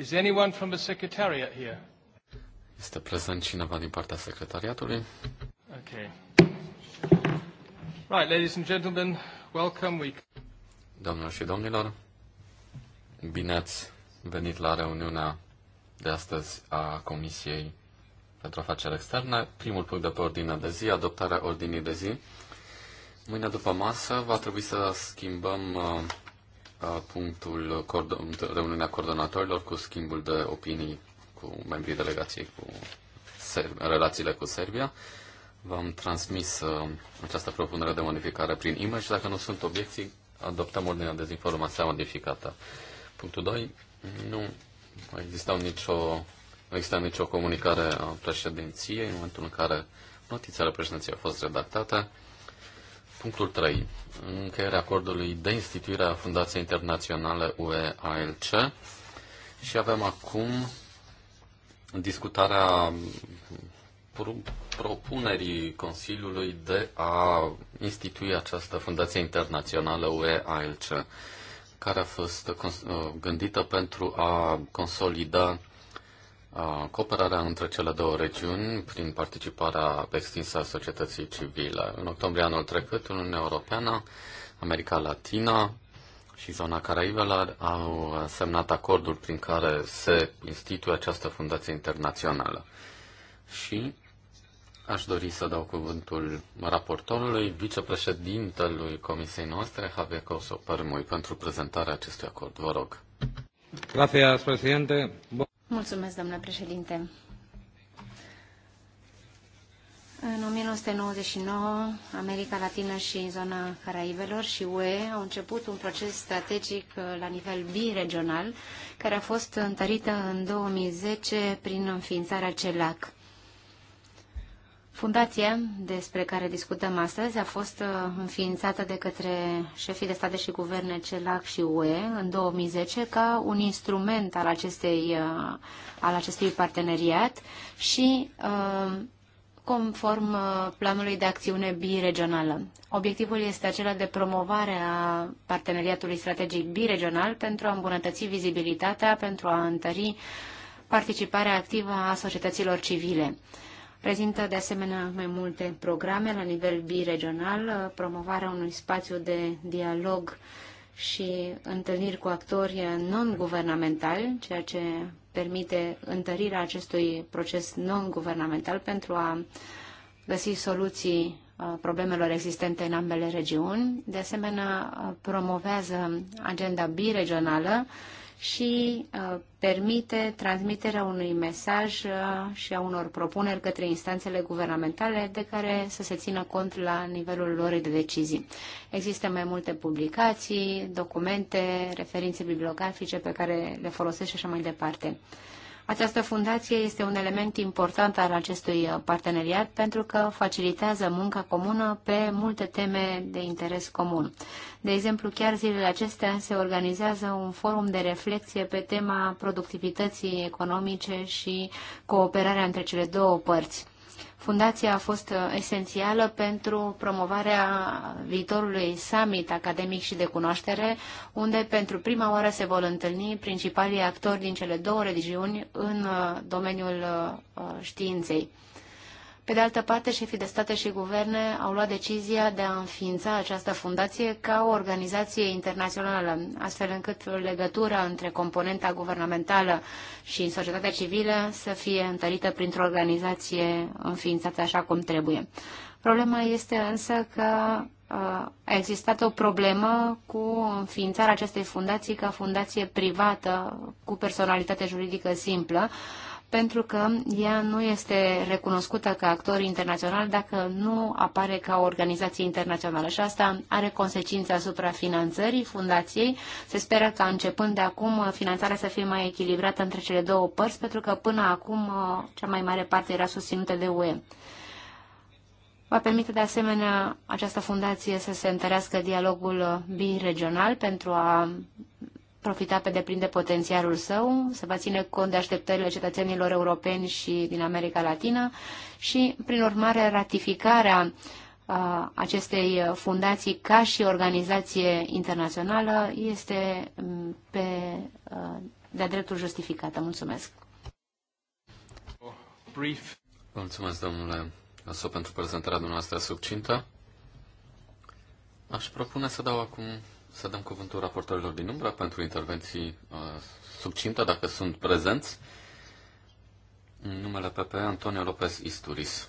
Is anyone from the secretariat here? Este prezent cineva din partea secretariatului? Okay. Right, ladies and gentlemen, welcome. We... Domnilor și domnilor, bine ați venit la reuniunea de astăzi a Comisiei pentru Afaceri Externe. Primul punct de pe ordine de zi, adoptarea ordinii de zi. Mâine după masă va trebui să schimbăm uh, punctul reuniunea coordonatorilor cu schimbul de opinii cu membrii delegației cu Ser- relațiile cu Serbia. V-am transmis uh, această propunere de modificare prin și Dacă nu sunt obiecții, adoptăm ordinea de zi modificată. Punctul 2. Nu există nicio, exista nicio comunicare a președinției în momentul în care notițele președinției au fost redactate. Punctul 3. Încheierea acordului de instituire a Fundației Internaționale UE-ALC și avem acum discutarea propunerii Consiliului de a institui această Fundație Internațională UE-ALC, care a fost gândită pentru a consolida cooperarea între cele două regiuni prin participarea extinsă a societății civile. În octombrie anul trecut, Uniunea Europeană, America Latina și zona Caraibelor au semnat acordul prin care se instituie această fundație internațională. Și aș dori să dau cuvântul raportorului, vicepreședintelui Comisiei noastre, Javier Coso Permui, pentru prezentarea acestui acord. Vă rog. Gracias, presidente. Mulțumesc, doamnă președinte. În 1999, America Latină și zona Caraibelor și UE au început un proces strategic uh, la nivel biregional, care a fost întărită în 2010 prin înființarea CELAC. Fundația despre care discutăm astăzi a fost uh, înființată de către șefii de state și guverne CELAC și UE în 2010 ca un instrument al, acestei, uh, al acestui parteneriat și uh, conform planului de acțiune biregională. Obiectivul este acela de promovare a parteneriatului strategic biregional pentru a îmbunătăți vizibilitatea, pentru a întări participarea activă a societăților civile. Prezintă de asemenea mai multe programe la nivel biregional, uh, promovarea unui spațiu de dialog și întâlniri cu actori non-guvernamentali, ceea ce permite întărirea acestui proces non-guvernamental pentru a găsi soluții uh, problemelor existente în ambele regiuni. De asemenea, uh, promovează agenda biregională, și uh, permite transmiterea unui mesaj uh, și a unor propuneri către instanțele guvernamentale de care să se țină cont la nivelul lor de decizii. Există mai multe publicații, documente, referințe bibliografice pe care le folosește și așa mai departe. Această fundație este un element important al acestui uh, parteneriat pentru că facilitează munca comună pe multe teme de interes comun. De exemplu, chiar zilele acestea se organizează un forum de reflexie pe tema productivității economice și cooperarea între cele două părți. Fundația a fost uh, esențială pentru promovarea viitorului summit academic și de cunoaștere, unde pentru prima oară se vor întâlni principalii actori din cele două regiuni în uh, domeniul uh, științei. Pe de altă parte, șefii de state și guverne au luat decizia de a înființa această fundație ca o organizație internațională, astfel încât legătura între componenta guvernamentală și societatea civilă să fie întărită printr-o organizație înființată așa cum trebuie. Problema este însă că uh, a existat o problemă cu înființarea acestei fundații ca fundație privată cu personalitate juridică simplă, pentru că ea nu este recunoscută ca actor internațional dacă nu apare ca o organizație internațională și asta are consecințe asupra finanțării fundației. Se speră ca începând de acum finanțarea să fie mai echilibrată între cele două părți, pentru că până acum uh, cea mai mare parte era susținută de UE. Va permite de asemenea această fundație să se întărească dialogul uh, biregional pentru a profita pe deplin de potențialul său, se va ține cont de așteptările cetățenilor europeni și din America Latină și, prin urmare, ratificarea acestei fundații ca și organizație internațională este pe, de-a dreptul justificată. Mulțumesc. Brief. Mulțumesc, domnule Aso, pentru prezentarea dumneavoastră subcintă. Aș propune să dau acum să dăm cuvântul raportorilor din umbră pentru intervenții uh, subcinte, dacă sunt prezenți. În numele PP, Antonio Lopez Isturis.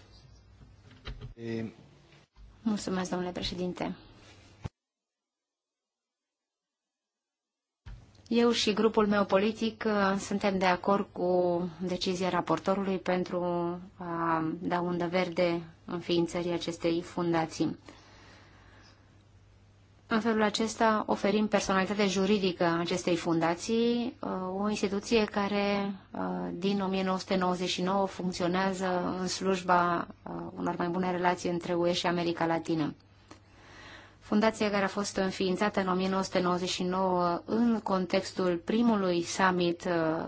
Mulțumesc, domnule președinte. Eu și grupul meu politic uh, suntem de acord cu decizia raportorului pentru a da undă verde înființării acestei fundații. În felul acesta oferim personalitate juridică acestei fundații, uh, o instituție care uh, din 1999 funcționează în slujba uh, unor mai bune relații între UE și America Latină. Fundația care a fost înființată în 1999 în contextul primului summit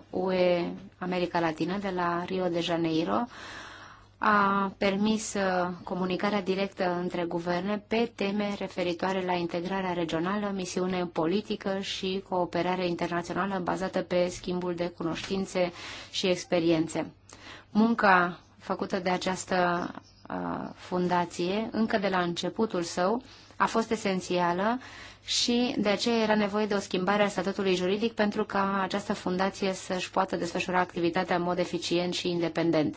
UE America Latină de la Rio de Janeiro, a permis uh, comunicarea directă între guverne pe teme referitoare la integrarea regională, misiune politică și cooperare internațională bazată pe schimbul de cunoștințe și experiențe. Munca făcută de această uh, fundație, încă de la începutul său, a fost esențială și de aceea era nevoie de o schimbare a statutului juridic pentru ca această fundație să-și poată desfășura activitatea în mod eficient și independent.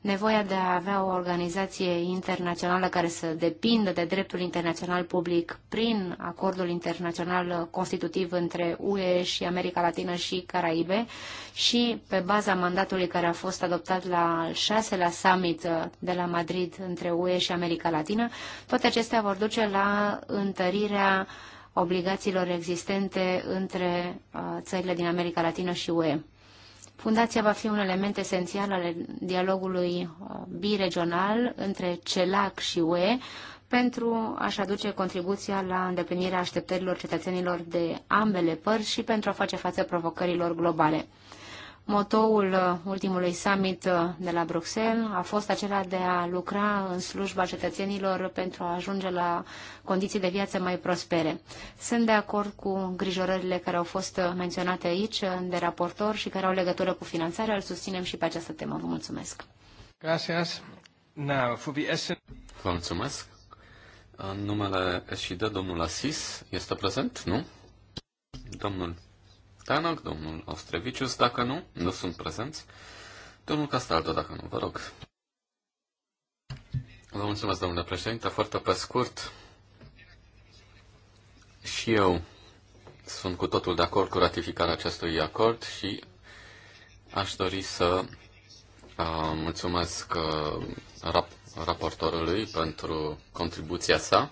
Nevoia de a avea o organizație internațională care să depindă de dreptul internațional public prin acordul internațional constitutiv între UE și America Latină și Caraibe și pe baza mandatului care a fost adoptat la al șaselea summit de la Madrid între UE și America Latină, toate acestea vor duce la întărirea uh, obligațiilor existente între uh, țările din America Latină și UE. Fundația va fi un element esențial al dialogului uh, biregional între CELAC și UE pentru a-și aduce contribuția la îndeplinirea așteptărilor cetățenilor de ambele părți și pentru a face față provocărilor globale. Motoul uh, ultimului summit uh, de la Bruxelles a fost acela de a lucra în slujba cetățenilor pentru a ajunge la condiții de viață mai prospere. Sunt de acord cu grijorările care au fost uh, menționate aici de raportor și care au legătură cu finanțarea. Îl susținem și pe această temă. Vă mulțumesc. Gracias. Now, for the Vă mulțumesc. În numele SID, domnul Asis este prezent, nu? Domnul Tanac, domnul Ostrevicius, dacă nu, nu sunt prezenți. Domnul Castaldo, dacă nu, vă rog. Vă mulțumesc, domnule președinte. Foarte pe scurt, și eu sunt cu totul de acord cu ratificarea acestui acord și aș dori să uh, mulțumesc uh, rap- raportorului pentru contribuția sa.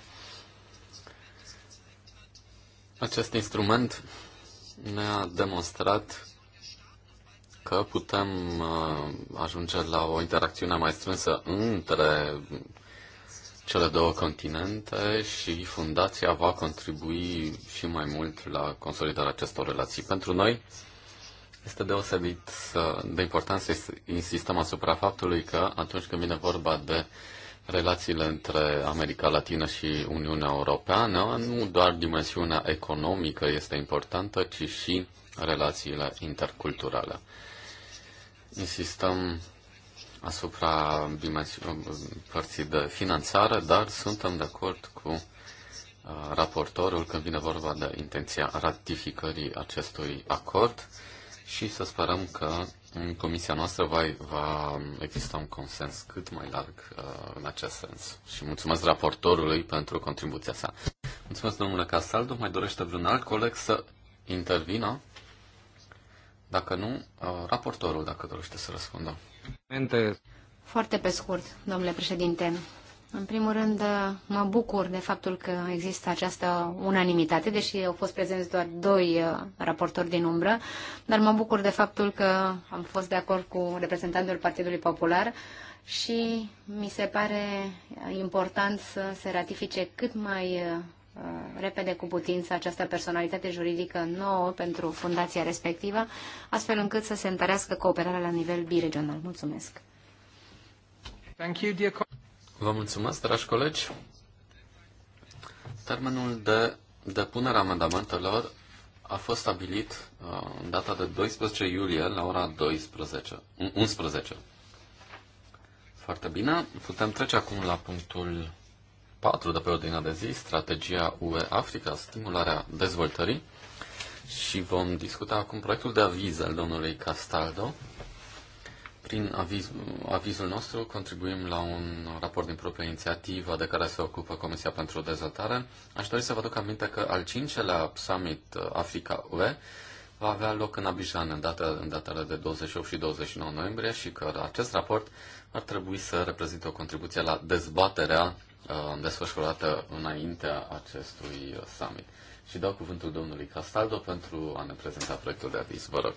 Acest instrument ne-a demonstrat că putem uh, ajunge la o interacțiune mai strânsă între cele două continente și fundația va contribui și mai mult la consolidarea acestor relații. Pentru noi este deosebit de important să insistăm asupra faptului că atunci când vine vorba de relațiile între America Latină și Uniunea Europeană, nu doar dimensiunea economică este importantă, ci și relațiile interculturale. Insistăm asupra părții de finanțare, dar suntem de acord cu uh, raportorul când vine vorba de intenția ratificării acestui acord și să sperăm că în comisia noastră va, va exista un consens cât mai larg uh, în acest sens. Și mulțumesc raportorului pentru contribuția sa. Mulțumesc, domnule Casaldu. Mai dorește vreun alt coleg să intervină? Dacă nu, uh, raportorul, dacă dorește să răspundă. Foarte pe scurt, domnule președinte. În primul rând, mă bucur de faptul că există această unanimitate, deși au fost prezenți doar doi uh, raportori din umbră, dar mă bucur de faptul că am fost de acord cu reprezentantul Partidului Popular și mi se pare important să se ratifice cât mai uh, repede cu putință această personalitate juridică nouă pentru fundația respectivă, astfel încât să se întărească cooperarea la nivel biregional. Mulțumesc! Thank you, dear Vă mulțumesc, dragi colegi. Termenul de depunere a amendamentelor a fost stabilit uh, în data de 12 iulie la ora 12, 11. Foarte bine. Putem trece acum la punctul 4 de pe ordinea de zi, strategia UE Africa, stimularea dezvoltării. Și vom discuta acum proiectul de aviz al domnului Castaldo prin aviz, avizul nostru contribuim la un raport din proprie inițiativă de care se ocupă Comisia pentru Dezvoltare. Aș dori să vă duc aminte că al cincelea summit uh, Africa-UE va avea loc în Abidjan în, data, în datele de 28 și 29 noiembrie și că acest raport ar trebui să reprezinte o contribuție la dezbaterea uh, desfășurată înaintea acestui summit. Și dau cuvântul domnului Castaldo pentru a ne prezenta proiectul de aviz. Vă rog.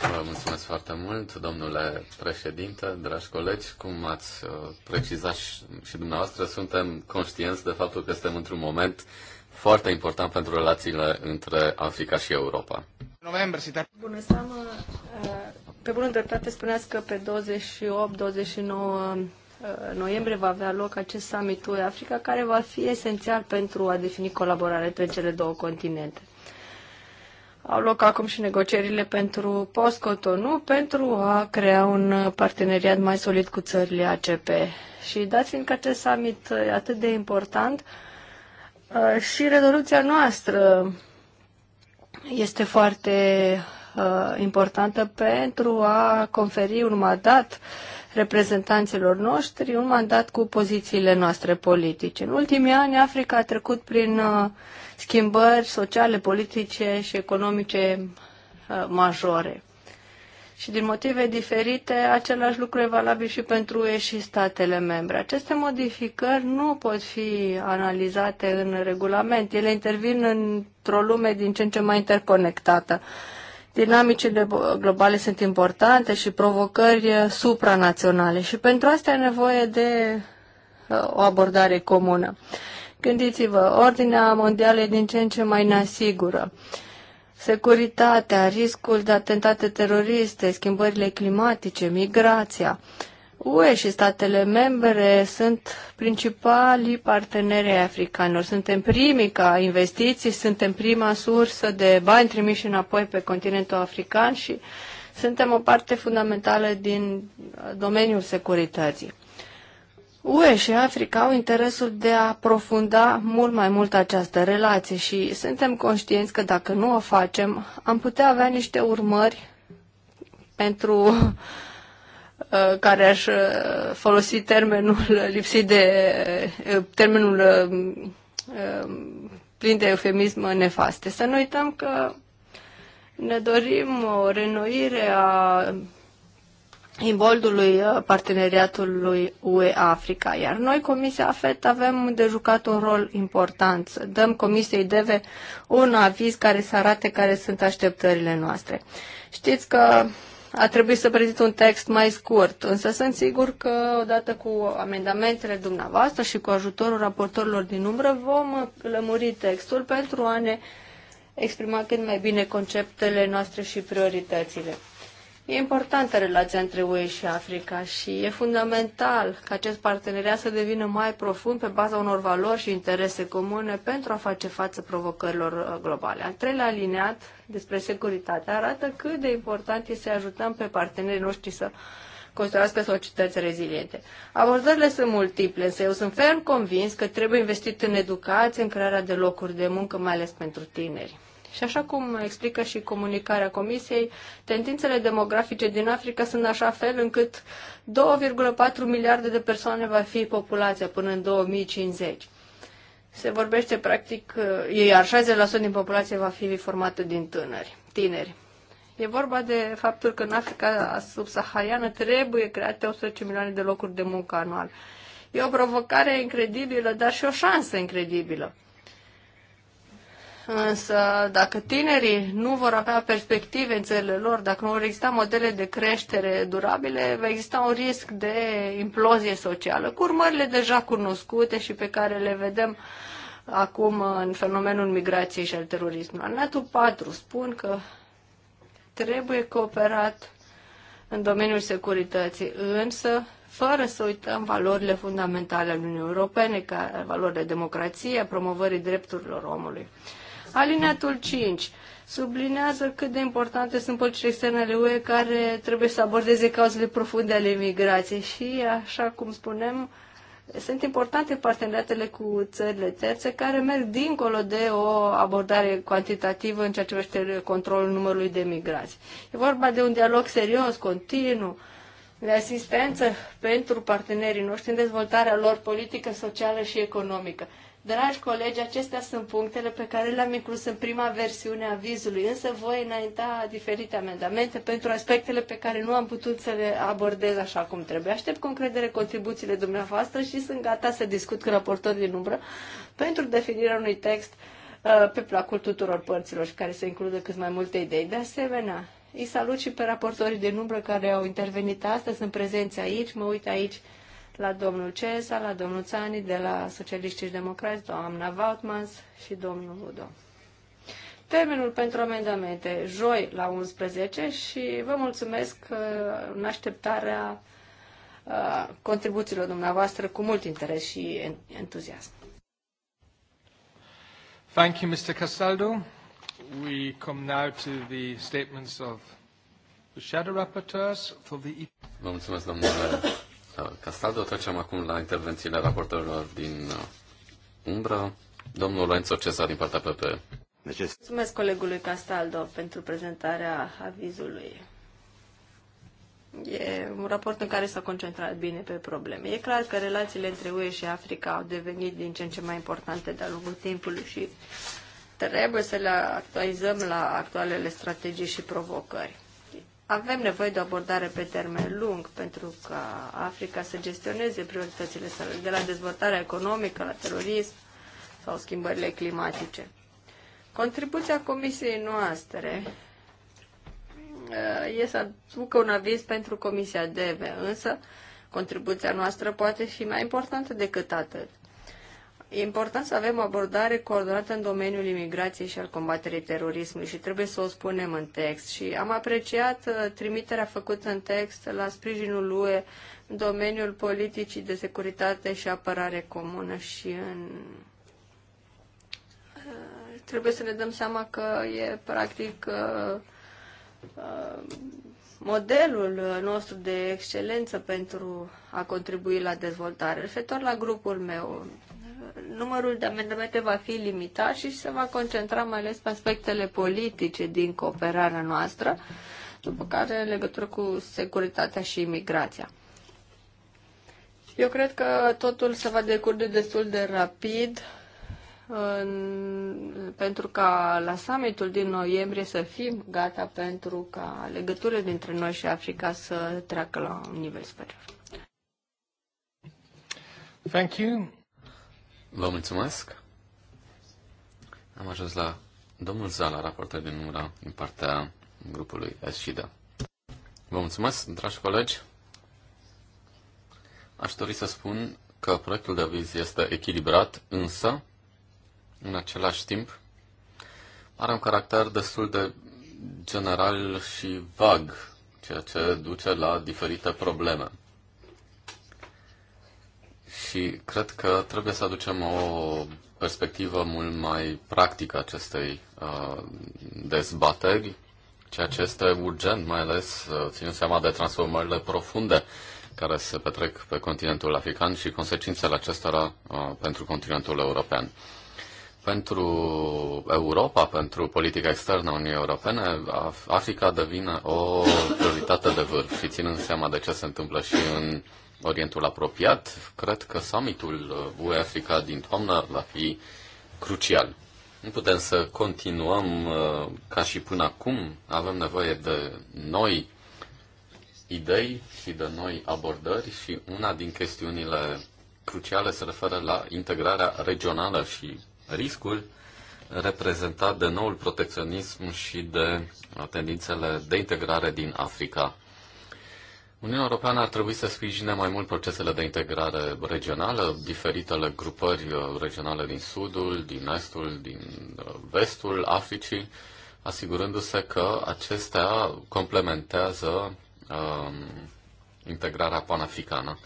Vă mulțumesc foarte mult, domnule președinte, dragi colegi. Cum ați uh, precizat și dumneavoastră, suntem conștienți de faptul că suntem într-un moment foarte important pentru relațiile între Africa și Europa. Bună seama! Uh, pe bună dreptate spuneați că pe 28-29 uh, noiembrie va avea loc acest summit UE Africa, care va fi esențial pentru a defini colaborarea între cele două continente. Au loc acum și negocierile pentru post-Cotonou pentru a crea un parteneriat mai solid cu țările ACP. Și dat fiindcă acest summit e atât de important, și rezoluția noastră este foarte importantă pentru a conferi un mandat reprezentanților noștri, un mandat cu pozițiile noastre politice. În ultimii ani, Africa a trecut prin schimbări sociale, politice și economice uh, majore. Și din motive diferite, același lucru e valabil și pentru UE și statele membre. Aceste modificări nu pot fi analizate în regulament. Ele intervin într-o lume din ce în ce mai interconectată. Dinamicile globale sunt importante și provocări supranaționale și pentru asta e nevoie de uh, o abordare comună. Gândiți-vă, ordinea mondială e din ce în ce mai neasigură. Securitatea, riscul de atentate teroriste, schimbările climatice, migrația. UE și statele membre sunt principalii parteneri ai africanilor. Suntem primii ca investiții, suntem prima sursă de bani trimiși înapoi pe continentul african și suntem o parte fundamentală din domeniul securității. UE și Africa au interesul de a aprofunda mult mai mult această relație și suntem conștienți că dacă nu o facem, am putea avea niște urmări pentru uh, care aș uh, folosi termenul lipsit de uh, termenul plin de eufemism nefaste. Să nu uităm că ne dorim o renoire a imboldului uh, parteneriatului UE-Africa. Iar noi, Comisia AFET, avem de jucat un rol important. Să dăm Comisiei DEVE un aviz care să arate care sunt așteptările noastre. Știți că a trebuit să prezint un text mai scurt, însă sunt sigur că odată cu amendamentele dumneavoastră și cu ajutorul raportorilor din umbră vom lămuri textul pentru a ne exprima cât mai bine conceptele noastre și prioritățile. E importantă relația între UE și Africa și e fundamental ca acest parteneriat să devină mai profund pe baza unor valori și interese comune pentru a face față provocărilor uh, globale. Al treilea aliniat despre securitate arată cât de important este să ajutăm pe partenerii noștri să construiască societăți reziliente. Abordările sunt multiple, însă eu sunt ferm convins că trebuie investit în educație, în crearea de locuri de muncă, mai ales pentru tineri. Și așa cum explică și comunicarea Comisiei, tendințele demografice din Africa sunt așa fel încât 2,4 miliarde de persoane va fi populația până în 2050. Se vorbește practic, iar 60% din populație va fi formată din tânări, tineri. E vorba de faptul că în Africa subsahariană trebuie create 18 milioane de locuri de muncă anual. E o provocare incredibilă, dar și o șansă incredibilă. Însă, dacă tinerii nu vor avea perspective în țările lor, dacă nu vor exista modele de creștere durabile, va exista un risc de implozie socială, cu urmările deja cunoscute și pe care le vedem acum în fenomenul migrației și al terorismului. Anatul 4 spun că trebuie cooperat în domeniul securității, însă fără să uităm valorile fundamentale ale Uniunii Europene, ca valorile democrației, promovării drepturilor omului. Alineatul 5 sublinează cât de importante sunt politicile externe ale UE care trebuie să abordeze cauzele profunde ale migrației și, așa cum spunem, sunt importante parteneriatele cu țările terțe care merg dincolo de o abordare cuantitativă în ceea ce privește controlul numărului de migrați. E vorba de un dialog serios, continuu, de asistență pentru partenerii noștri în dezvoltarea lor politică, socială și economică. Dragi colegi, acestea sunt punctele pe care le-am inclus în prima versiune a vizului, însă voi înainta diferite amendamente pentru aspectele pe care nu am putut să le abordez așa cum trebuie. Aștept cu încredere contribuțiile dumneavoastră și sunt gata să discut cu raportori din umbră pentru definirea unui text uh, pe placul tuturor părților și care să includă cât mai multe idei. De asemenea, îi salut și pe raportorii din umbră care au intervenit astăzi, sunt prezenți aici, mă uit aici la domnul Cesa, la domnul Țani de la Socialiștii și Democrați, doamna Vautmans și domnul Udo. Termenul pentru amendamente, joi la 11 și vă mulțumesc uh, în așteptarea uh, contribuțiilor dumneavoastră cu mult interes și entuziasm. Thank you, Mr. Castaldo. We come now to the statements of the shadow rapporteurs for the... Vă mulțumesc, domnule Castaldo. Trecem acum la intervențiile raportorilor din uh, umbră. Domnul Lorenzo Cesar din partea PP. Mulțumesc colegului Castaldo pentru prezentarea avizului. E un raport în care s-a concentrat bine pe probleme. E clar că relațiile între UE și Africa au devenit din ce în ce mai importante de-a lungul timpului și trebuie să le actualizăm la actualele strategii și provocări avem nevoie de o abordare pe termen lung pentru ca Africa să gestioneze prioritățile sale, de la dezvoltarea economică, la terorism sau schimbările climatice. Contribuția comisiei noastre uh, e să aducă un aviz pentru Comisia DEVE, însă contribuția noastră poate fi mai importantă decât atât. E important să avem o abordare coordonată în domeniul imigrației și al combaterii terorismului și trebuie să o spunem în text. Și am apreciat uh, trimiterea făcută în text la sprijinul UE în domeniul politicii de securitate și apărare comună și în... Uh, trebuie să ne dăm seama că e practic uh, modelul nostru de excelență pentru a contribui la dezvoltare. Referitor la grupul meu, numărul de amendamente va fi limitat și se va concentra mai ales pe aspectele politice din cooperarea noastră, după care în legătură cu securitatea și imigrația. Eu cred că totul se va decurge destul de rapid în, pentru ca la summitul din noiembrie să fim gata pentru ca legăturile dintre noi și Africa să treacă la un nivel superior. Thank you. Vă mulțumesc. Am ajuns la domnul Zala, raportor din număr din partea grupului Eschida. Vă mulțumesc, dragi colegi. Aș dori să spun că proiectul de aviz este echilibrat, însă, în același timp, are un caracter destul de general și vag, ceea ce duce la diferite probleme și cred că trebuie să aducem o perspectivă mult mai practică acestei uh, dezbateri, ceea ce este urgent, mai ales uh, ținând seama de transformările profunde care se petrec pe continentul african și consecințele acestora uh, pentru continentul european. Pentru Europa, pentru politica externă a Uniunii Europene, Africa devine o prioritate de vârf și ținând seama de ce se întâmplă și în Orientul apropiat, cred că summitul UE-Africa uh, din toamnă va fi crucial. Nu putem să continuăm uh, ca și până acum. Avem nevoie de noi idei și de noi abordări și una din chestiunile cruciale se referă la integrarea regională și riscul reprezentat de noul protecționism și de uh, tendințele de integrare din Africa Uniunea Europeană ar trebui să sprijine mai mult procesele de integrare regională, diferitele grupări uh, regionale din sudul, din estul, din uh, vestul Africii, asigurându-se că acestea complementează um, integrarea panafricană.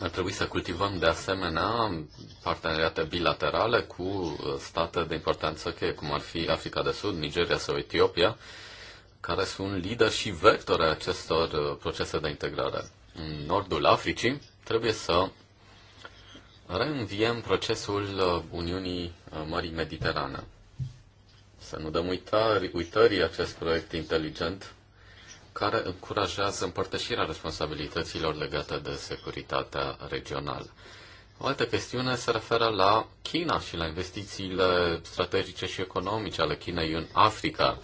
Ar trebui să cultivăm de asemenea parteneriate bilaterale cu uh, state de importanță cheie, cum ar fi Africa de Sud, Nigeria sau Etiopia, care sunt lideri și vectori acestor uh, procese de integrare. În nordul Africii trebuie să reînviem procesul uh, Uniunii uh, Mării Mediterane. Să nu dăm uitări, uitării acest proiect inteligent care încurajează împărtășirea responsabilităților legate de securitatea regională. O altă chestiune se referă la China și la investițiile strategice și economice ale Chinei în Africa.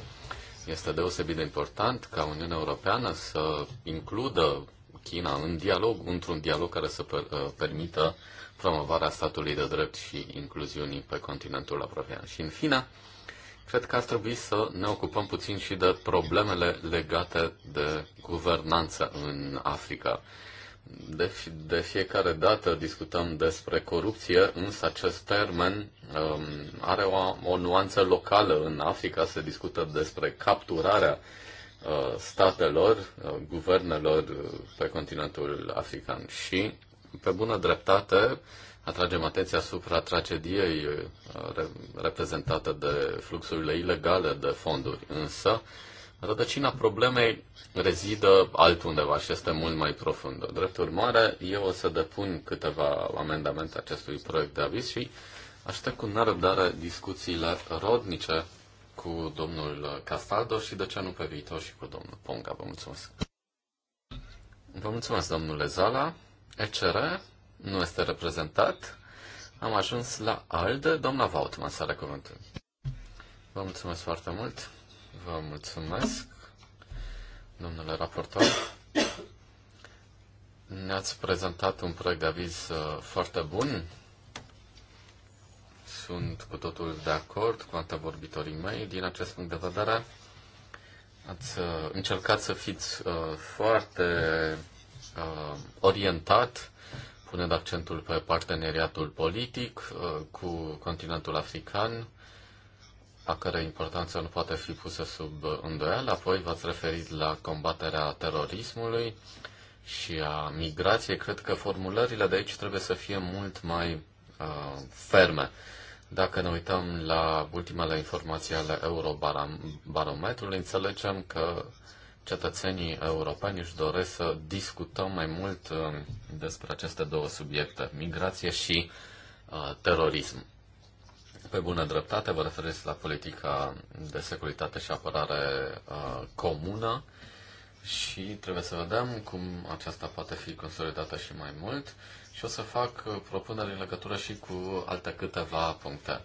Este deosebit de important ca Uniunea Europeană să includă China în dialog, într-un dialog care să per, uh, permită promovarea statului de drept și incluziunii pe continentul apropiat. Și în fine, cred că ar trebui să ne ocupăm puțin și de problemele legate de guvernanță în Africa. De, de fiecare dată discutăm despre corupție, însă acest termen um, are o, o nuanță locală. În Africa se discută despre capturarea uh, statelor, uh, guvernelor uh, pe continentul african. Și, pe bună dreptate, atragem atenția asupra tragediei uh, reprezentată de fluxurile ilegale de fonduri. Însă, uh, Rădăcina problemei rezidă altundeva și este mult mai profundă. Drept urmare, eu o să depun câteva amendamente acestui proiect de aviz și aștept cu nerăbdare discuțiile rodnice cu domnul Castaldo și de ce nu pe viitor și cu domnul Ponga. Vă mulțumesc. Vă mulțumesc, domnule Zala. ECR nu este reprezentat. Am ajuns la ALDE. Doamna Vautman, să are Vă mulțumesc foarte mult. Vă mulțumesc, domnule raportor. Ne-ați prezentat un proiect de aviz uh, foarte bun. Sunt cu totul de acord cu antevorbitorii mei. Din acest punct de vedere, ați uh, încercat să fiți uh, foarte orientat, punând accentul pe parteneriatul politic cu continentul african, a cărei importanță nu poate fi pusă sub îndoială. Apoi v-ați referit la combaterea terorismului și a migrației. Cred că formulările de aici trebuie să fie mult mai uh, ferme. Dacă ne uităm la ultimele informații ale Eurobarometrului, înțelegem că cetățenii europeni își doresc să discutăm mai mult uh, despre aceste două subiecte, migrație și uh, terorism pe bună dreptate, vă referiți la politica de securitate și apărare uh, comună și trebuie să vedem cum aceasta poate fi consolidată și mai mult și o să fac uh, propuneri în legătură și cu alte câteva puncte.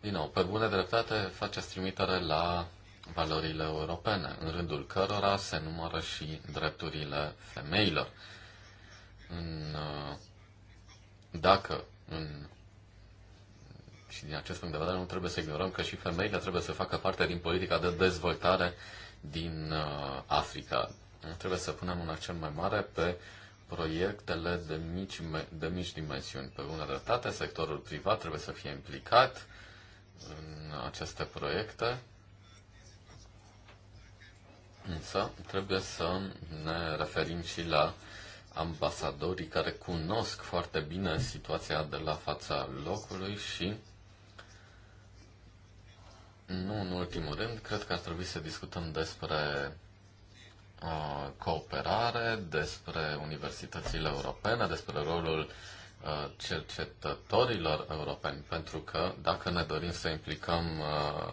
Din nou, pe bună dreptate faceți trimitere la valorile europene, în rândul cărora se numără și drepturile femeilor. În, uh, dacă în și din acest punct de vedere nu trebuie să ignorăm că și femeile trebuie să facă parte din politica de dezvoltare din uh, Africa. Trebuie să punem un accent mai mare pe proiectele de mici, de mici dimensiuni. Pe bună dreptate, sectorul privat trebuie să fie implicat în aceste proiecte, însă trebuie să ne referim și la ambasadorii care cunosc foarte bine situația de la fața locului și nu în ultimul rând, cred că ar trebui să discutăm despre uh, cooperare, despre universitățile europene, despre rolul uh, cercetătorilor europeni, pentru că dacă ne dorim să implicăm uh,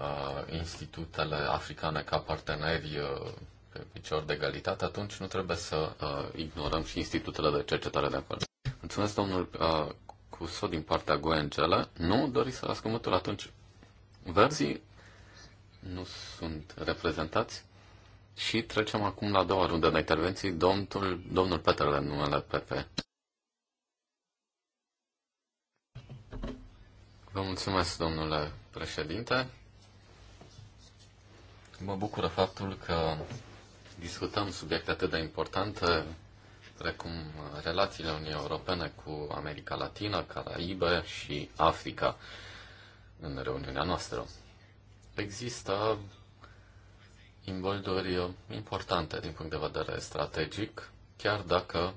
uh, institutele africane ca parteneri uh, pe picior de egalitate, atunci nu trebuie să uh, ignorăm și institutele de cercetare de acolo. Mulțumesc, domnul uh, Cuso, din partea Goengele. Nu doriți să las cuvântul atunci Verzii nu sunt reprezentați și trecem acum la a doua rundă de intervenții. Domnul, domnul Petrele, numele PP. Vă mulțumesc, domnule președinte. Mă bucură faptul că discutăm subiecte atât de importante precum relațiile Uniunii Europene cu America Latină, Caraibe și Africa în reuniunea noastră. Există imbolduri importante din punct de vedere strategic, chiar dacă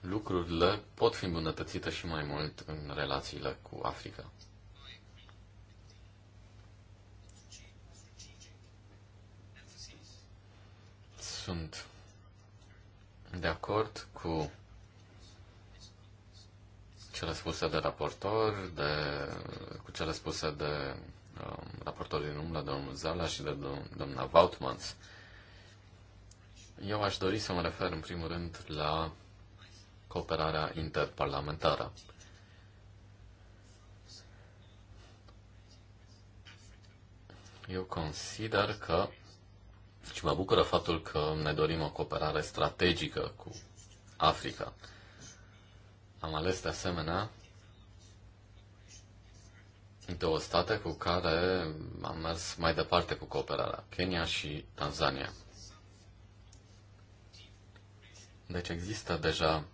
lucrurile pot fi îmbunătățite și mai mult în relațiile cu Africa. Sunt de acord cu cele spuse de raportor, de, cu cele spuse de um, raportor din umbră, domnul Zala și de doamna Vautmans. Eu aș dori să mă refer în primul rând la cooperarea interparlamentară. Eu consider că și mă bucură faptul că ne dorim o cooperare strategică cu Africa. Am ales de asemenea două state cu care am mers mai departe cu cooperarea, Kenya și Tanzania. Deci există deja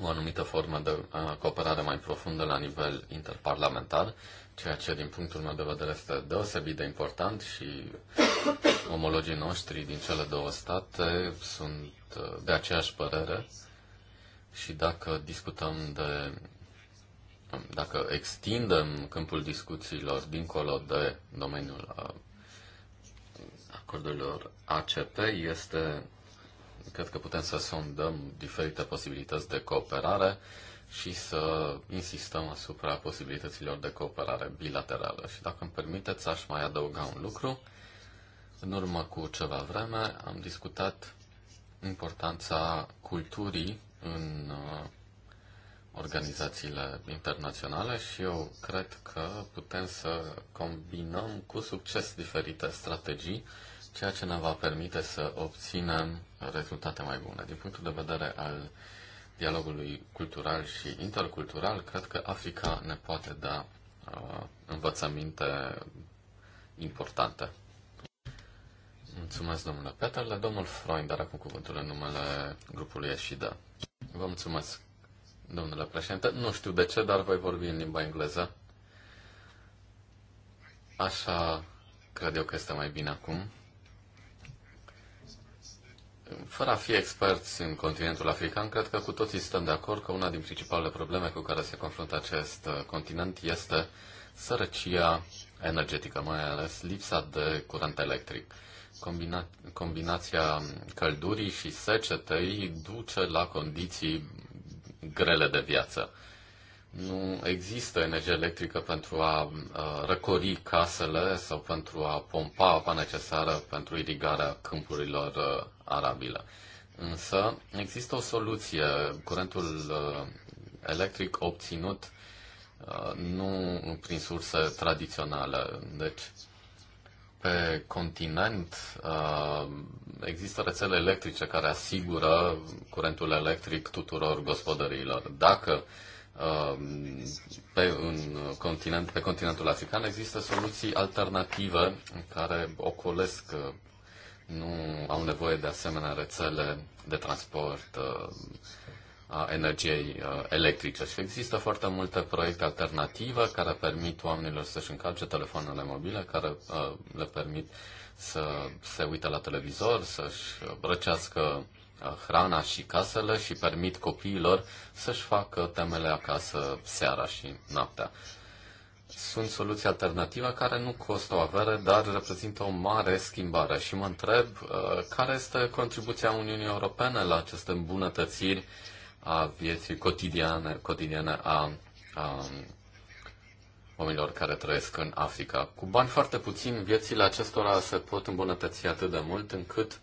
o anumită formă de cooperare mai profundă la nivel interparlamentar, ceea ce din punctul meu de vedere este deosebit de important și omologii noștri din cele două state sunt uh, de aceeași părere și dacă discutăm de dacă extindem câmpul discuțiilor dincolo de domeniul uh, acordurilor ACP, este, cred că putem să sondăm diferite posibilități de cooperare și să insistăm asupra posibilităților de cooperare bilaterală. Și dacă îmi permiteți, aș mai adăuga un lucru. În urmă cu ceva vreme am discutat importanța culturii în uh, organizațiile internaționale și eu cred că putem să combinăm cu succes diferite strategii, ceea ce ne va permite să obținem rezultate mai bune. Din punctul de vedere al dialogului cultural și intercultural, cred că Africa ne poate da uh, învățăminte importante. Mulțumesc, domnule Petar, La domnul Freund, dar acum cuvântul în numele grupului Eșida. Vă mulțumesc, domnule președinte. Nu știu de ce, dar voi vorbi în limba engleză. Așa cred eu că este mai bine acum. Fără a fi experți în continentul african, cred că cu toții suntem de acord că una din principalele probleme cu care se confruntă acest uh, continent este sărăcia energetică, mai ales lipsa de curent electric. Combina- combinația căldurii și secetei duce la condiții grele de viață. Nu există energie electrică pentru a răcori casele sau pentru a pompa apa necesară pentru irigarea câmpurilor arabile. Însă există o soluție. Curentul electric obținut nu prin surse tradiționale. Deci pe continent uh, există rețele electrice care asigură curentul electric tuturor gospodăriilor. Dacă uh, pe, un continent, pe continentul african există soluții alternative care ocolesc, uh, nu au nevoie de asemenea rețele de transport a energiei uh, electrice. Și există foarte multe proiecte alternative care permit oamenilor să-și încalce telefoanele mobile, care uh, le permit să se uite la televizor, să-și răcească uh, hrana și casele și permit copiilor să-și facă temele acasă seara și noaptea. Sunt soluții alternative care nu costă o avere, dar reprezintă o mare schimbare și mă întreb uh, care este contribuția Uniunii Europene la aceste îmbunătățiri uh, a vieții cotidiane, cotidiane a, a oamenilor care trăiesc în Africa. Cu bani foarte puțini, viețile acestora se pot îmbunătăți atât de mult încât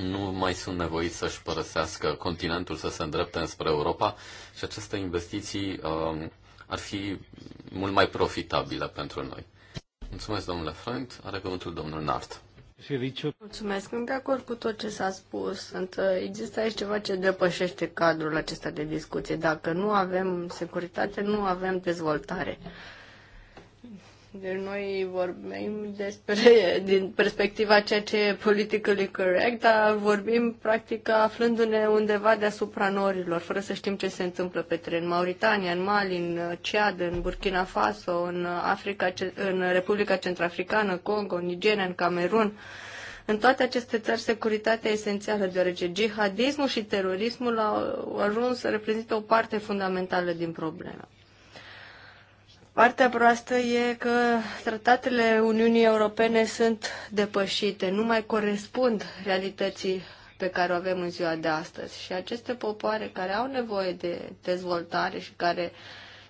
nu mai sunt nevoiți să-și părăsească continentul, să se îndrepte spre Europa și aceste investiții um, ar fi mult mai profitabile pentru noi. Mulțumesc, domnule Freund. Are cuvântul domnul Nart. Mulțumesc. Sunt de acord cu tot ce s-a spus. Uh, există aici ceva ce depășește cadrul acesta de discuție. Dacă nu avem securitate, nu avem dezvoltare. Deci noi vorbim despre, din perspectiva ceea ce e politically correct, dar vorbim practic aflându-ne undeva deasupra norilor, fără să știm ce se întâmplă pe teren. În Mauritania, în Mali, în Ciad, în Burkina Faso, în, Africa, în Republica Centrafricană, Congo, în Nigeria, în Camerun. În toate aceste țări, securitatea e esențială, deoarece jihadismul și terorismul au ajuns să reprezintă o parte fundamentală din problemă. Partea proastă e că tratatele Uniunii Europene sunt depășite, nu mai corespund realității pe care o avem în ziua de astăzi. Și aceste popoare care au nevoie de dezvoltare și care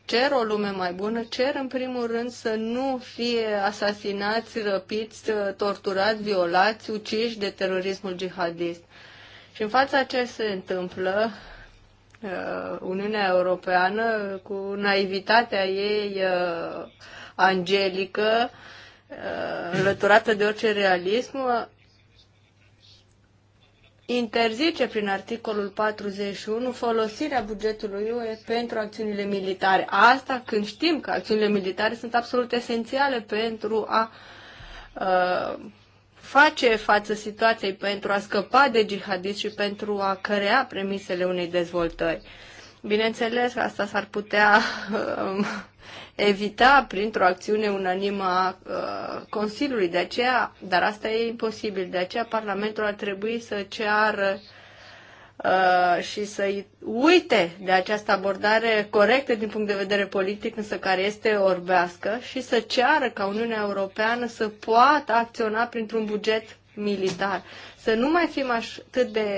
cer o lume mai bună, cer în primul rând să nu fie asasinați, răpiți, torturați, violați, uciși de terorismul jihadist. Și în fața ce se întâmplă, Uh, Uniunea Europeană cu naivitatea ei uh, angelică, uh, înlăturată de orice realism, interzice prin articolul 41 folosirea bugetului UE pentru acțiunile militare. Asta când știm că acțiunile militare sunt absolut esențiale pentru a uh, face față situației pentru a scăpa de jihadist și pentru a crea premisele unei dezvoltări. Bineînțeles, asta s-ar putea um, evita printr-o acțiune unanimă a uh, Consiliului, de aceea, dar asta e imposibil, de aceea Parlamentul ar trebui să ceară uh, Uh, și să uite de această abordare corectă din punct de vedere politic, însă care este orbească, și să ceară ca Uniunea Europeană să poată acționa printr-un buget militar. Să nu mai fim atât de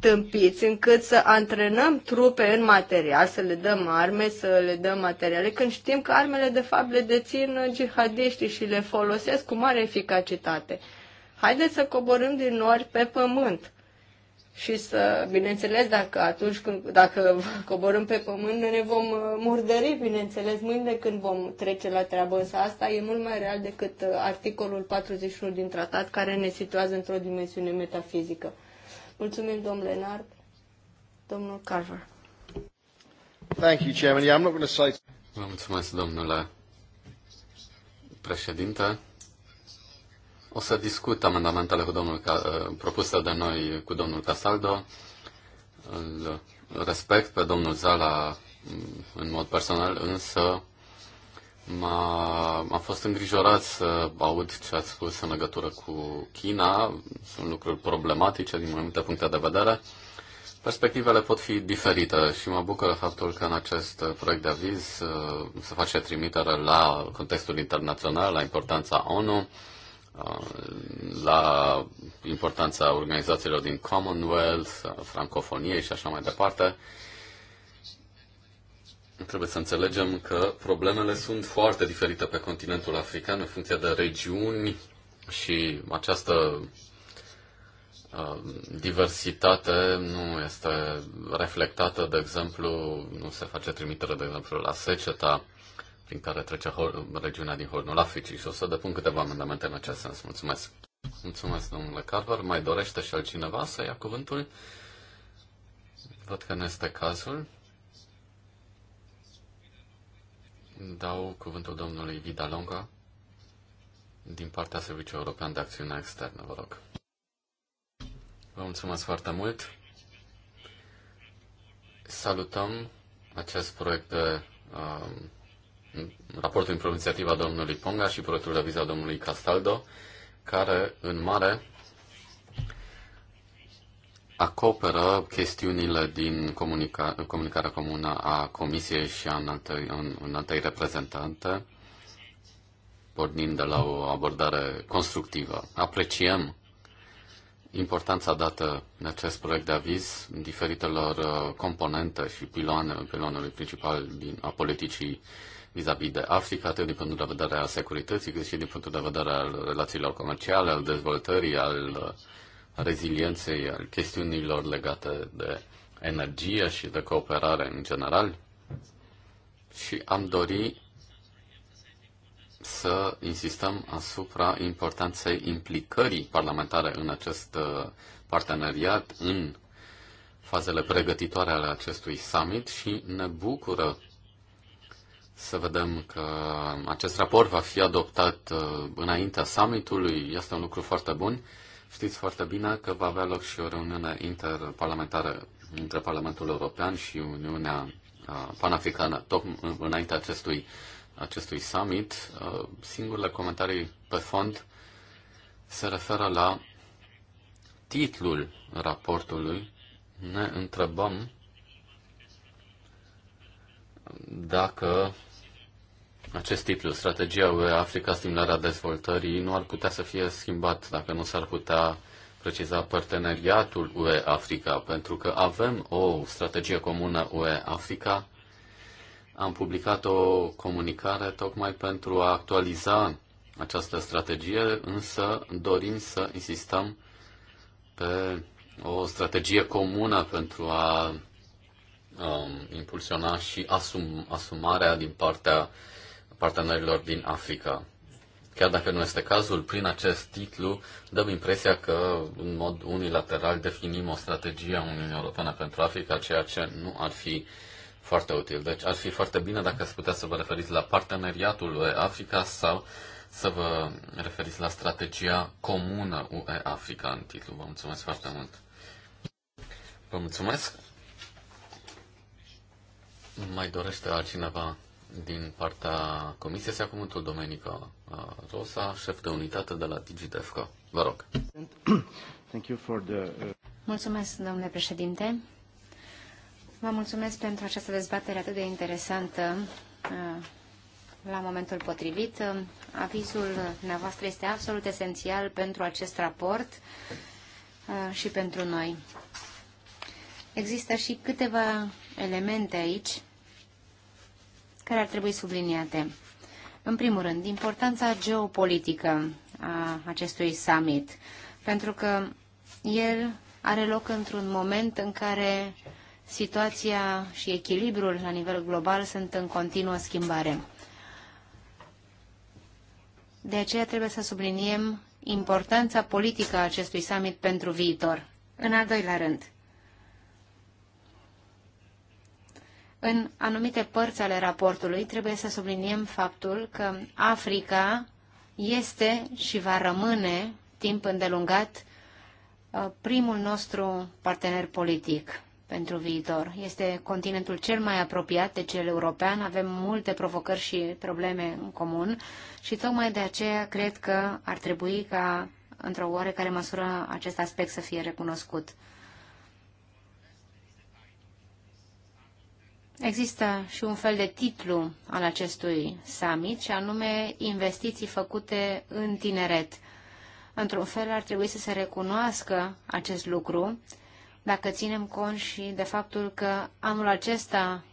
tâmpiți încât să antrenăm trupe în material, să le dăm arme, să le dăm materiale, când știm că armele de fapt le dețin jihadiștii și le folosesc cu mare eficacitate. Haideți să coborâm din nori pe pământ și să, bineînțeles, dacă atunci când, dacă coborâm pe pământ, ne vom uh, murdări, bineînțeles, mâine când vom trece la treabă, însă asta e mult mai real decât uh, articolul 41 din tratat, care ne situează într-o dimensiune metafizică. Mulțumim, domnule Lenard. Domnul Carver. Thank you, Chairman. Yeah, I'm not going to say... Vă mulțumesc, domnule președinte. O să discut amendamentele cu domnul, eh, propuse de noi cu domnul Casaldo. Îl respect pe domnul Zala mm, în mod personal, însă M-a, am fost îngrijorat să aud ce ați spus în legătură cu China. Sunt lucruri problematice din multe puncte de vedere. Perspectivele pot fi diferite și mă bucură faptul că în acest proiect de aviz eh, se face trimitere la contextul internațional, la importanța ONU Uh, la importanța organizațiilor din Commonwealth, uh, francofoniei și așa mai departe, trebuie să înțelegem că problemele sunt foarte diferite pe continentul african în funcție de regiuni și această uh, diversitate nu este reflectată, de exemplu, nu se face trimitere, de exemplu, la seceta prin care trece regiunea din Hornul Africii și o să depun câteva amendamente în acest sens. Mulțumesc. Mulțumesc, domnule Carver. Mai dorește și altcineva să ia cuvântul? Văd că nu este cazul. Dau cuvântul domnului Vidalonga din partea Serviciului European de Acțiune Externă, vă rog. Vă mulțumesc foarte mult. Salutăm acest proiect de um, raportul improvizativ a domnului Ponga și proiectul de viza domnului Castaldo, care în mare acoperă chestiunile din comunica, comunicarea comună a Comisiei și a înaltei, în, înaltei reprezentante, pornind de la o abordare constructivă. Apreciem importanța dată în acest proiect de aviz diferitelor uh, componente și piloane, pilonului principal din, a politicii uh, vis-a-vis -vis de Africa, atât din punctul de vedere al securității, cât și din punctul de vedere al relațiilor comerciale, al dezvoltării, al uh, rezilienței, al chestiunilor legate de energie și de cooperare în general. Și am dori să insistăm asupra importanței implicării parlamentare în acest uh, parteneriat, în fazele pregătitoare ale acestui summit și ne bucură să vedem că acest raport va fi adoptat uh, înaintea summitului. Este un lucru foarte bun. Știți foarte bine că va avea loc și o reuniune interparlamentară între Parlamentul European și Uniunea uh, Panafricană, tocmai înaintea acestui, acestui summit. Uh, singurele comentarii pe fond se referă la titlul raportului. Ne întrebăm dacă acest titlu, Strategia UE Africa Stimularea Dezvoltării, nu ar putea să fie schimbat dacă nu s-ar putea preciza parteneriatul UE Africa, pentru că avem o strategie comună UE Africa. Am publicat o comunicare tocmai pentru a actualiza această strategie, însă dorim să insistăm pe o strategie comună pentru a um, impulsiona și asum, asumarea din partea partenerilor din Africa. Chiar dacă nu este cazul, prin acest titlu dăm impresia că în mod unilateral definim o strategie a Uniunii Europene pentru Africa, ceea ce nu ar fi foarte util. Deci ar fi foarte bine dacă ați putea să vă referiți la parteneriatul UE Africa sau să vă referiți la strategia comună UE Africa în titlu. Vă mulțumesc foarte mult. Vă mulțumesc. Mai dorește altcineva din partea Comisiei. Acum cuvântul Domenica uh, Rosa, șef de unitate de la DigiDefco. Vă rog. Thank you for the... Uh, mulțumesc, domnule președinte. Vă mulțumesc pentru această dezbatere atât de interesantă uh, la momentul potrivit. Avizul dumneavoastră este absolut esențial pentru acest raport și pentru noi. Există și câteva elemente aici care ar trebui subliniate. În primul rând, importanța geopolitică a acestui summit, pentru că el are loc într-un moment în care situația și echilibrul la nivel global sunt în continuă schimbare. De aceea trebuie să subliniem importanța politică a acestui summit pentru viitor. În al doilea rând, În anumite părți ale raportului trebuie să subliniem faptul că Africa este și va rămâne timp îndelungat uh, primul nostru partener politic pentru viitor. Este continentul cel mai apropiat de cel european, avem multe provocări și probleme în comun și tocmai de aceea cred că ar trebui ca, într-o oarecare măsură, acest aspect să fie recunoscut. Există și un fel de titlu al acestui summit, și anume investiții făcute în tineret. Într-un fel ar trebui să se recunoască acest lucru, dacă ținem cont și de faptul că anul acesta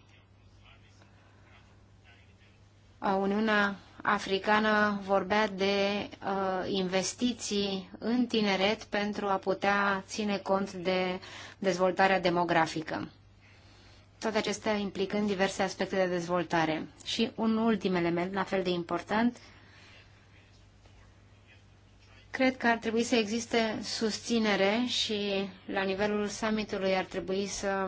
Uniunea Africană vorbea de uh, investiții în tineret pentru a putea ține cont de dezvoltarea demografică toate acestea implicând diverse aspecte de dezvoltare. Și un ultim element, la fel de important, cred că ar trebui să existe susținere și la nivelul summitului ar trebui să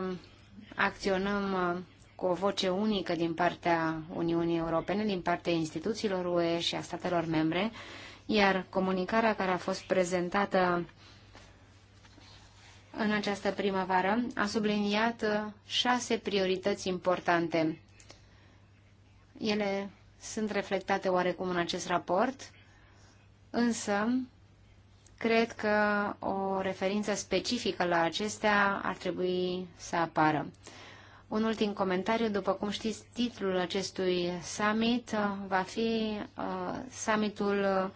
acționăm uh, cu o voce unică din partea Uniunii Europene, din partea instituțiilor UE și a statelor membre, iar comunicarea care a fost prezentată în această primăvară a subliniat uh, șase priorități importante. Ele sunt reflectate oarecum în acest raport, însă cred că o referință specifică la acestea ar trebui să apară. Un ultim comentariu, după cum știți, titlul acestui summit uh, va fi uh, summitul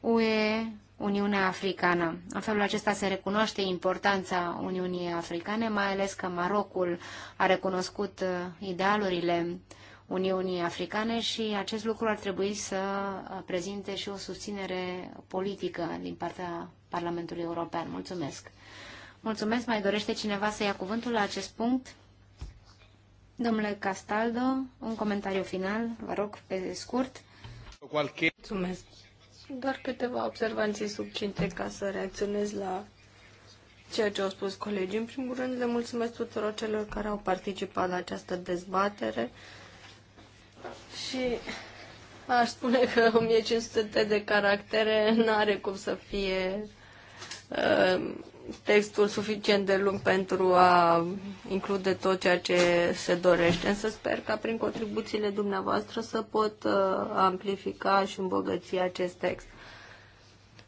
UE uh, Uniunea Africană. În felul acesta se recunoaște importanța Uniunii Africane, mai ales că Marocul a recunoscut uh, idealurile Uniunii Africane și acest lucru ar trebui să uh, prezinte și o susținere politică din partea Parlamentului European. Mulțumesc! Mulțumesc! Mai dorește cineva să ia cuvântul la acest punct? Domnule Castaldo, un comentariu final, vă rog, pe scurt. Mulțumesc! doar câteva observații subcinte ca să reacționez la ceea ce au spus colegii. În primul rând, le mulțumesc tuturor celor care au participat la această dezbatere și aș spune că 1500 de caractere nu are cum să fie uh, textul suficient de lung pentru a include tot ceea ce se dorește, însă sper ca prin contribuțiile dumneavoastră să pot uh, amplifica și îmbogăți acest text.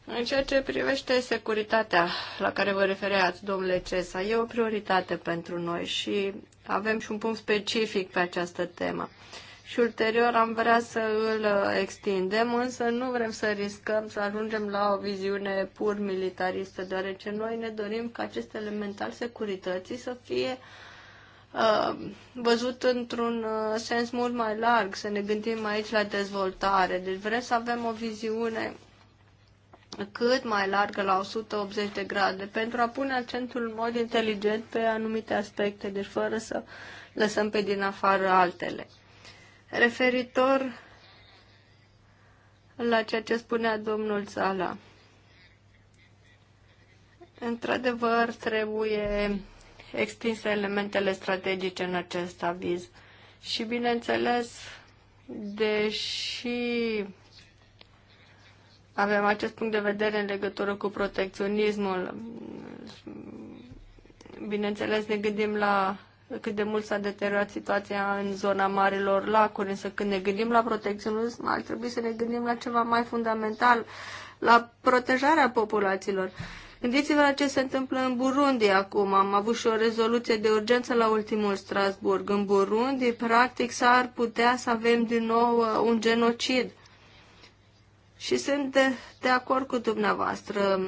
În ceea ce privește securitatea la care vă refereați, domnule Cesa, e o prioritate pentru noi și avem și un punct specific pe această temă. Uh, și ulterior am vrea să îl uh, extindem, însă nu vrem să riscăm să ajungem la o viziune pur militaristă, deoarece noi ne dorim ca acest element al securității să fie uh, văzut într-un uh, sens mult mai larg, să ne gândim aici la dezvoltare. Deci vrem să avem o viziune cât mai largă la 180 de grade pentru a pune accentul în mod inteligent pe anumite aspecte, deci fără să lăsăm pe din afară altele. Referitor la ceea ce spunea domnul Sala. Într-adevăr, trebuie extinse elementele strategice în acest aviz. Și, bineînțeles, deși avem acest punct de vedere în legătură cu protecționismul, bineînțeles, ne gândim la cât de mult s-a deteriorat situația în zona marilor lacuri, însă când ne gândim la protecționism, ar trebui să ne gândim la ceva mai fundamental, la protejarea populațiilor. Gândiți-vă la ce se întâmplă în Burundi acum. Am avut și o rezoluție de urgență la ultimul Strasburg. În Burundi, practic, s-ar putea să avem din nou uh, un genocid. Și sunt de, acord cu dumneavoastră,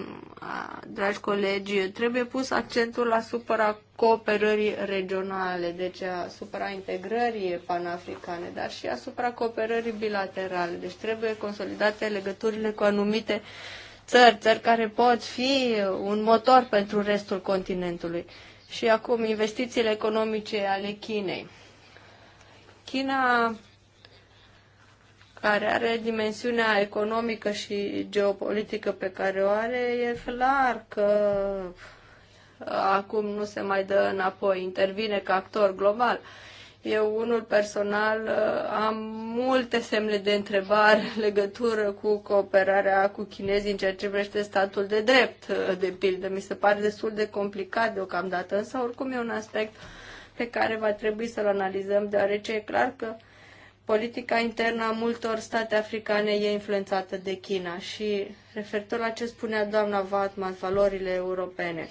dragi colegi, trebuie pus accentul asupra cooperării regionale, deci asupra integrării panafricane, dar și asupra cooperării bilaterale. Deci trebuie consolidate legăturile cu anumite țări, țări care pot fi un motor pentru restul continentului. Și acum investițiile economice ale Chinei. China care are dimensiunea economică și geopolitică pe care o are, e clar că uh, acum nu se mai dă înapoi, intervine ca actor global. Eu, unul personal, uh, am multe semne de întrebare în legătură cu cooperarea cu chinezii în ceea ce privește statul de drept, uh, de pildă. Mi se pare destul de complicat deocamdată, însă oricum e un aspect pe care va trebui să-l analizăm, deoarece e clar că uh, politica internă a multor state africane e influențată de China și referitor la ce spunea doamna Vatman, valorile europene.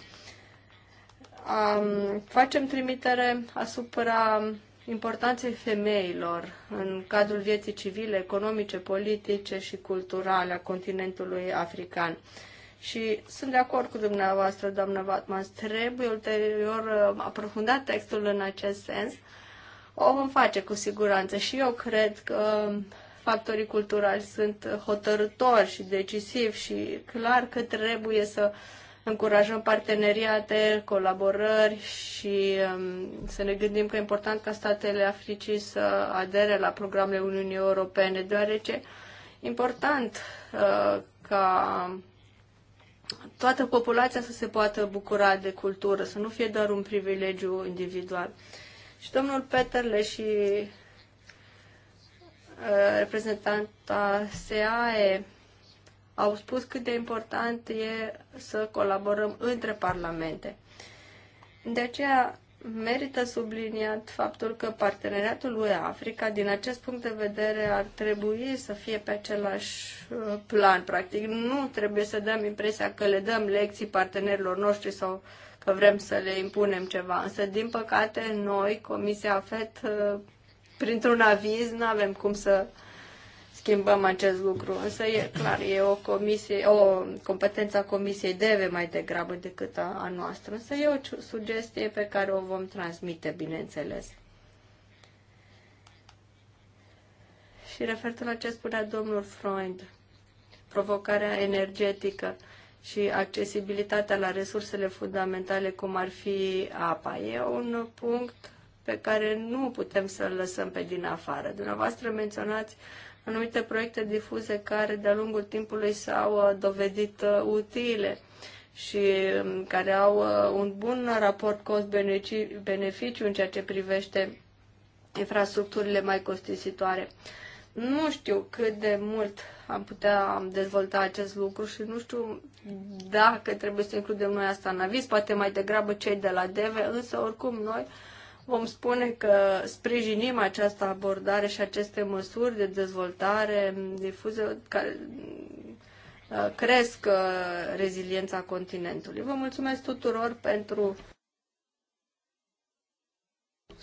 Um, facem trimitere asupra importanței femeilor în cadrul vieții civile, economice, politice și culturale a continentului african. Și sunt de acord cu dumneavoastră, doamna Vatman, trebuie ulterior uh, aprofundat textul în acest sens – o vom face cu siguranță și eu cred că factorii culturali sunt hotărători și decisivi și clar că trebuie să încurajăm parteneriate, colaborări și um, să ne gândim că e important ca statele Africii să adere la programele Uniunii Europene, deoarece important uh, ca toată populația să se poată bucura de cultură, să nu fie doar un privilegiu individual. Și domnul Peterle și uh, reprezentanta SEAE au spus cât de important e să colaborăm între parlamente. De aceea merită subliniat faptul că parteneriatul UE Africa, din acest punct de vedere, ar trebui să fie pe același uh, plan, practic. Nu trebuie să dăm impresia că le dăm lecții partenerilor noștri sau uh, că vrem să le impunem ceva. Însă, din păcate, noi, Comisia FET, uh, printr-un aviz, nu avem cum să schimbăm acest lucru. Însă, e clar, e o, comisie, o competență a Comisiei DEVE mai degrabă decât a, a noastră. Însă, e o sugestie pe care o vom transmite, bineînțeles. Și referitor la ce spunea domnul Freund, provocarea energetică și accesibilitatea la resursele fundamentale, cum ar fi apa. E un punct pe care nu putem să-l lăsăm pe din afară. Dumneavoastră menționați anumite proiecte difuze care de-a lungul timpului s-au uh, dovedit uh, utile și um, care au uh, un bun raport cost-beneficiu în ceea ce privește infrastructurile mai costisitoare. Nu știu cât de mult am putea dezvolta acest lucru și nu știu dacă trebuie să includem noi asta în aviz, poate mai degrabă cei de la DEVE, însă oricum noi vom spune că sprijinim această abordare și aceste măsuri de dezvoltare difuză care uh, cresc uh, reziliența continentului. Vă mulțumesc tuturor pentru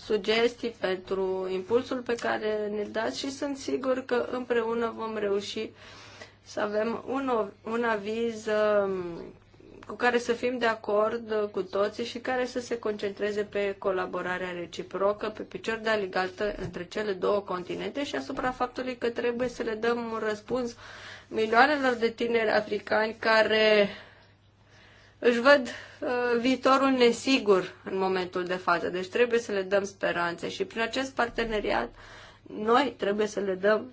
sugestii, pentru impulsul pe care ne dați și sunt sigur că împreună vom reuși să avem un, un aviz um, cu care să fim de acord cu toții și care să se concentreze pe colaborarea reciprocă, pe picior de aligaltă între cele două continente și asupra faptului că trebuie să le dăm un răspuns milioanelor de tineri africani care își văd uh, viitorul nesigur în momentul de față. Deci trebuie să le dăm speranțe și prin acest parteneriat noi trebuie să le dăm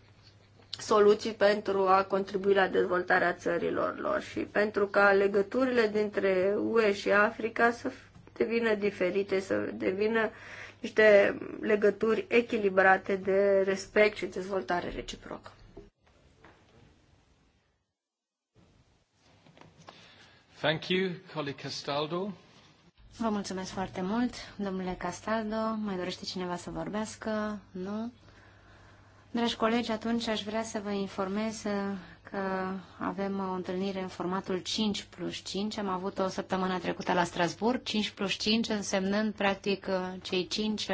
soluții pentru a contribui la dezvoltarea țărilor lor și pentru ca legăturile dintre UE și Africa să devină diferite, să devină niște legături echilibrate de respect și dezvoltare reciprocă. Thank you, colleague Castaldo. Vă mulțumesc foarte mult, domnule Castaldo. Mai dorește cineva să vorbească? Nu? Dragi colegi, atunci aș vrea să vă informez că avem o întâlnire în formatul 5 plus 5. Am avut o săptămână trecută la Strasburg, 5 plus 5, însemnând practic cei 5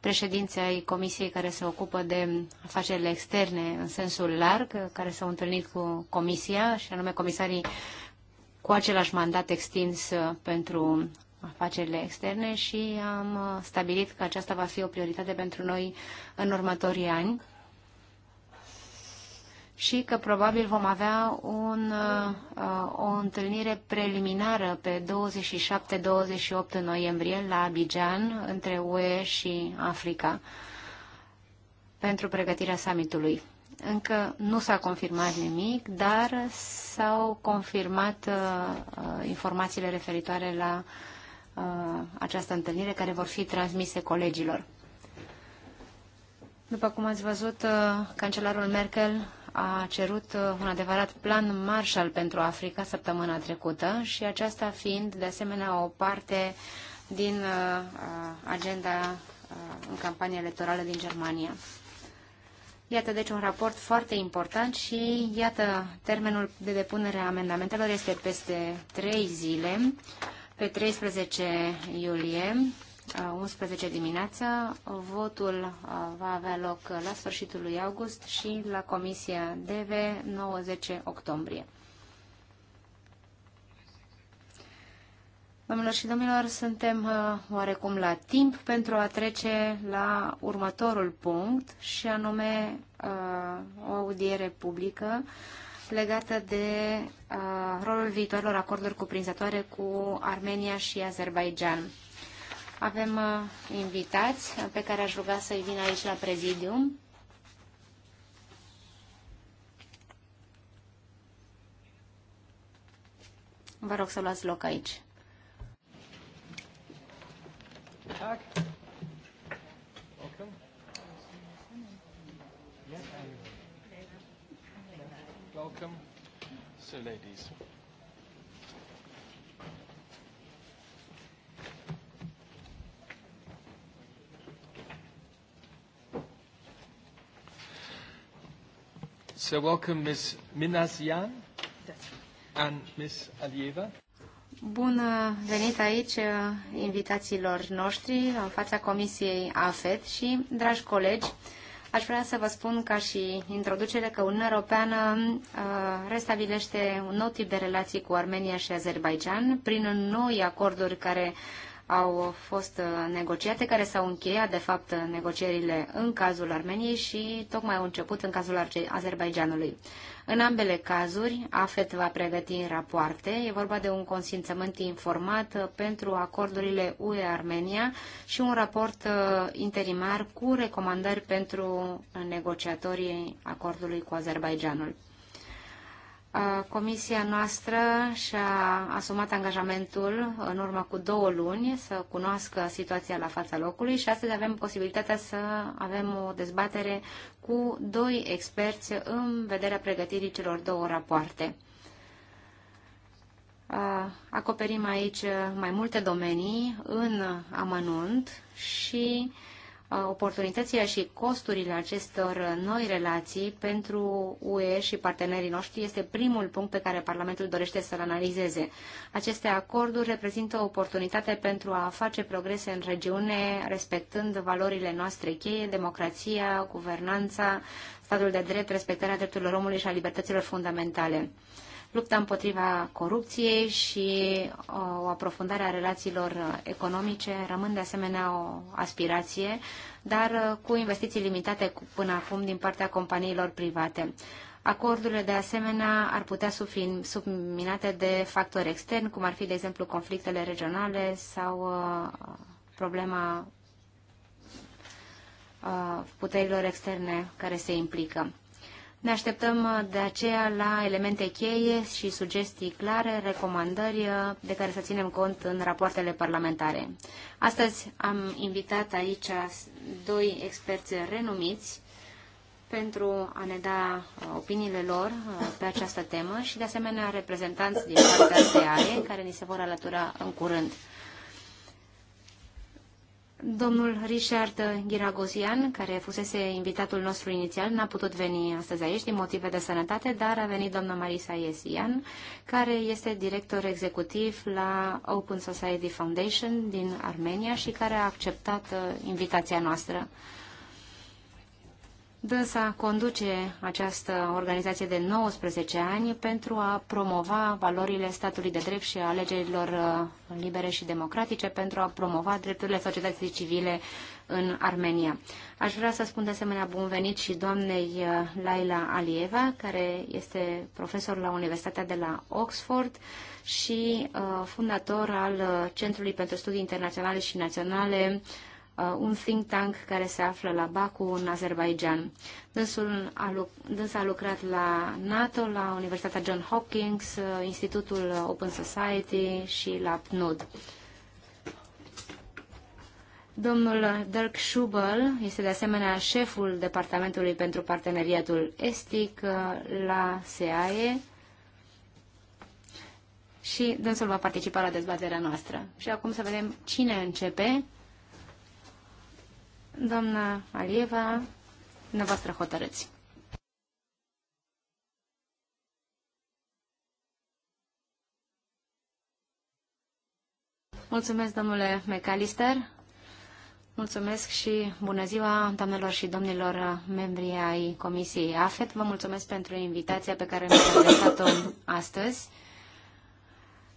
președinți ai comisiei care se ocupă de afacerile externe în sensul larg, care s-au întâlnit cu comisia și anume comisarii cu același mandat extins uh, pentru afacerile externe și am uh, stabilit că aceasta va fi o prioritate pentru noi în următorii ani și că probabil vom avea un, uh, o întâlnire preliminară pe 27-28 noiembrie la Abidjan între UE și Africa pentru pregătirea summitului încă nu s-a confirmat nimic, dar s-au confirmat uh, uh, informațiile referitoare la uh, această întâlnire care vor fi transmise colegilor. După cum ați văzut, uh, cancelarul Merkel a cerut uh, un adevărat plan Marshall pentru Africa săptămâna trecută și aceasta fiind de asemenea o parte din uh, agenda în campania electorală din Germania. Iată deci un raport foarte important și iată termenul de depunere a amendamentelor este peste 3 zile, pe 13 iulie, 11 uh, dimineața. Votul uh, va avea loc la sfârșitul lui august și la Comisia DV 90 octombrie. Domnilor și domnilor, suntem uh, oarecum la timp pentru a trece la următorul punct și anume uh, o audiere publică legată de uh, rolul viitorilor acorduri cuprinzătoare cu Armenia și Azerbaijan. Avem invitați pe care aș ruga să-i vină aici la prezidium. Vă rog să luați loc aici. Guten Tag. Welcome. Yes, I'm welcome. So, ladies. So welcome Ms. Minasian and Ms. Alieva. Bun uh, venit aici uh, invitațiilor noștri în fața Comisiei AFET și, dragi colegi, aș vrea să vă spun ca și introducere că Uniunea Europeană uh, restabilește un nou tip de relații cu Armenia și Azerbaijan prin noi acorduri care au fost uh, negociate, care s-au încheiat, de fapt, uh, negocierile în cazul Armeniei și tocmai au început în cazul Azerbaijanului. În ambele cazuri, AFET va pregăti rapoarte. E vorba de un consimțământ informat uh, pentru acordurile UE-Armenia și un raport interimar cu recomandări pentru negociatorii acordului cu Azerbaijanul. Comisia noastră și-a asumat angajamentul în urmă cu două luni să cunoască situația la fața locului și astăzi avem posibilitatea să avem o dezbatere cu doi experți în vederea pregătirii celor două rapoarte. Acoperim aici mai multe domenii în amănunt și Uh, oportunitățile și costurile acestor noi relații pentru UE și partenerii noștri este primul punct pe care Parlamentul dorește să-l analizeze. Aceste acorduri reprezintă o oportunitate pentru a face progrese în regiune, respectând valorile noastre cheie, democrația, guvernanța, statul de drept, respectarea drepturilor omului și a libertăților fundamentale lupta împotriva corupției și uh, o aprofundare a relațiilor economice rămân de asemenea o aspirație, dar uh, cu investiții limitate până acum din partea companiilor private. Acordurile, de asemenea, ar putea fi subminate de factori externi, cum ar fi, de exemplu, conflictele regionale sau uh, problema uh, puterilor externe care se implică. Ne așteptăm uh, de aceea la elemente cheie și sugestii clare, recomandări uh, de care să ținem cont în rapoartele parlamentare. Astăzi am invitat aici doi experți renumiți pentru a ne da uh, opiniile lor pe această temă și de asemenea reprezentanți din partea SEAE care ni se vor alătura în curând. Domnul Richard Giragosian, care fusese invitatul nostru inițial, n-a putut veni astăzi aici din motive de sănătate, dar a venit doamna Marisa Iesian, care este director executiv la Open Society Foundation din Armenia și care a acceptat uh, invitația noastră. Dânsa conduce această organizație de 19 ani pentru a promova valorile statului de drept și a alegerilor uh, libere și democratice, pentru a promova drepturile societății civile în Armenia. Aș vrea să spun de asemenea bun venit și doamnei uh, Laila Alieva, care este profesor la Universitatea de la Oxford și uh, fundator al Centrului pentru Studii Internaționale și Naționale Uh, un think tank care se află la Baku, în Azerbaijan. Dânsul a, luc- dâns a lucrat la NATO, la Universitatea John Hopkins, uh, Institutul Open Society și la PNUD. Domnul Dirk Schubel este de asemenea șeful Departamentului pentru Parteneriatul Estic uh, la SEAE și dânsul va participa la dezbaterea noastră. Și acum să vedem cine începe. Doamna Alieva, dumneavoastră hotărâți. Mulțumesc, domnule McAllister. Mulțumesc și bună ziua, doamnelor și domnilor membri ai Comisiei AFET. Vă mulțumesc pentru invitația pe care mi-a adresat-o astăzi.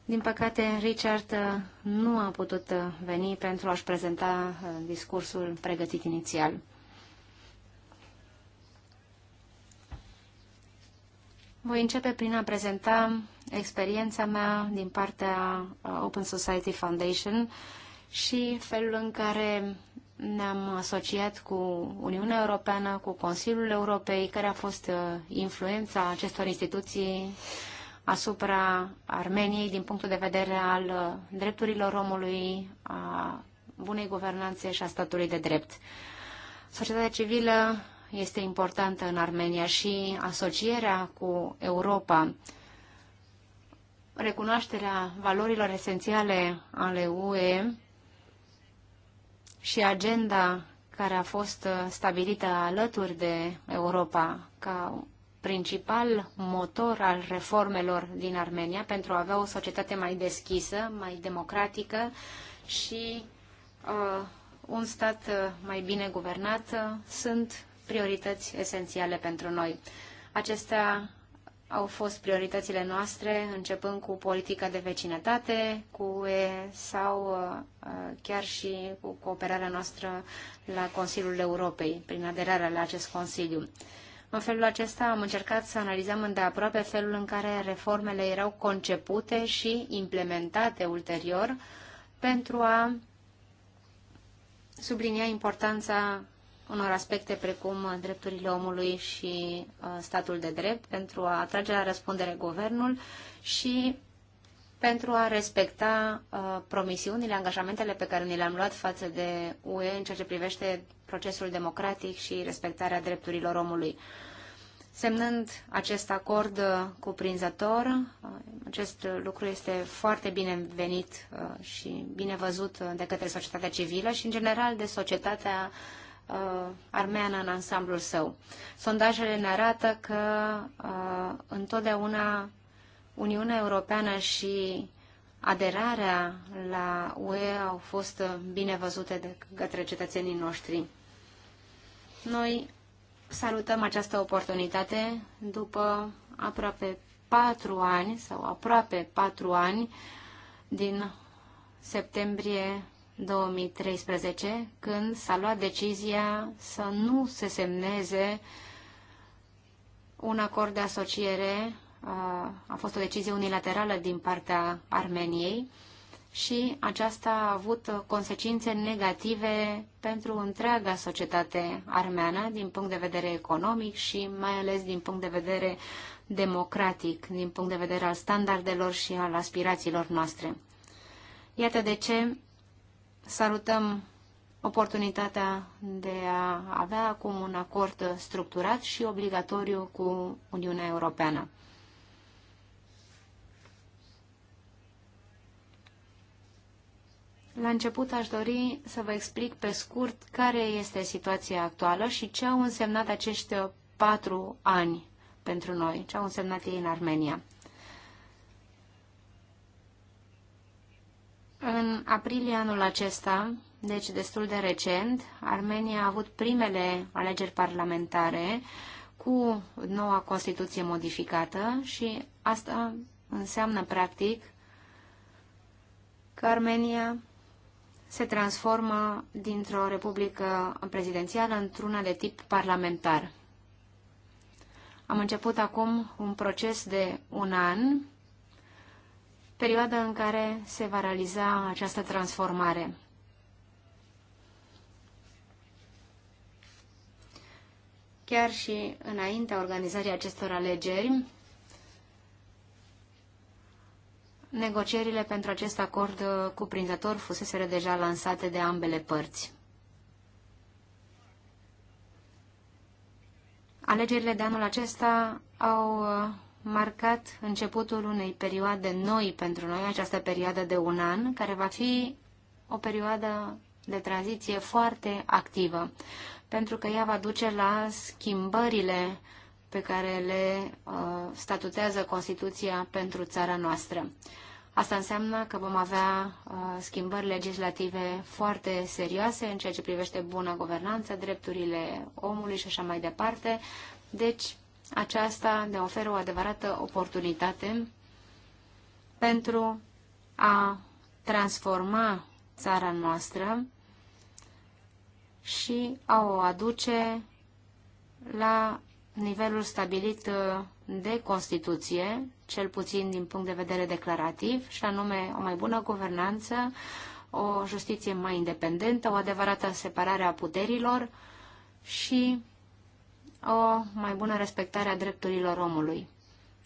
Din păcate, Richard uh, nu a putut uh, veni pentru a-și prezenta uh, discursul pregătit inițial. Voi începe prin a prezenta experiența mea din partea Open Society Foundation și felul în care ne-am asociat cu Uniunea Europeană, cu Consiliul Europei, care a fost influența acestor instituții asupra Armeniei din punctul de vedere al uh, drepturilor omului, a bunei guvernanțe și a statului de drept. Societatea civilă este importantă în Armenia și asocierea cu Europa, recunoașterea valorilor esențiale ale UE și agenda care a fost stabilită alături de Europa ca principal motor al reformelor din Armenia pentru a avea o societate mai deschisă, mai democratică și uh, un stat uh, mai bine guvernat uh, sunt priorități esențiale pentru noi. Acestea au fost prioritățile noastre, începând cu politica de vecinătate, cu UE sau uh, chiar și cu cooperarea noastră la Consiliul Europei, prin aderarea la acest Consiliu. În felul acesta am încercat să analizăm îndeaproape felul în care reformele erau concepute și implementate ulterior pentru a sublinia importanța unor aspecte precum drepturile omului și uh, statul de drept pentru a atrage la răspundere guvernul și pentru a respecta uh, promisiunile, angajamentele pe care ni le-am luat față de UE în ceea ce privește procesul democratic și respectarea drepturilor omului. Semnând acest acord uh, cuprinzător, uh, acest lucru este foarte binevenit uh, și bine văzut de către societatea civilă și, în general, de societatea armeană în ansamblul său. Sondajele ne arată că întotdeauna Uniunea Europeană și aderarea la UE au fost bine văzute de către cetățenii noștri. Noi salutăm această oportunitate după aproape patru ani sau aproape patru ani din septembrie 2013, când s-a luat decizia să nu se semneze un acord de asociere Uh, a fost o decizie unilaterală din partea Armeniei și aceasta a avut consecințe negative pentru întreaga societate armeană din punct de vedere economic și mai ales din punct de vedere democratic, din punct de vedere al standardelor și al aspirațiilor noastre. Iată de ce salutăm oportunitatea de a avea acum un acord structurat și obligatoriu cu Uniunea Europeană. La început aș dori să vă explic pe scurt care este situația actuală și ce au însemnat acești patru ani pentru noi, ce au însemnat ei în Armenia. În aprilie anul acesta, deci destul de recent, Armenia a avut primele alegeri parlamentare cu noua Constituție modificată și asta înseamnă practic că Armenia se transformă dintr-o republică prezidențială într-una de tip parlamentar. Am început acum un proces de un an, perioada în care se va realiza această transformare. Chiar și înaintea organizării acestor alegeri, negocierile pentru acest acord uh, cuprinzător fuseseră deja lansate de ambele părți. Alegerile de anul acesta au uh, marcat începutul unei perioade noi pentru noi, această perioadă de un an, care va fi o perioadă de tranziție foarte activă, pentru că ea va duce la schimbările pe care le uh, statutează Constituția pentru țara noastră. Asta înseamnă că vom avea uh, schimbări legislative foarte serioase în ceea ce privește bună guvernanță, drepturile omului și așa mai departe. Deci, aceasta ne oferă o adevărată oportunitate pentru a transforma țara noastră și a o aduce la nivelul stabilit uh, de Constituție, cel puțin din punct de vedere declarativ, și anume o mai bună guvernanță, o justiție mai independentă, o adevărată separare a puterilor și o mai bună respectare a drepturilor omului.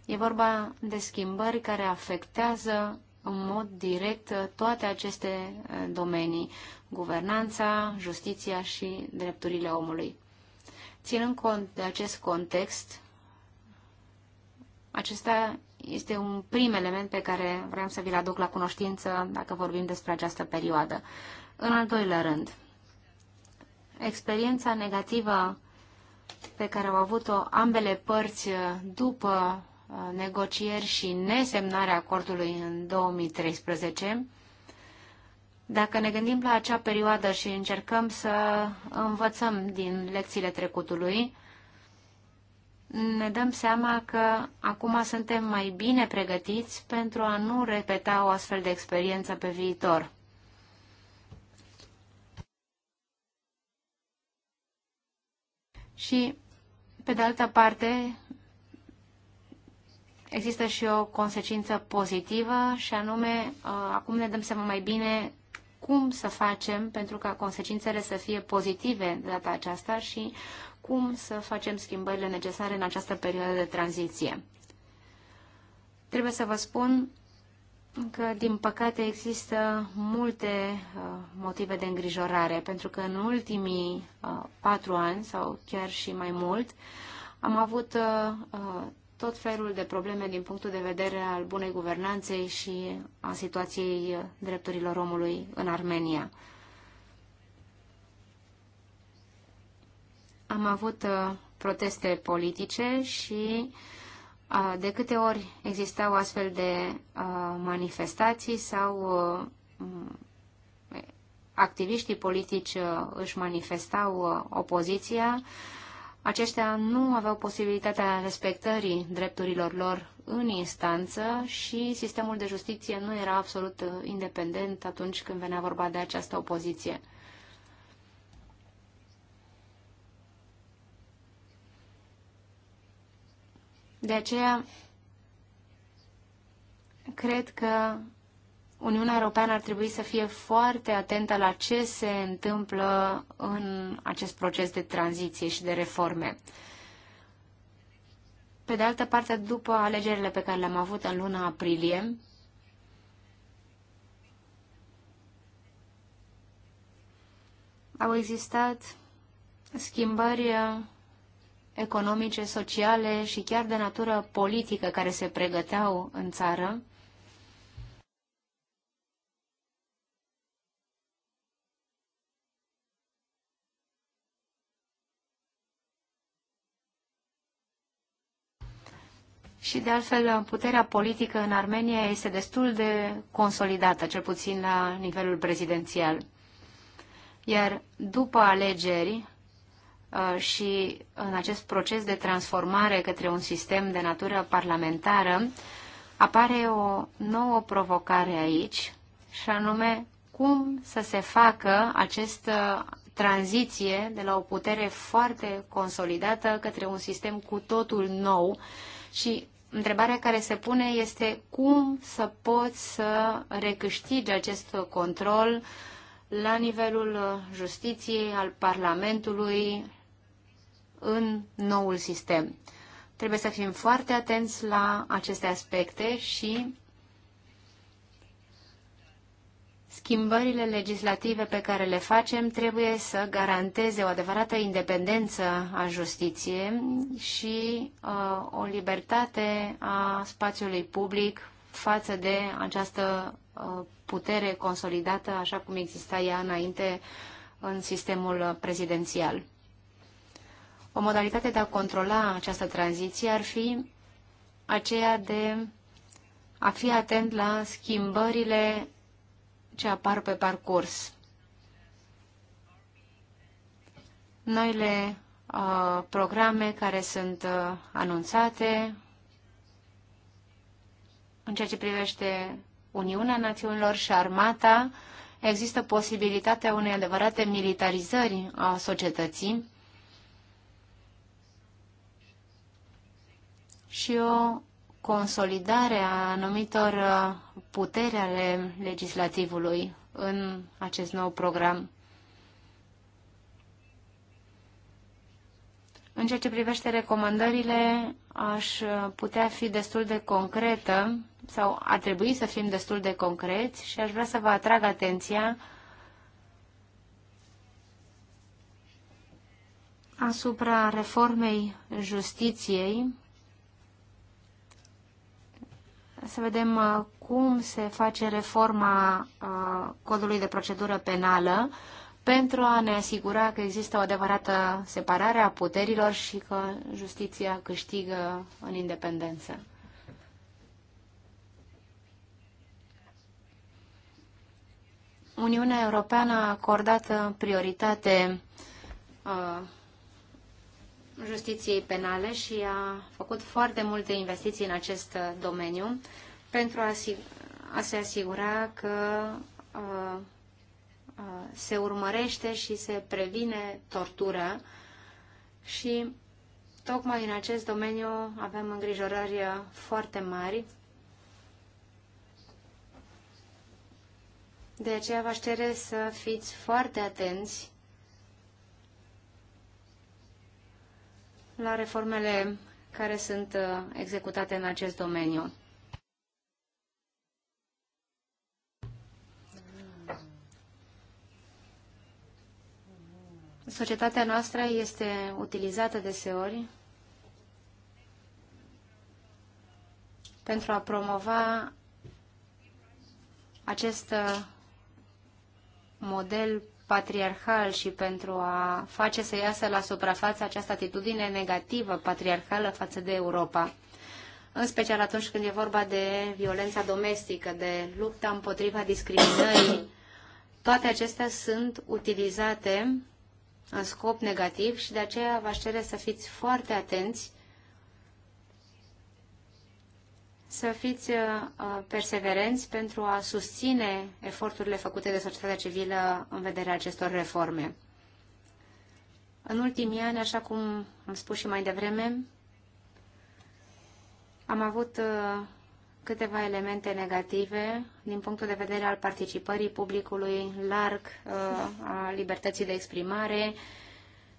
E vorba de schimbări care afectează în mod direct toate aceste uh, domenii, guvernanța, justiția și drepturile omului. Ținând cont de acest context, acesta este un prim element pe care vreau să vi-l aduc la cunoștință dacă vorbim despre această perioadă. În al doilea rând, experiența negativă pe care au avut-o ambele părți după uh, negocieri și nesemnarea acordului în 2013 dacă ne gândim la acea perioadă și încercăm să învățăm din lecțiile trecutului, ne dăm seama că acum suntem mai bine pregătiți pentru a nu repeta o astfel de experiență pe viitor. Și, pe de altă parte, există și o consecință pozitivă și anume, uh, acum ne dăm seama mai bine cum să facem pentru ca consecințele să fie pozitive de data aceasta și cum să facem schimbările necesare în această perioadă de tranziție. Trebuie să vă spun că, din păcate, există multe uh, motive de îngrijorare, pentru că în ultimii uh, patru ani, sau chiar și mai mult, am avut uh, uh tot felul de probleme din punctul de vedere al bunei guvernanței și a situației drepturilor omului în Armenia. Am avut uh, proteste politice și uh, de câte ori existau astfel de uh, manifestații sau activiștii politici își manifestau opoziția, aceștia nu aveau posibilitatea respectării drepturilor lor în instanță și sistemul de justiție nu era absolut independent atunci când venea vorba de această opoziție. De aceea, cred că Uniunea Europeană ar trebui să fie foarte atentă la ce se întâmplă în acest proces de tranziție și de reforme. Pe de altă parte, după alegerile pe care le-am avut în luna aprilie, au existat schimbări economice, sociale și chiar de natură politică care se pregăteau în țară și de altfel puterea politică în Armenia este destul de consolidată, cel puțin la nivelul prezidențial. Iar după alegeri uh, și în acest proces de transformare către un sistem de natură parlamentară, apare o nouă provocare aici, și anume cum să se facă această tranziție de la o putere foarte consolidată către un sistem cu totul nou și întrebarea care se pune este cum să poți să recâștigi acest control la nivelul justiției, al Parlamentului, în noul sistem. Trebuie să fim foarte atenți la aceste aspecte și Schimbările legislative pe care le facem trebuie să garanteze o adevărată independență a justiției și uh, o libertate a spațiului public față de această uh, putere consolidată, așa cum exista ea înainte în sistemul prezidențial. O modalitate de a controla această tranziție ar fi aceea de a fi atent la schimbările ce apar pe parcurs. Noile uh, programe care sunt uh, anunțate în ceea ce privește Uniunea Națiunilor și Armata, există posibilitatea unei adevărate militarizări a societății și o consolidare a anumitor uh, puteri ale legislativului în acest nou program. În ceea ce privește recomandările, aș uh, putea fi destul de concretă sau ar trebui să fim destul de concreți și aș vrea să vă atrag atenția asupra reformei justiției să vedem uh, cum se face reforma uh, codului de procedură penală pentru a ne asigura că există o adevărată separare a puterilor și că justiția câștigă în independență. Uniunea Europeană a acordat prioritate uh, justiției penale și a făcut foarte multe investiții în acest uh, domeniu pentru a, a se asigura că a, uh, a, uh, se urmărește și se previne tortură și tocmai în acest domeniu avem îngrijorări foarte mari. De aceea v-aș cere să fiți foarte atenți la reformele care sunt uh, executate în acest domeniu. Societatea noastră este utilizată deseori pentru a promova acest uh, model patriarhal și pentru a face să iasă la suprafață această atitudine negativă patriarhală față de Europa. În special atunci când e vorba de violența domestică, de lupta împotriva discriminării, toate acestea sunt utilizate în scop negativ și de aceea vă aș cere să fiți foarte atenți să fiți uh, perseverenți pentru a susține eforturile făcute de societatea civilă în vederea acestor reforme. În ultimii ani, așa cum am spus și mai devreme, am avut uh, câteva elemente negative din punctul de vedere al participării publicului larg, uh, a libertății de exprimare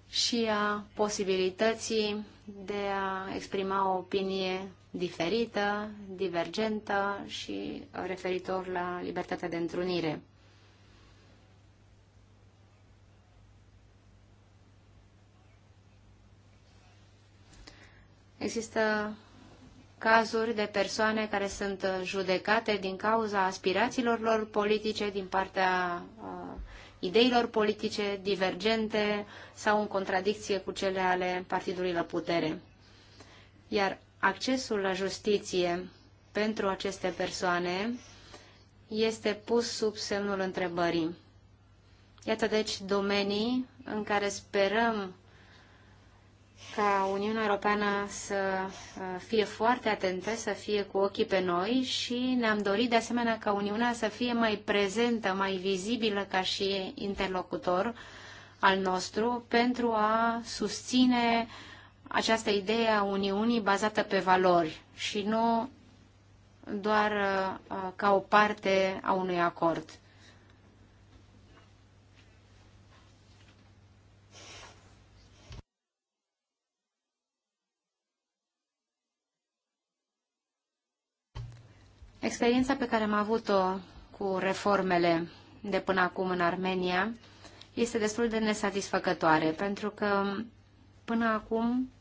și a posibilității de a exprima o opinie diferită, divergentă și referitor la libertatea de întrunire. Există cazuri de persoane care sunt judecate din cauza aspirațiilor lor politice din partea uh, ideilor politice divergente sau în contradicție cu cele ale partidului la putere. Iar accesul la justiție pentru aceste persoane este pus sub semnul întrebării. Iată deci domenii în care sperăm ca Uniunea Europeană să uh, fie foarte atentă, să fie cu ochii pe noi și ne-am dorit de asemenea ca Uniunea să fie mai prezentă, mai vizibilă ca și interlocutor al nostru pentru a susține această idee a Uniunii bazată pe valori și nu doar uh, ca o parte a unui acord. Experiența pe care am avut-o cu reformele de până acum în Armenia este destul de nesatisfăcătoare, pentru că până acum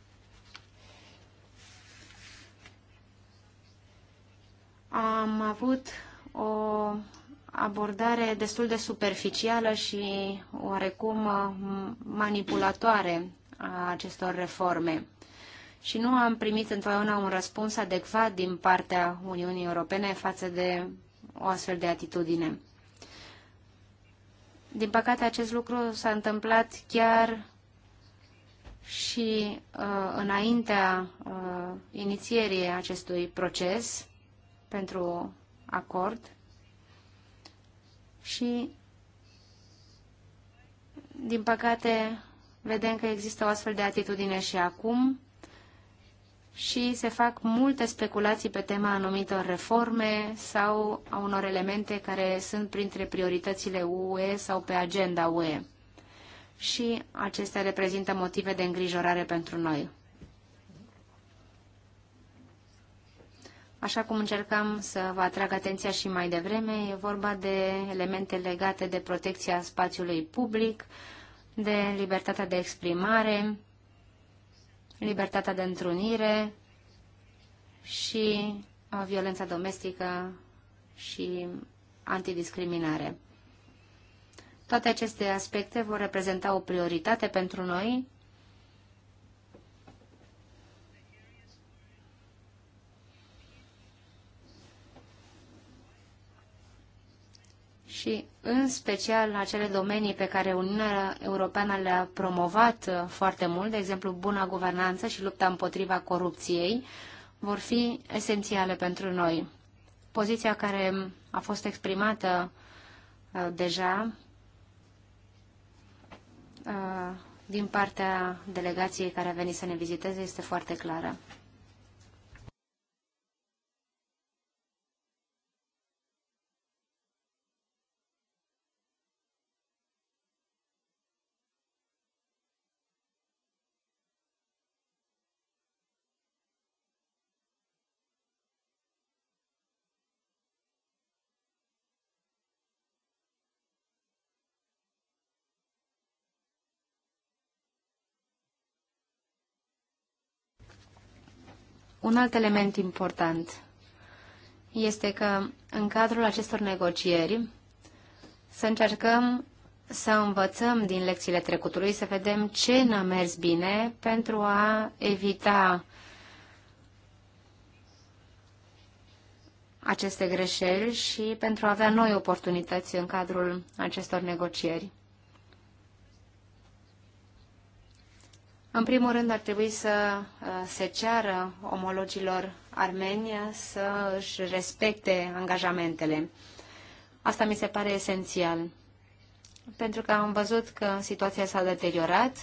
am avut o abordare destul de superficială și oarecum manipulatoare a acestor reforme și nu am primit întotdeauna un răspuns adecvat din partea Uniunii Europene față de o astfel de atitudine. Din păcate, acest lucru s-a întâmplat chiar și uh, înaintea uh, inițierii acestui proces pentru acord și, din păcate, vedem că există o astfel de atitudine și acum și se fac multe speculații pe tema anumitor reforme sau a unor elemente care sunt printre prioritățile UE sau pe agenda UE. Și acestea reprezintă motive de îngrijorare pentru noi. Așa cum încercam să vă atrag atenția și mai devreme, e vorba de elemente legate de protecția spațiului public, de libertatea de exprimare, libertatea de întrunire și uh, violența domestică și antidiscriminare. Toate aceste aspecte vor reprezenta o prioritate pentru noi și în special acele domenii pe care Uniunea Europeană le-a promovat uh, foarte mult, de exemplu buna guvernanță și lupta împotriva corupției, vor fi esențiale pentru noi. Poziția care a fost exprimată uh, deja uh, din partea delegației care a venit să ne viziteze este foarte clară. Un alt element important este că în cadrul acestor negocieri să încercăm să învățăm din lecțiile trecutului, să vedem ce n-a mers bine pentru a evita aceste greșeli și pentru a avea noi oportunități în cadrul acestor negocieri. În primul rând, ar trebui să uh, se ceară omologilor armeni să își respecte angajamentele. Asta mi se pare esențial, pentru că am văzut că situația s-a deteriorat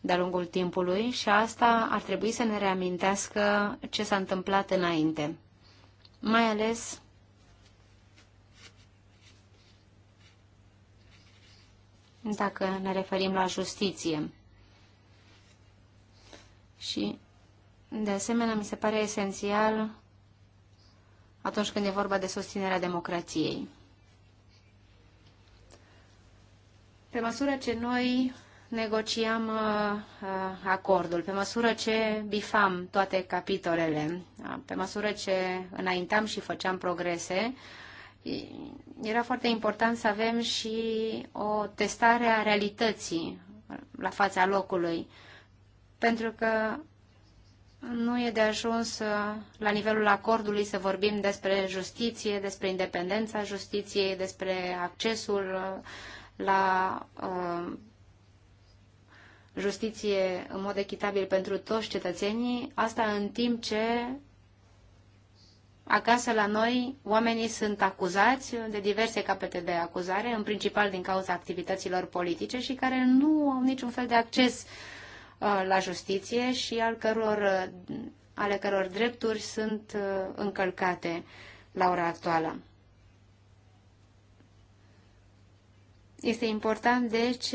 de-a lungul timpului și asta ar trebui să ne reamintească ce s-a întâmplat înainte. Mai ales dacă ne referim la justiție. Și, de asemenea, mi se pare esențial atunci când e vorba de susținerea democrației. Pe măsură ce noi negociam uh, uh acordul, pe măsură ce bifam toate capitolele, uh, pe măsură ce înaintam și făceam progrese, era foarte important să avem și o testare a realității la fața locului. Uh, pentru că nu e de ajuns uh, la nivelul acordului să vorbim despre justiție, despre independența justiției, despre accesul uh, la uh, justiție în mod echitabil pentru toți cetățenii, asta în timp ce acasă la noi oamenii sunt acuzați de diverse capete de acuzare, în principal din cauza activităților politice și care nu au niciun fel de acces uh, Uh, la justiție și al căror, uh, ale căror drepturi sunt uh, încălcate la ora actuală. Este important, deci,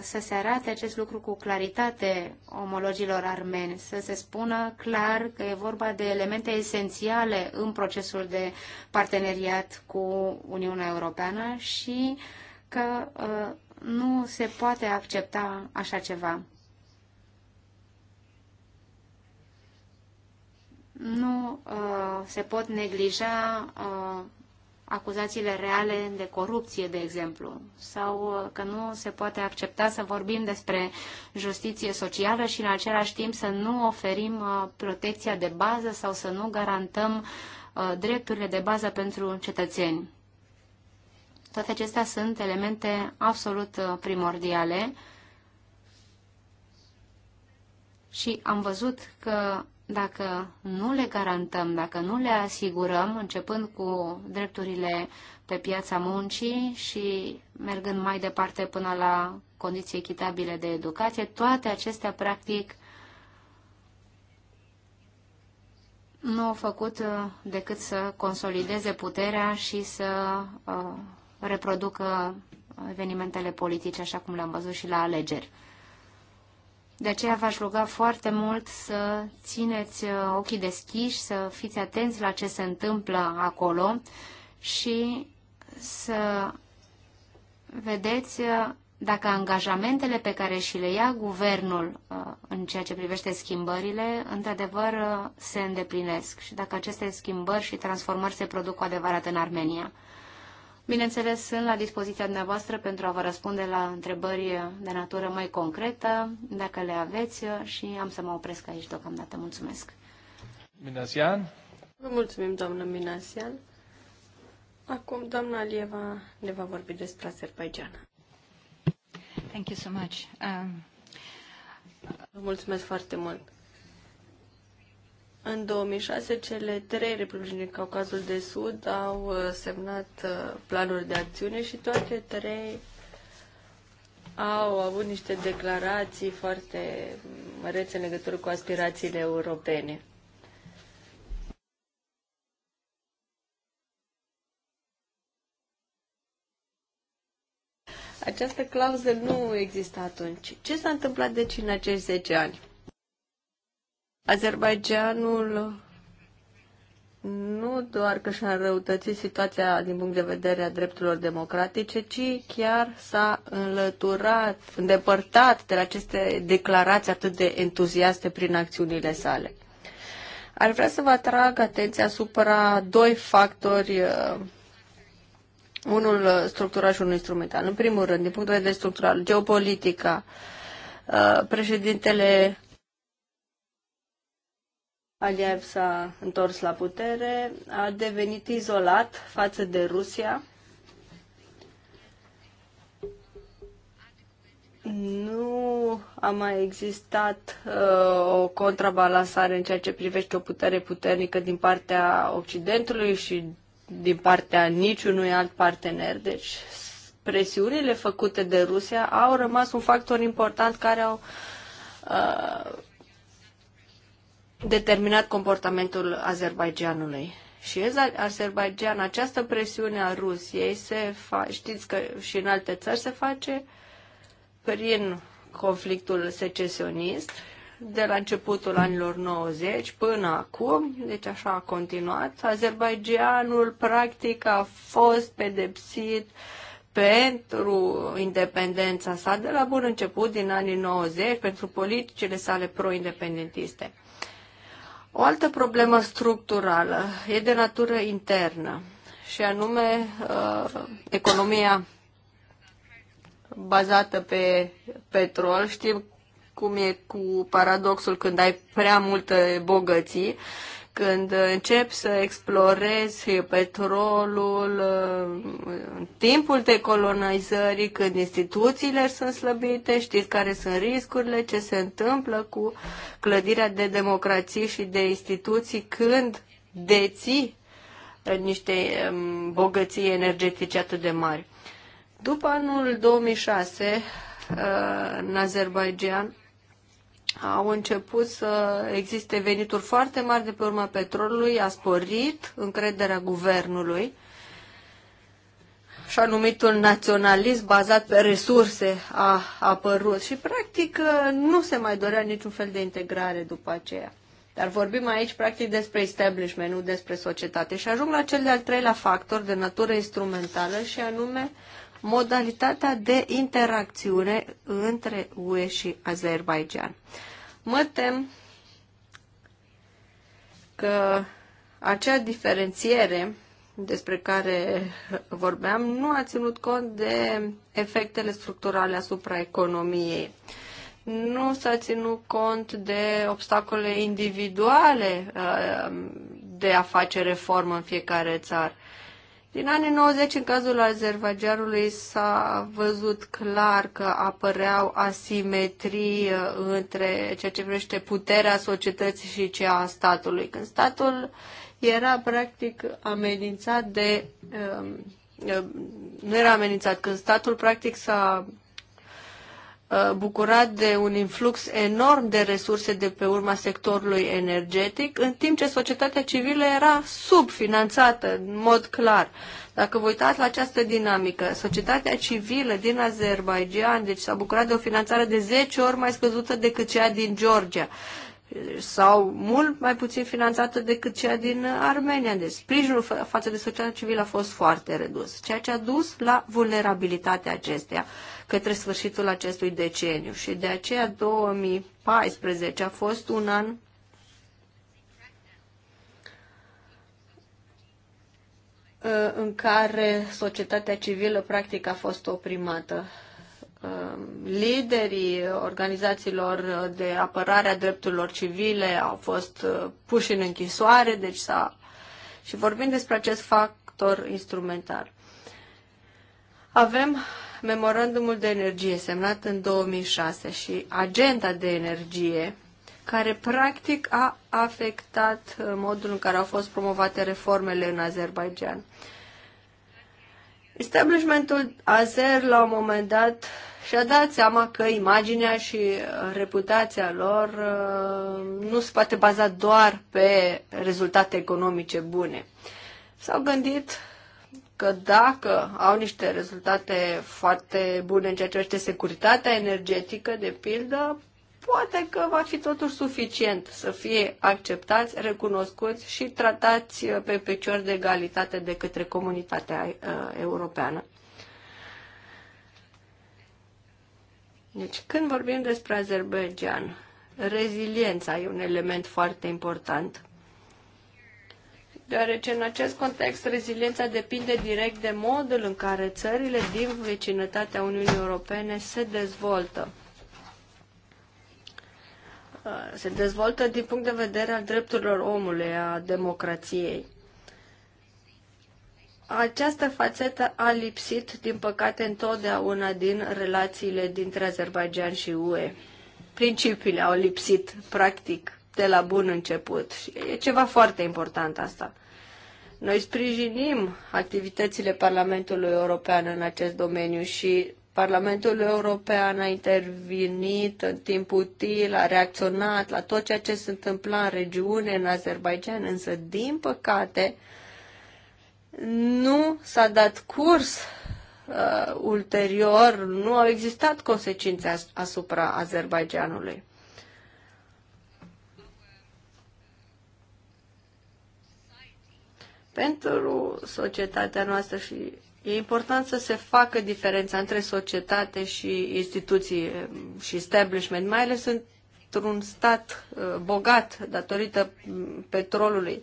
să se arate acest lucru cu claritate omologilor armeni, să se spună clar că e vorba de elemente esențiale în procesul de parteneriat cu Uniunea Europeană și că nu se poate accepta așa ceva. nu uh, se pot neglija uh, acuzațiile reale de corupție, de exemplu, sau uh, că nu se poate accepta să vorbim despre justiție socială și în același timp să nu oferim uh, protecția de bază sau să nu garantăm uh, drepturile de bază pentru cetățeni. Toate acestea sunt elemente absolut primordiale și am văzut că dacă nu le garantăm, dacă nu le asigurăm, începând cu drepturile pe piața muncii și mergând mai departe până la condiții echitabile de educație, toate acestea, practic, nu au făcut uh, decât să consolideze puterea și să uh, reproducă uh, evenimentele politice, așa cum le-am văzut și la alegeri. De aceea v-aș ruga foarte mult să țineți uh, ochii deschiși, să fiți atenți la ce se întâmplă acolo și să vedeți uh, dacă angajamentele pe care și le ia guvernul uh, în ceea ce privește schimbările, într-adevăr, se îndeplinesc și dacă aceste schimbări și transformări se produc cu adevărat în Armenia. Bineînțeles, sunt la dispoziția dumneavoastră pentru a vă răspunde la întrebări de natură mai concretă, dacă le aveți, și am să mă opresc aici deocamdată. Mulțumesc! Minasian. Vă mulțumim, doamnă Minasian. Acum, doamna Alieva ne va vorbi despre Azerbaijan. Thank you so much. Um... Vă mulțumesc foarte mult. În 2006, cele trei republici din Caucazul de Sud au uh, semnat uh, planuri de acțiune și toate trei au avut niște declarații foarte mărețe în legătură cu aspirațiile europene. Această clauză nu exista atunci. Ce s-a întâmplat deci în acești 10 ani? Azerbaijanul nu doar că și-a înrăutățit situația din punct de vedere a drepturilor democratice, ci chiar s-a înlăturat, îndepărtat de la aceste declarații atât de entuziaste prin acțiunile sale. Ar vrea să vă atrag atenția asupra doi factori, uh, unul uh, structural și unul instrumental. În primul rând, din punct de vedere structural, geopolitica, uh, președintele Aliyev s-a întors la putere, a devenit izolat față de Rusia, nu a mai existat uh, o contrabalansare în ceea ce privește o putere puternică din partea Occidentului și din partea niciunui alt partener. Deci presiunile făcute de Rusia au rămas un factor important care au uh, determinat comportamentul Azerbaijanului. Și Azerbaijan, această presiune a Rusiei se fa- știți că și în alte țări se face prin conflictul secesionist de la începutul anilor 90 până acum, deci așa a continuat. Azerbaijanul practic a fost pedepsit pentru independența sa de la bun început din anii 90, pentru politicile sale pro-independentiste. O altă problemă structurală e de natură internă și anume uh, economia bazată pe petrol. Știm cum e cu paradoxul când ai prea multe bogății când încep să explorezi petrolul în uh, timpul decolonizării, când instituțiile sunt slăbite, știți care sunt riscurile, ce se întâmplă cu clădirea de democrații și de instituții când deții uh, niște um, bogății energetice atât de mari. După anul 2006, uh, în Azerbaijan, au început să existe venituri foarte mari de pe urma petrolului, a sporit încrederea guvernului și anumitul naționalism bazat pe resurse a apărut și practic nu se mai dorea niciun fel de integrare după aceea. Dar vorbim aici practic despre establishment, nu despre societate. Și ajung la cel de-al treilea factor de natură instrumentală și anume modalitatea de interacțiune între UE și Azerbaijan. Mă tem că acea diferențiere despre care vorbeam nu a ținut cont de efectele structurale asupra economiei. Nu s-a ținut cont de obstacole individuale uh, de a face reformă în fiecare țară. Din anii 90, în cazul Azerbaidjanului, s-a văzut clar că apăreau asimetrii uh, între ceea ce privește puterea societății și cea a statului. Când statul era practic amenințat de. Um, uh, nu era amenințat, când statul practic s-a Uh, bucurat de un influx enorm de resurse de pe urma sectorului energetic, în timp ce societatea civilă era subfinanțată în mod clar. Dacă vă uitați la această dinamică, societatea civilă din Azerbaijan, deci s-a bucurat de o finanțare de 10 ori mai scăzută decât cea din Georgia sau mult mai puțin finanțată decât cea din Armenia. Deci sprijinul față de societatea civilă a fost foarte redus, ceea ce a dus la vulnerabilitatea acesteia către sfârșitul acestui deceniu. Și de aceea 2014 a fost un an uh, în care societatea civilă practic a fost oprimată. Uh, liderii organizațiilor de apărare a drepturilor civile au fost uh, puși în închisoare, deci s-a... și vorbim despre acest factor instrumentar. Avem memorandumul de energie semnat în 2006 și agenda de energie care practic a afectat uh, modul în care au fost promovate reformele în Azerbaijan. Establishmentul Azer la un moment dat și-a dat seama că imaginea și uh, reputația lor uh, nu se poate baza doar pe rezultate economice bune. S-au gândit că dacă au niște rezultate foarte bune în ceea ce privește securitatea energetică, de pildă, poate că va fi totuși suficient să fie acceptați, recunoscuți și tratați pe picior de egalitate de către comunitatea uh, europeană. Deci, când vorbim despre Azerbaijan, reziliența e un element foarte important deoarece în acest context reziliența depinde direct de modul în care țările din vecinătatea Uniunii Europene se dezvoltă. Uh, se dezvoltă din punct de vedere al drepturilor omului, a democrației. Această fațetă a lipsit, din păcate, întotdeauna din relațiile dintre Azerbaijan și UE. Principiile au lipsit, practic, de la bun început. Și e ceva foarte important asta. Noi sprijinim activitățile Parlamentului European în acest domeniu și Parlamentul European a intervenit în timp util, a reacționat la tot ceea ce se întâmpla în regiune, în Azerbaijan, însă, din păcate, nu s-a dat curs uh, ulterior, nu au existat consecințe asupra Azerbaijanului. pentru societatea noastră și e important să se facă diferența între societate și instituții și establishment, mai ales într-un stat uh, bogat datorită mm, petrolului.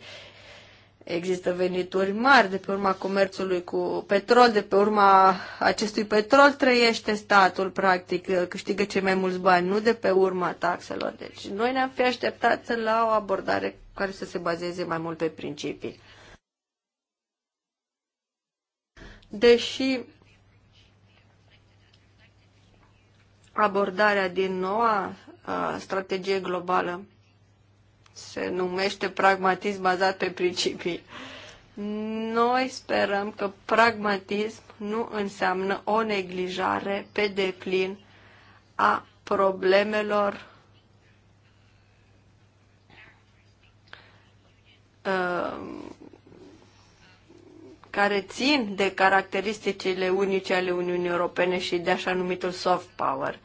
Există venituri mari de pe urma comerțului cu petrol, de pe urma acestui petrol trăiește statul, practic, uh, câștigă cei mai mulți bani, nu de pe urma taxelor. Deci noi ne-am fi așteptat la o abordare care să se bazeze mai mult pe principii. deși abordarea din noua strategie globală se numește pragmatism bazat pe principii. Noi sperăm că pragmatism nu înseamnă o neglijare pe deplin a problemelor uh, care țin de caracteristicile unice ale Uniunii Europene și de așa numitul soft power.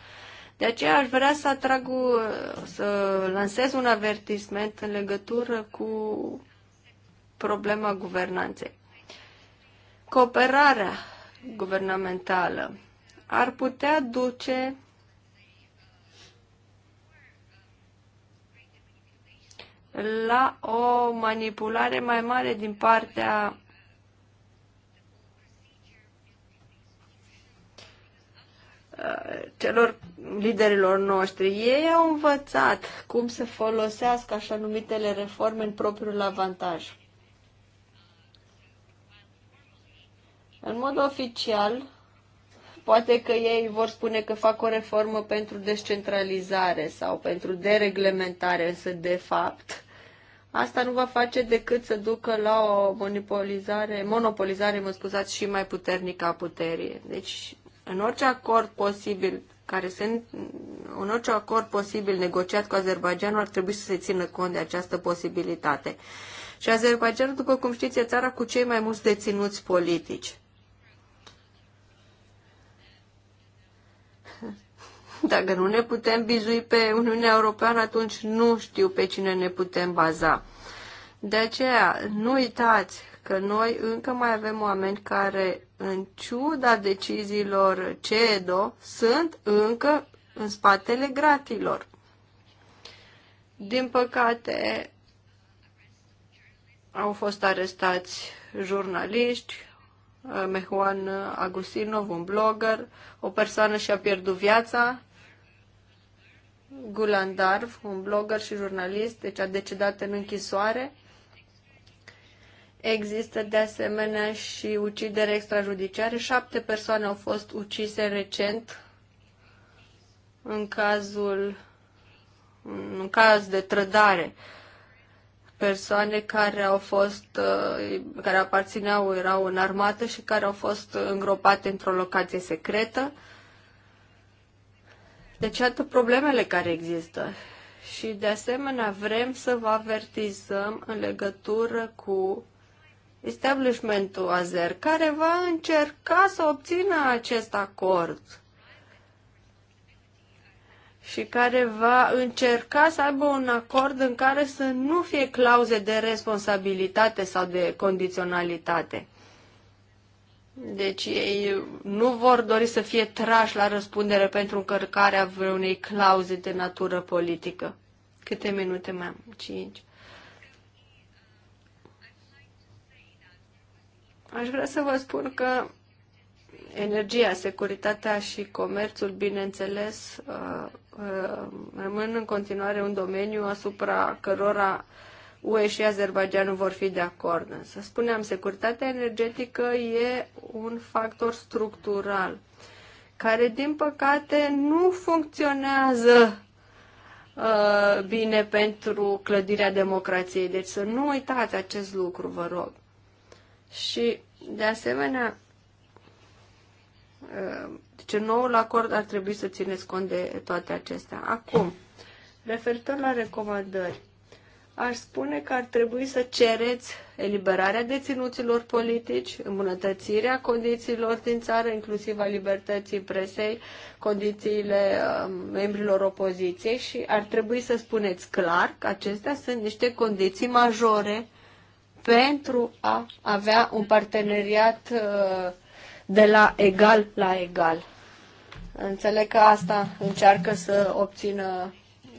De aceea aș vrea să atrag, să lansez un avertisment în legătură cu problema guvernanței. Cooperarea guvernamentală ar putea duce la o manipulare mai mare din partea celor liderilor noștri. Ei au învățat cum să folosească așa numitele reforme în propriul avantaj. În mod oficial, poate că ei vor spune că fac o reformă pentru descentralizare sau pentru dereglementare, însă de fapt asta nu va face decât să ducă la o monopolizare, monopolizare mă scuzați, și mai puternică a puterii. Deci în orice acord posibil care se, în orice acord posibil negociat cu Azerbaijanul ar trebui să se țină cont de această posibilitate. Și Azerbaijanul, după cum știți, e țara cu cei mai mulți deținuți politici. Dacă nu ne putem bizui pe Uniunea Europeană, atunci nu știu pe cine ne putem baza. De aceea, nu uitați că noi încă mai avem oameni care, în ciuda deciziilor CEDO, sunt încă în spatele gratilor. Din păcate, au fost arestați jurnaliști, uh, Mehuan Agustinov, un blogger, o persoană și-a pierdut viața, Gulandarv, un blogger și jurnalist, deci a decedat în închisoare. Există de asemenea și ucidere extrajudiciare. Șapte persoane au fost ucise recent în cazul în caz de trădare. Persoane care au fost, uh, care aparțineau, erau în armată și care au fost îngropate într-o locație secretă. Deci, atât problemele care există. Și, de asemenea, vrem să vă avertizăm în legătură cu establishmentul azer, care va încerca să obțină acest acord și care va încerca să aibă un acord în care să nu fie clauze de responsabilitate sau de condiționalitate. Deci ei nu vor dori să fie trași la răspundere pentru încărcarea vreunei clauze de natură politică. Câte minute mai am? Cinci. Aș vrea să vă spun că energia, securitatea și comerțul, bineînțeles, uh, uh, rămân în continuare un domeniu asupra cărora UE și Azerbaijanul vor fi de acord. Să spuneam, securitatea energetică e un factor structural care, din păcate, nu funcționează uh, bine pentru clădirea democrației. Deci să nu uitați acest lucru, vă rog. Și, de asemenea, uh, deci noul acord ar trebui să țineți cont de toate acestea. Acum, referitor la recomandări, aș spune că ar trebui să cereți eliberarea deținuților politici, îmbunătățirea condițiilor din țară, inclusiv a libertății presei, condițiile uh, membrilor opoziției și ar trebui să spuneți clar că acestea sunt niște condiții majore pentru a avea un parteneriat uh, de la egal la egal. Înțeleg că asta încearcă să obțină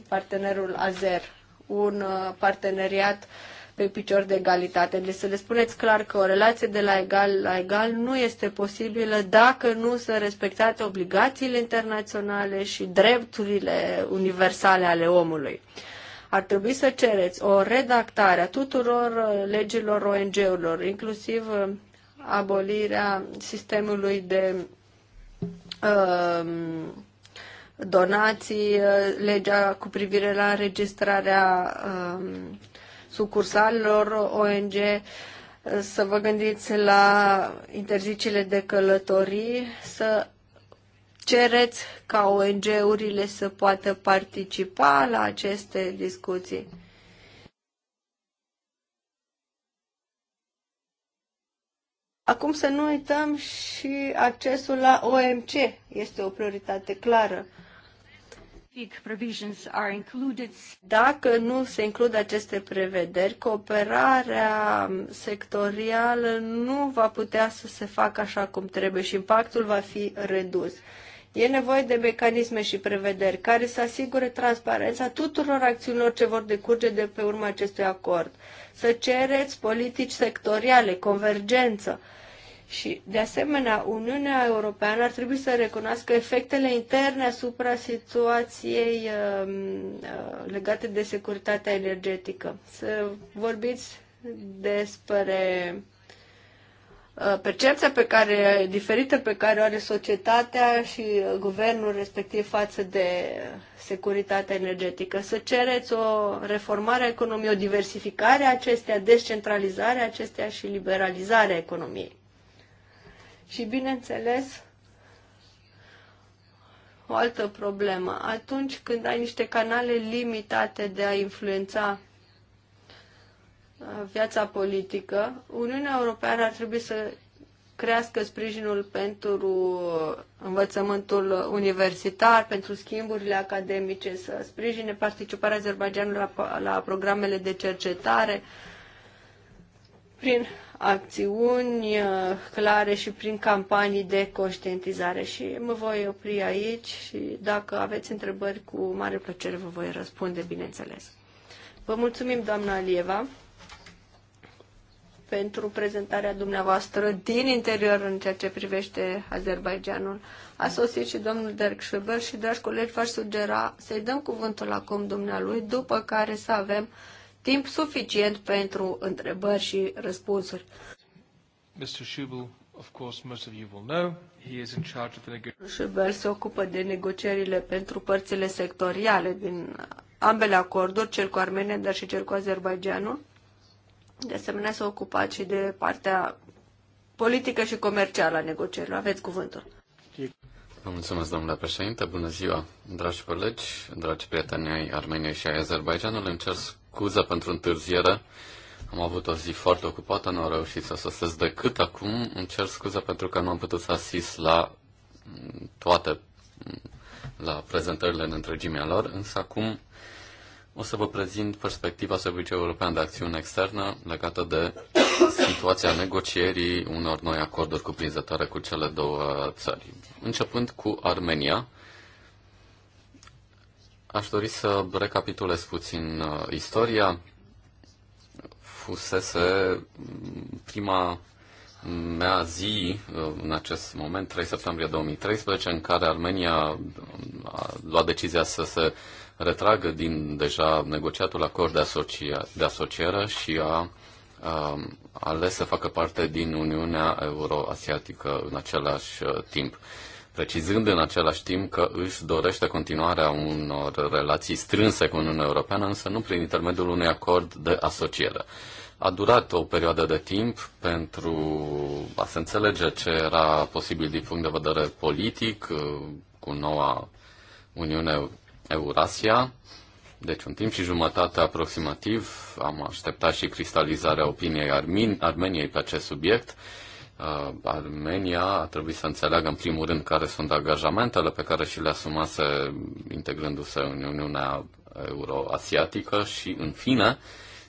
partenerul Azer, un uh, parteneriat pe picior de egalitate. Deci să le spuneți clar că o relație de la egal la egal nu este posibilă dacă nu sunt respectate obligațiile internaționale și drepturile universale ale omului. Ar trebui să cereți o redactare a tuturor uh, legilor ONG-urilor, inclusiv uh, abolirea sistemului de um, donații, uh, legea cu privire la înregistrarea um, sucursalelor ONG, să vă gândiți la interzicile de călătorii, să cereți ca ONG-urile să poată participa la aceste discuții? Acum să nu uităm și accesul la OMC este o prioritate clară. Dacă nu se includ aceste prevederi, cooperarea sectorială nu va putea să se facă așa cum trebuie și impactul va fi redus. E nevoie de mecanisme și prevederi care să asigure transparența tuturor acțiunilor ce vor decurge de pe urma acestui acord. Să cereți politici sectoriale, convergență. Și, de asemenea, Uniunea Europeană ar trebui să recunoască efectele interne asupra situației um, uh, legate de securitatea energetică. Să vorbiți despre Uh, percepția pe care, diferită pe care o are societatea și guvernul respectiv față de securitatea energetică. Să cereți o reformare a economiei, o diversificare a acesteia, a acesteia și liberalizarea economiei. Și bineînțeles, o altă problemă. Atunci când ai niște canale limitate de a influența viața politică, Uniunea Europeană ar trebui să crească sprijinul pentru învățământul universitar, pentru schimburile academice, să sprijine participarea Azerbaidjanului la, la programele de cercetare prin acțiuni uh, clare și prin campanii de conștientizare. Și mă voi opri aici și dacă aveți întrebări, cu mare plăcere vă voi răspunde, bineînțeles. Vă mulțumim, doamna Alieva pentru prezentarea dumneavoastră din interior în ceea ce privește Azerbaijanul. A sosit și domnul Dirk Schubert și, dragi colegi, v-aș sugera să-i dăm cuvântul acum dumnealui, după care să avem timp suficient pentru întrebări și răspunsuri. Mr. Schubel, of course, most of you will know, he is in charge of the negotiations. Schubel se ocupă de negocierile pentru părțile sectoriale din ambele acorduri, cel cu Armenia, dar și cel cu Azerbaijanul. De asemenea, să ocupați și de partea politică și comercială a negocierilor. Aveți cuvântul. Vă mulțumesc, domnule președinte. Bună ziua, dragi colegi, dragi prieteni ai Armeniei și ai Azerbaijanului. Îmi cer scuză pentru întârziere. Am avut o zi foarte ocupată, nu am reușit să sosesc decât acum. Îmi cer scuză pentru că nu am putut să asist la toate, la prezentările în întregimea lor, însă acum o să vă prezint perspectiva Serviciului European de Acțiune Externă legată de situația negocierii unor noi acorduri cuprinzătoare cu cele două țări. Începând cu Armenia, aș dori să recapitulez puțin uh, istoria. Fusese prima mea zi uh, în acest moment, 3 septembrie 2013, în care Armenia uh, a luat decizia să se retragă din deja negociatul acord de, asocia, de asociere și a, a ales să facă parte din Uniunea Euroasiatică în același uh, timp precizând în același timp că își dorește continuarea unor relații strânse cu Uniunea Europeană, însă nu prin intermediul unui acord de asociere. A durat o perioadă de timp pentru a se înțelege ce era posibil din punct de vedere politic uh, cu noua Uniune Eurasia. Deci un timp și jumătate aproximativ am așteptat și cristalizarea opiniei Armin, Armeniei pe acest subiect. Uh, Armenia a trebuit să înțeleagă în primul rând care sunt angajamentele pe care și le asumase integrându-se în Uniunea Euroasiatică și în fine,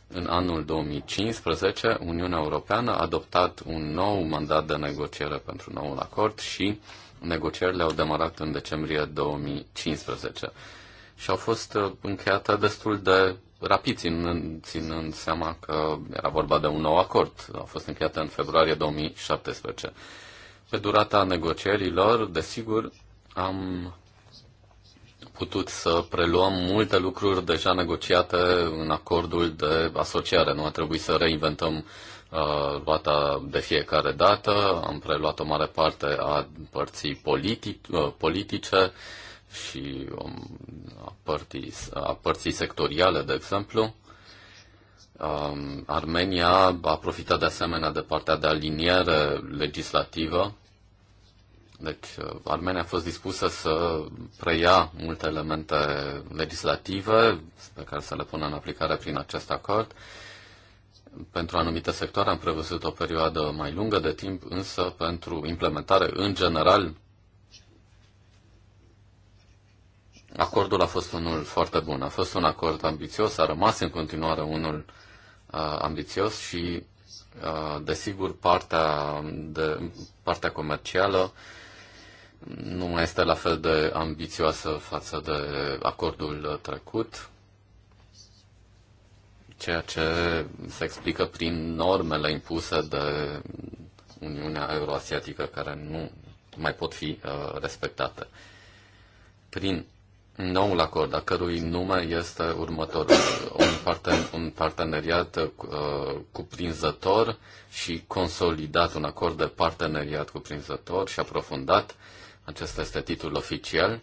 în anul 2015, Uniunea Europeană a adoptat un nou mandat de negociere pentru noul acord și negocierile au demarat în decembrie 2015 și au fost uh, încheiate destul de rapid, ținând, ținând seama că era vorba de un nou acord. Au fost încheiate în februarie 2017. Pe durata negocierilor, desigur, am putut să preluăm multe lucruri deja negociate în acordul de asociare. Nu a trebuit să reinventăm uh, de fiecare dată. Am preluat o mare parte a părții uh, politice și um, a părții, a părții sectoriale, de exemplu, um, Armenia a profitat de asemenea de partea de aliniere legislativă. Deci, uh, Armenia a fost dispusă să preia multe elemente legislative pe care să le pună în aplicare prin acest acord. Pentru anumite sectoare am prevăzut o perioadă mai lungă de timp, însă pentru implementare, în general, Acordul a fost unul foarte bun, a fost un acord ambițios, a rămas în continuare unul uh, ambițios și, uh, desigur, partea, de, partea comercială nu mai este la fel de ambițioasă față de acordul trecut, ceea ce se explică prin normele impuse de Uniunea Euroasiatică, care nu mai pot fi uh, respectate. Prin noul acord, a cărui nume este următorul. Un, parten, un parteneriat uh, cuprinzător și consolidat, un acord de parteneriat cuprinzător și aprofundat. Acesta este titlul oficial.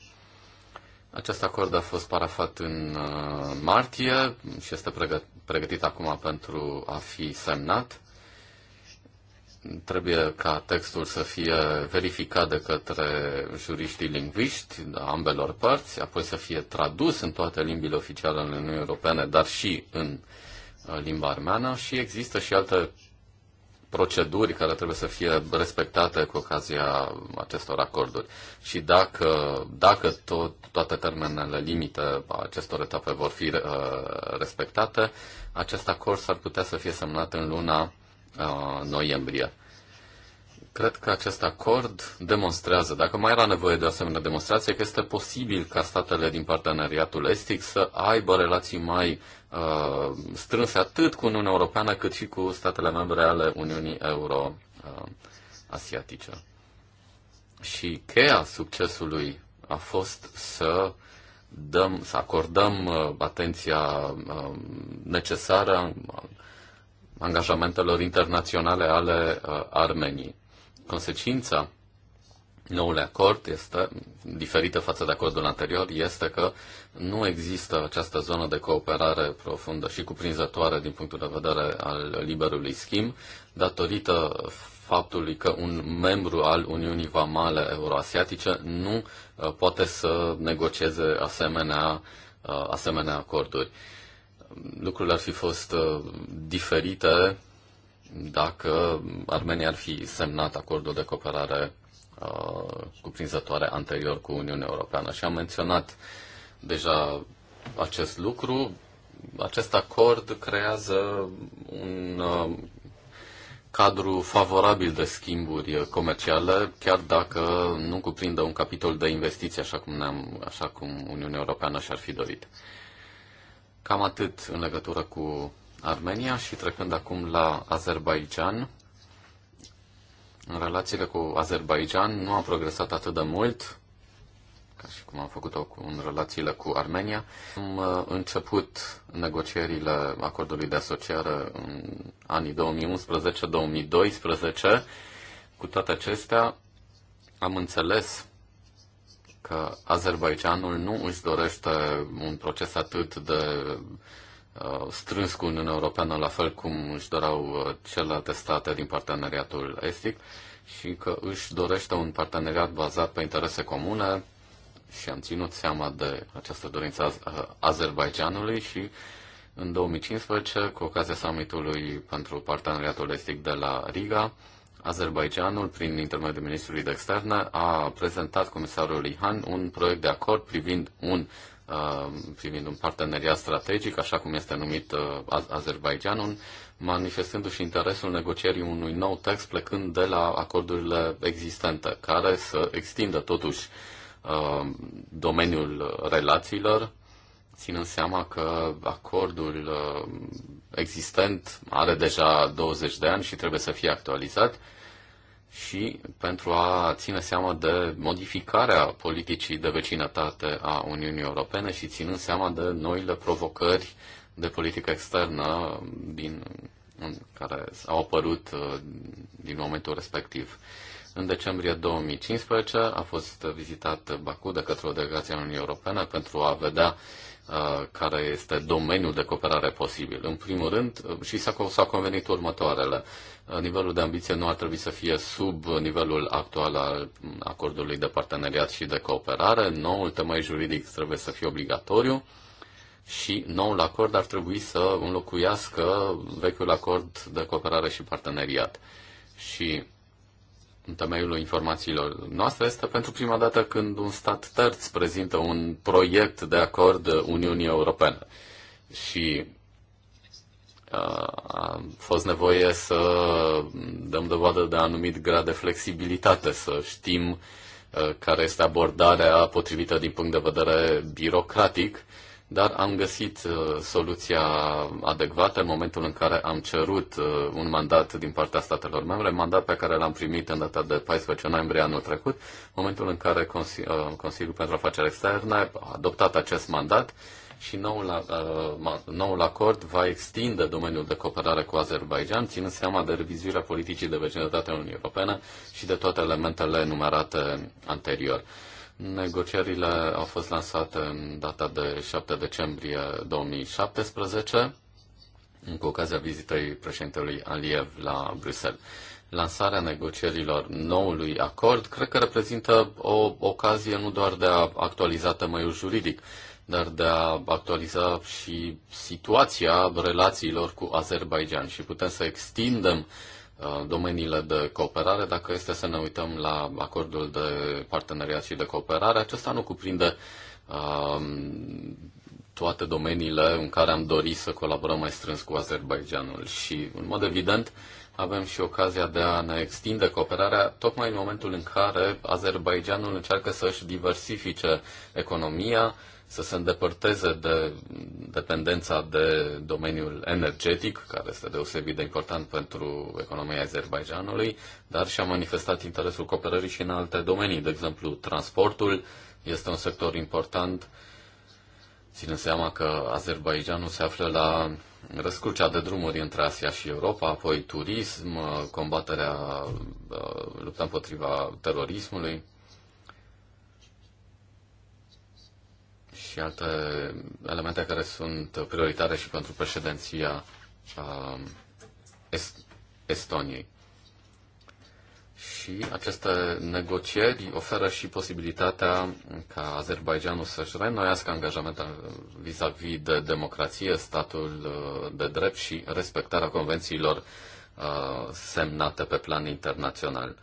Acest acord a fost parafat în uh, martie și este pregătit acum pentru a fi semnat. Trebuie ca textul să fie verificat de către juriștii lingviști de da, ambelor părți, apoi să fie tradus în toate limbile oficiale ale Uniunii Europene, dar și în uh, limba armeană și există și alte proceduri care trebuie să fie respectate cu ocazia acestor acorduri. Și dacă, dacă tot, toate termenele limite a acestor etape vor fi uh, respectate, acest acord s-ar putea să fie semnat în luna noiembrie. Cred că acest acord demonstrează, dacă mai era nevoie de o asemenea demonstrație, că este posibil ca statele din parteneriatul estic să aibă relații mai uh, strânse atât cu Uniunea Europeană cât și cu statele membre ale Uniunii Euro-Asiatice. Și cheia succesului a fost să dăm, să acordăm atenția necesară angajamentelor internaționale ale uh, Armeniei. Consecința noului acord este, diferită față de acordul anterior, este că nu există această zonă de cooperare profundă și cuprinzătoare din punctul de vedere al liberului schimb, datorită faptului că un membru al Uniunii Vamale Euroasiatice nu uh, poate să negocieze asemenea, uh, asemenea acorduri lucrurile ar fi fost uh, diferite dacă Armenia ar fi semnat acordul de cooperare uh, cuprinzătoare anterior cu Uniunea Europeană. Și am menționat deja acest lucru. Acest acord creează un uh, cadru favorabil de schimburi comerciale, chiar dacă nu cuprinde un capitol de investiții, așa cum, ne-am, așa cum Uniunea Europeană și-ar fi dorit. Cam atât în legătură cu Armenia și trecând acum la Azerbaijan. În relațiile cu Azerbaijan nu a progresat atât de mult ca și cum am făcut-o în relațiile cu Armenia. Am uh, început negocierile acordului de asociere în anii 2011-2012. Cu toate acestea, am înțeles că Azerbaijanul nu își dorește un proces atât de uh, strâns cu Uniunea Europeană, la fel cum își doreau uh, celelalte state din parteneriatul estic, și că își dorește un parteneriat bazat pe interese comune și am ținut seama de această dorință a Azerbaijanului și în 2015, cu ocazia summitului pentru parteneriatul estic de la Riga, Azerbaijanul, prin intermediul ministrului de externe, a prezentat comisarului Han un proiect de acord privind un, uh, privind un parteneriat strategic, așa cum este numit uh, Azerbaijanul, manifestându-și interesul negocierii unui nou text plecând de la acordurile existente, care să extindă totuși uh, domeniul relațiilor ținând seama că acordul uh, existent are deja 20 de ani și trebuie să fie actualizat și pentru a ține seama de modificarea politicii de vecinătate a Uniunii Europene și ținând seama de noile provocări de politică externă din, care au apărut uh, din momentul respectiv. În decembrie 2015 a fost vizitat Baku de către o delegație a Uniunii Europene pentru a vedea uh, Uh, care este domeniul de cooperare posibil. În primul rând, uh, și s-a, convenit următoarele. Uh, nivelul de ambiție nu ar trebui să fie sub nivelul actual al mm, acordului de parteneriat și de cooperare. Noul temei juridic trebuie să fie obligatoriu și noul acord ar trebui să înlocuiască vechiul acord de cooperare și parteneriat. Și în temeiul informațiilor noastre este pentru prima dată când un stat terț prezintă un proiect de acord Uniunii Europene. Și uh, a fost nevoie să dăm dovadă de anumit grad de flexibilitate, să știm uh, care este abordarea potrivită din punct de vedere birocratic dar am găsit uh, soluția adecvată în momentul în care am cerut uh, un mandat din partea statelor membre, mandat pe care l-am primit în data de 14 noiembrie anul trecut, momentul în care uh, Consiliul pentru Afaceri Externe a adoptat acest mandat și noul, noul acord va extinde domeniul de cooperare cu Azerbaijan, ținând seama de revizuirea politicii de vecinătate în Uniunea Europeană și de toate elementele numerate anterior. Negocierile au fost lansate în data de 7 decembrie 2017, cu ocazia vizitei președintelui Aliev la Bruxelles. Lansarea negocierilor noului acord cred că reprezintă o ocazie nu doar de a actualiza temeiul juridic, dar de a actualiza și situația relațiilor cu Azerbaidjan și putem să extindem uh, Uh, domeniile de cooperare, dacă este să ne uităm la acordul de parteneriat și de cooperare, acesta nu cuprinde uh, toate domeniile în care am dorit să colaborăm mai strâns cu Azerbaijanul și, în mod evident, avem și ocazia de a ne extinde cooperarea tocmai în momentul în care Azerbaijanul încearcă să-și diversifice economia, să se îndepărteze de dependența de domeniul energetic, care este deosebit de important pentru economia Azerbaijanului, dar și-a manifestat interesul cooperării și în alte domenii, de exemplu transportul este un sector important, ținând seama că Azerbaijanul se află la răscrucea de drumuri între Asia și Europa, apoi turism, combaterea, uh, lupta împotriva terorismului. și alte elemente care sunt prioritare și pentru președinția um, Est- Estoniei. Și aceste negocieri oferă și posibilitatea ca Azerbaijanul să-și reînnoiască angajamentul vis-a-vis de democrație, statul uh, de drept și respectarea convențiilor uh, semnate pe plan internațional.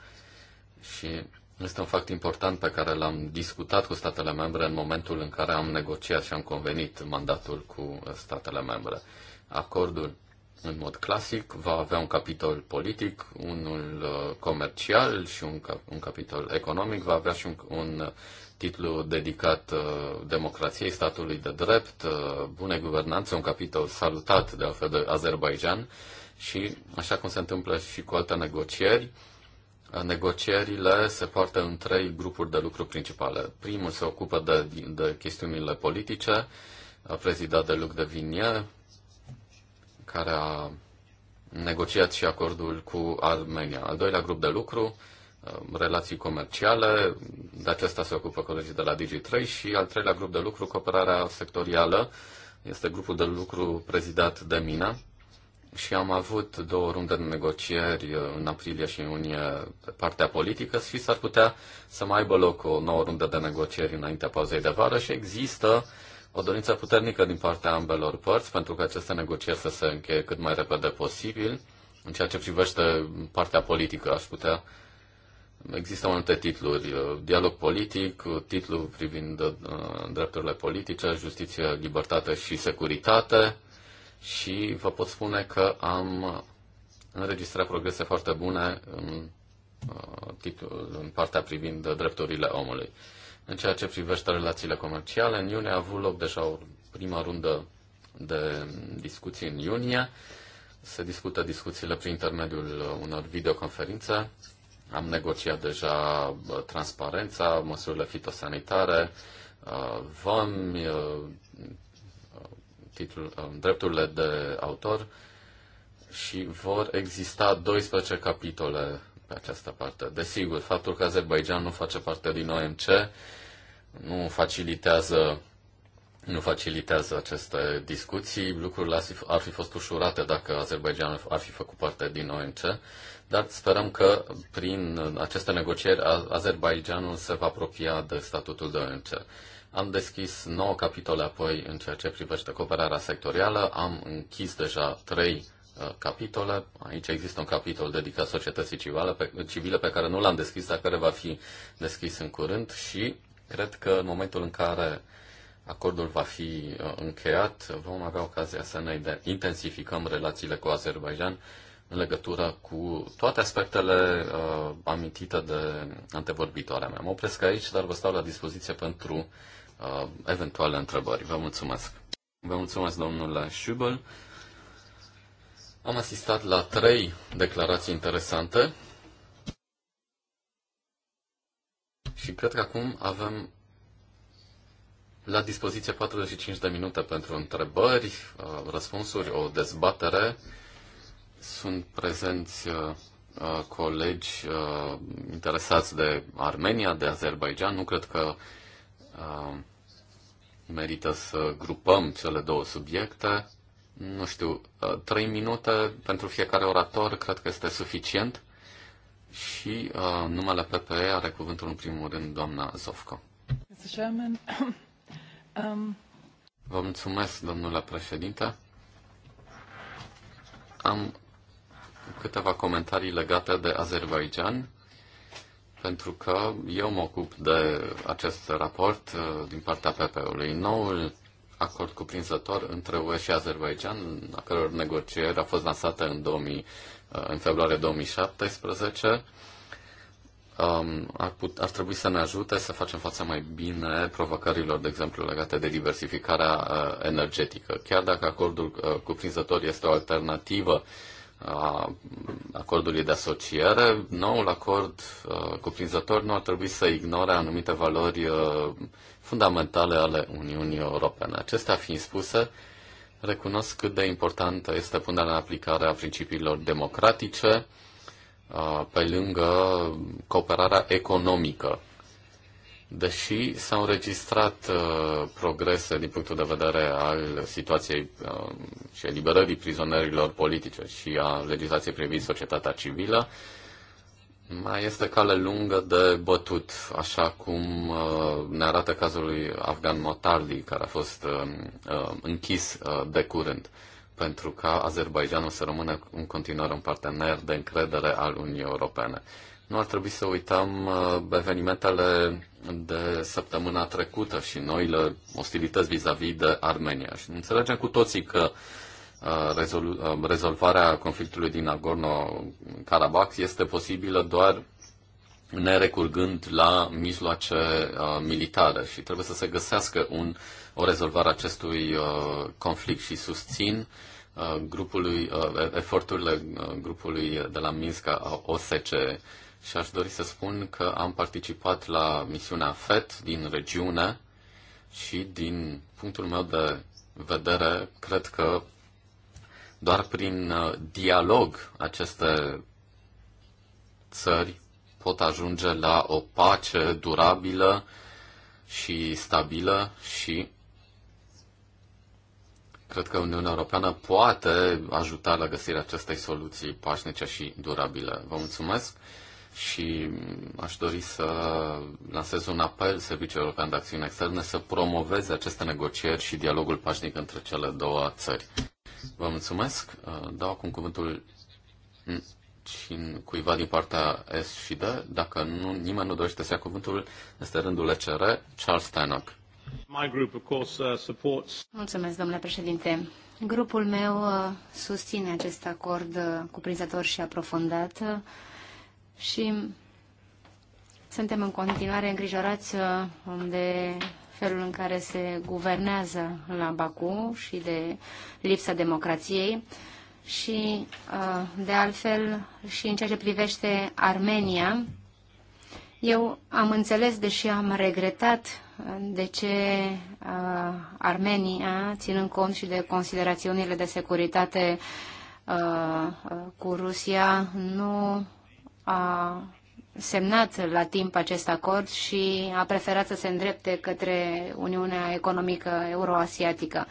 Și este un fapt important pe care l-am discutat cu statele membre în momentul în care am negociat și am convenit mandatul cu statele membre. Acordul, în mod clasic, va avea un capitol politic, unul uh, comercial și un, cap- un capitol economic, va avea și un, un titlu dedicat uh, democrației, statului de drept, uh, bune guvernanțe, un capitol salutat de altfel de Azerbaijan și, așa cum se întâmplă și cu alte negocieri, Negocierile se poartă în trei grupuri de lucru principale. Primul se ocupă de, de chestiunile politice, prezidat de Luc de Vinie, care a negociat și acordul cu Armenia. Al doilea grup de lucru, relații comerciale, de acesta se ocupă colegii de la Digi3 și al treilea grup de lucru, cooperarea sectorială, este grupul de lucru prezidat de mine și am avut două runde de negocieri uh, în aprilie și în iunie pe partea politică și s-ar putea să mai aibă loc o nouă rundă de negocieri înaintea pauzei de vară și există o dorință puternică din partea ambelor părți pentru că aceste negocieri să se încheie cât mai repede posibil. În ceea ce privește partea politică, aș putea Există multe titluri, uh, dialog politic, uh, titlu privind drepturile politice, justiție, libertate și securitate, și vă pot spune că am înregistrat progrese foarte bune în, uh, în partea privind drepturile omului. În ceea ce privește relațiile comerciale, în iunie a avut loc deja o prima rundă de discuții în iunie. Se discută discuțiile prin intermediul unor videoconferințe. Am negociat deja uh, transparența, măsurile fitosanitare, uh, vom titlul, um, drepturile de autor și vor exista 12 capitole pe această parte. Desigur, faptul că Azerbaijan nu face parte din OMC nu facilitează nu facilitează aceste discuții. Lucrurile ar fi fost ușurate dacă Azerbaijan ar fi făcut parte din OMC, dar sperăm că prin aceste negocieri Azerbaijanul se va apropia de statutul de OMC. Am deschis 9 capitole apoi în ceea ce privește cooperarea sectorială. Am închis deja 3 uh, capitole. Aici există un capitol dedicat societății civile pe, civile pe care nu l-am deschis, dar care va fi deschis în curând și cred că în momentul în care acordul va fi uh, încheiat, vom avea ocazia să ne intensificăm relațiile cu Azerbaijan în legătură cu toate aspectele uh, amintite de antevorbitoarea mea. Mă opresc aici, dar vă stau la dispoziție pentru uh, eventuale întrebări. Vă mulțumesc. Vă mulțumesc, domnule Schubel. Am asistat la trei declarații interesante și cred că acum avem la dispoziție 45 de minute pentru întrebări, uh, răspunsuri, o dezbatere. Sunt prezenți uh, uh, colegi interesați de Armenia, de Azerbaijan. Nu cred că Um, merită să grupăm cele două subiecte. Nu știu, uh, trei minute pentru fiecare orator cred că este suficient. Și uh, numele PPE are cuvântul în primul rând doamna Zofco. Um, Vă mulțumesc, domnule președinte. Am câteva comentarii legate de Azerbaijan pentru că eu mă ocup de acest raport uh, din partea PP-ului. Noul acord cuprinzător între UE și Azerbaijan, a căror negocieri a fost lansată în, 2000, uh, în februarie 2017, um, ar, put, ar trebui să ne ajute să facem față mai bine provocărilor, de exemplu, legate de diversificarea uh, energetică. Chiar dacă acordul uh, cuprinzător este o alternativă uh, a acordului de asociere, noul acord uh, cuprinzător nu ar trebui să ignore anumite valori uh, fundamentale ale Uniunii Europene. Acestea fiind spuse, recunosc cât de importantă este punerea în aplicare a principiilor democratice, uh, pe lângă cooperarea economică Deși s-au înregistrat uh, progrese din punctul de vedere al situației uh, și eliberării prizonerilor politice și a legislației privind societatea civilă, mai este cale lungă de bătut, așa cum uh, ne arată cazul lui Afgan Motardi, care a fost uh, uh, închis uh, de curând, pentru ca Azerbaijanul să rămână în continuare un partener de încredere al Uniunii Europene. Nu ar trebui să uităm uh, evenimentele de săptămâna trecută și noile ostilități vis-a-vis -vis de Armenia. Și înțelegem cu toții că uh, rezol uh, rezolvarea conflictului din Nagorno-Karabakh este posibilă doar ne recurgând la mijloace uh, militare și trebuie să se găsească un, o rezolvare a acestui uh, conflict și susțin uh, grupului, uh, eforturile uh, grupului de la Minsk a OSCE. Uh, și aș dori să spun că am participat la misiunea FET din regiune și din punctul meu de vedere, cred că doar prin uh, dialog aceste țări pot ajunge la o pace durabilă și stabilă și cred că Uniunea Europeană poate ajuta la găsirea acestei soluții pașnice și durabile. Vă mulțumesc! și aș dori să lansez un apel Serviciul European de Acțiune Externe să promoveze aceste negocieri și dialogul pașnic între cele două țări. Vă mulțumesc. Dau acum cuvântul cuiva din partea S și D. Dacă nu, nimeni nu dorește să ia cuvântul, este rândul ECR, Charles Tannock. My group, of course, uh, supports... Mulțumesc, domnule președinte. Grupul meu uh, susține acest acord uh, cuprinzător și aprofundat și suntem în continuare îngrijorați uh, de felul în care se guvernează la Baku și de lipsa democrației și, uh, de altfel, și în ceea ce privește Armenia, eu am înțeles, deși am regretat uh, de ce uh, Armenia, ținând cont și de considerațiunile de securitate uh, cu Rusia, nu a semnat la timp acest acord și a preferat să se îndrepte către Uniunea Economică Euroasiatică.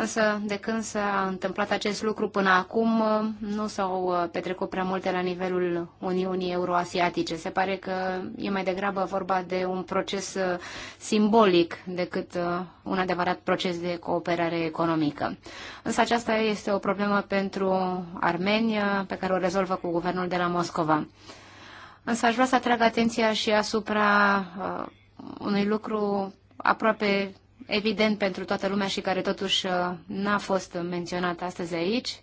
Însă, de când s-a întâmplat acest lucru până acum, nu s-au uh, petrecut prea multe la nivelul Uniunii Euroasiatice. Se pare că e mai degrabă vorba de un proces uh, simbolic decât uh, un adevărat proces de cooperare economică. Însă aceasta este o problemă pentru Armenia, pe care o rezolvă cu guvernul de la Moscova. Însă aș vrea să atrag atenția și asupra unui lucru aproape evident pentru toată lumea și care totuși uh, n-a fost menționat astăzi aici.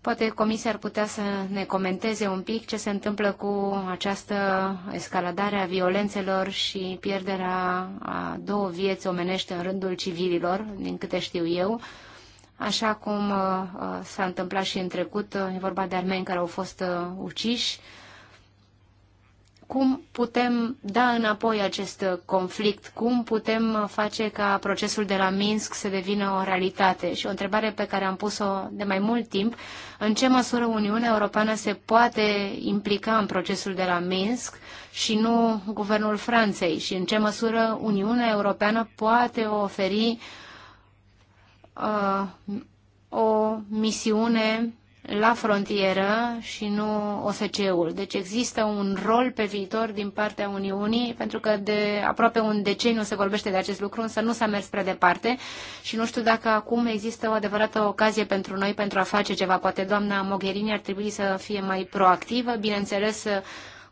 Poate Comisia ar putea să ne comenteze un pic ce se întâmplă cu această escaladare a violențelor și pierderea a două vieți omenești în rândul civililor, din câte știu eu, așa cum uh, uh, s-a întâmplat și în trecut, e vorba de armeni care au fost uciși cum putem da înapoi acest conflict, cum putem face ca procesul de la Minsk să devină o realitate. Și o întrebare pe care am pus-o de mai mult timp, în ce măsură Uniunea Europeană se poate implica în procesul de la Minsk și nu guvernul Franței și în ce măsură Uniunea Europeană poate oferi uh, o misiune la frontieră și nu OSCE-ul. Deci există un rol pe viitor din partea Uniunii, pentru că de aproape un deceniu se vorbește de acest lucru, însă nu s-a mers prea departe și nu știu dacă acum există o adevărată ocazie pentru noi pentru a face ceva. Poate doamna Mogherini ar trebui să fie mai proactivă, bineînțeles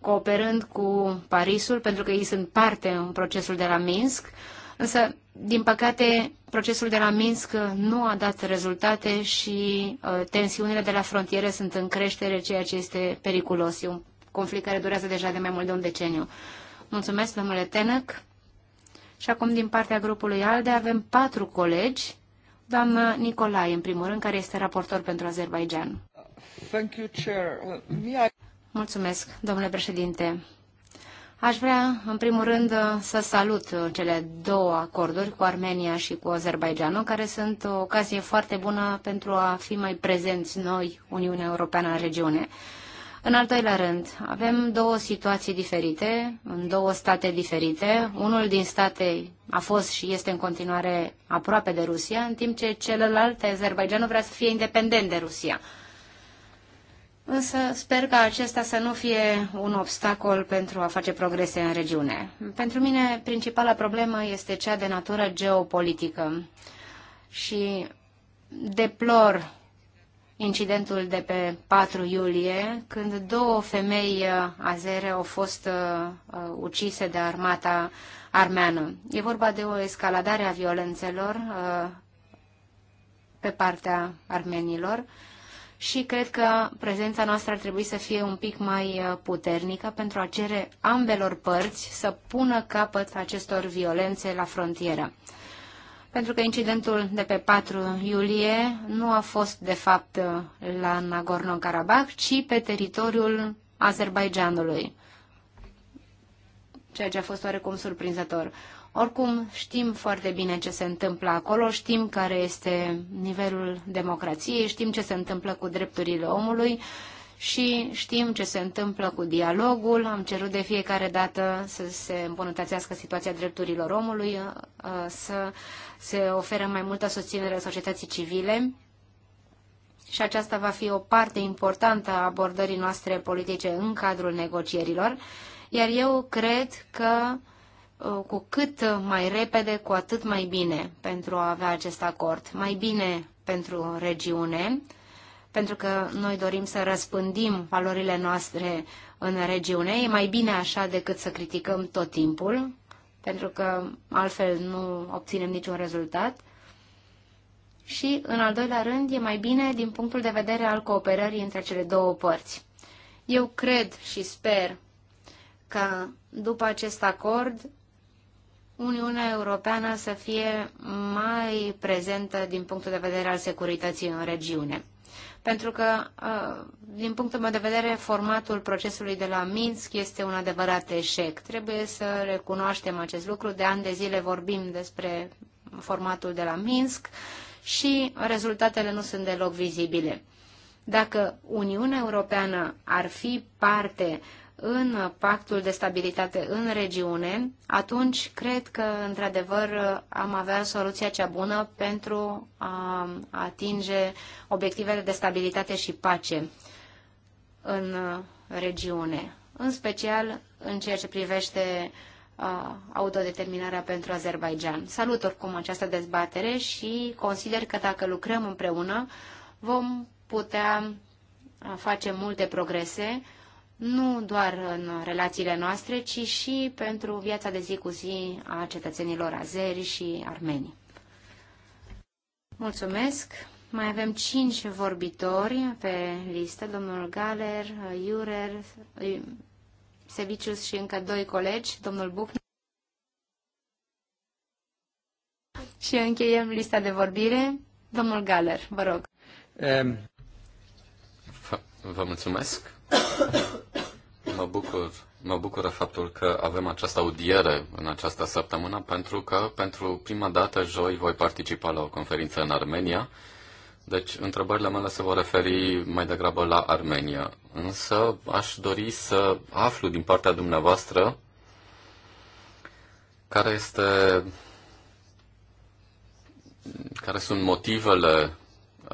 cooperând cu Parisul, pentru că ei sunt parte în procesul de la Minsk Însă, din păcate, procesul de la Minsk nu a dat rezultate și uh, tensiunile de la frontieră sunt în creștere, ceea ce este periculos. E un conflict care durează deja de mai mult de un deceniu. Mulțumesc, domnule Tenăc. Și acum, din partea grupului ALDE, avem patru colegi. Doamna Nicolae, în primul rând, care este raportor pentru Azerbaijan. Uh, Mulțumesc, domnule președinte. Aș vrea, în primul rând, uh, să salut uh, cele două acorduri cu Armenia și cu Azerbaijanul, care sunt o ocazie foarte bună pentru a fi mai prezenți noi, Uniunea Europeană, în regiune. În al doilea rând, avem două situații diferite, în două state diferite. Unul din state a fost și este în continuare aproape de Rusia, în timp ce celălalt, Azerbaijanul, vrea să fie independent de Rusia. Însă sper că acesta să nu fie un obstacol pentru a face progrese în regiune. Pentru mine, principala problemă este cea de natură geopolitică și deplor incidentul de pe 4 iulie, când două femei azere au fost uh, uh, ucise de armata armeană. E vorba de o escaladare a violențelor uh, pe partea armenilor, uh, și cred că prezența noastră ar trebui să fie un pic mai uh, puternică pentru a cere ambelor părți să pună capăt acestor violențe la frontieră. Pentru că incidentul de pe 4 iulie nu a fost, de fapt, uh, la Nagorno-Karabakh, ci pe teritoriul Azerbaijanului ceea ce a fost oarecum surprinzător. Oricum, știm foarte bine ce se întâmplă acolo, știm care este nivelul democrației, știm ce se întâmplă cu drepturile omului și știm ce se întâmplă cu dialogul. Am cerut de fiecare dată să se îmbunătățească situația drepturilor omului, uh, să se oferă mai multă susținere societății civile și aceasta va fi o parte importantă a abordării noastre politice în cadrul negocierilor, iar eu cred că Uh, cu cât uh, mai repede, cu atât mai bine pentru a avea acest acord. Mai bine pentru regiune, pentru că noi dorim să răspândim valorile noastre în regiune. E mai bine așa decât să criticăm tot timpul, pentru că altfel nu obținem niciun rezultat. Și, în al doilea rând, e mai bine din punctul de vedere al cooperării între cele două părți. Eu cred și sper că după acest acord Uniunea Europeană să fie mai prezentă din punctul de vedere al securității în regiune. Pentru că, ă, din punctul meu de vedere, formatul procesului de la Minsk este un adevărat eșec. Trebuie să recunoaștem acest lucru. De ani de zile vorbim despre formatul de la Minsk și rezultatele nu sunt deloc vizibile. Dacă Uniunea Europeană ar fi parte în pactul de stabilitate în regiune, atunci cred că, într-adevăr, am avea soluția cea bună pentru a atinge obiectivele de stabilitate și pace în regiune, în special în ceea ce privește autodeterminarea pentru Azerbaijan. Salut oricum această dezbatere și consider că dacă lucrăm împreună vom putea face multe progrese nu doar în relațiile noastre, ci și pentru viața de zi cu zi a cetățenilor azeri și armeni. Mulțumesc! Mai avem cinci vorbitori pe listă, domnul Galer, Iurer, Sevicius și încă doi colegi, domnul Buchner. Și încheiem lista de vorbire. Domnul Galer, vă rog. Um, vă mulțumesc. Mă bucur, mă bucură faptul că avem această audiere în această săptămână, pentru că pentru prima dată joi voi participa la o conferință în Armenia. Deci, întrebările mele se vor referi mai degrabă la Armenia. Însă, aș dori să aflu din partea dumneavoastră care este care sunt motivele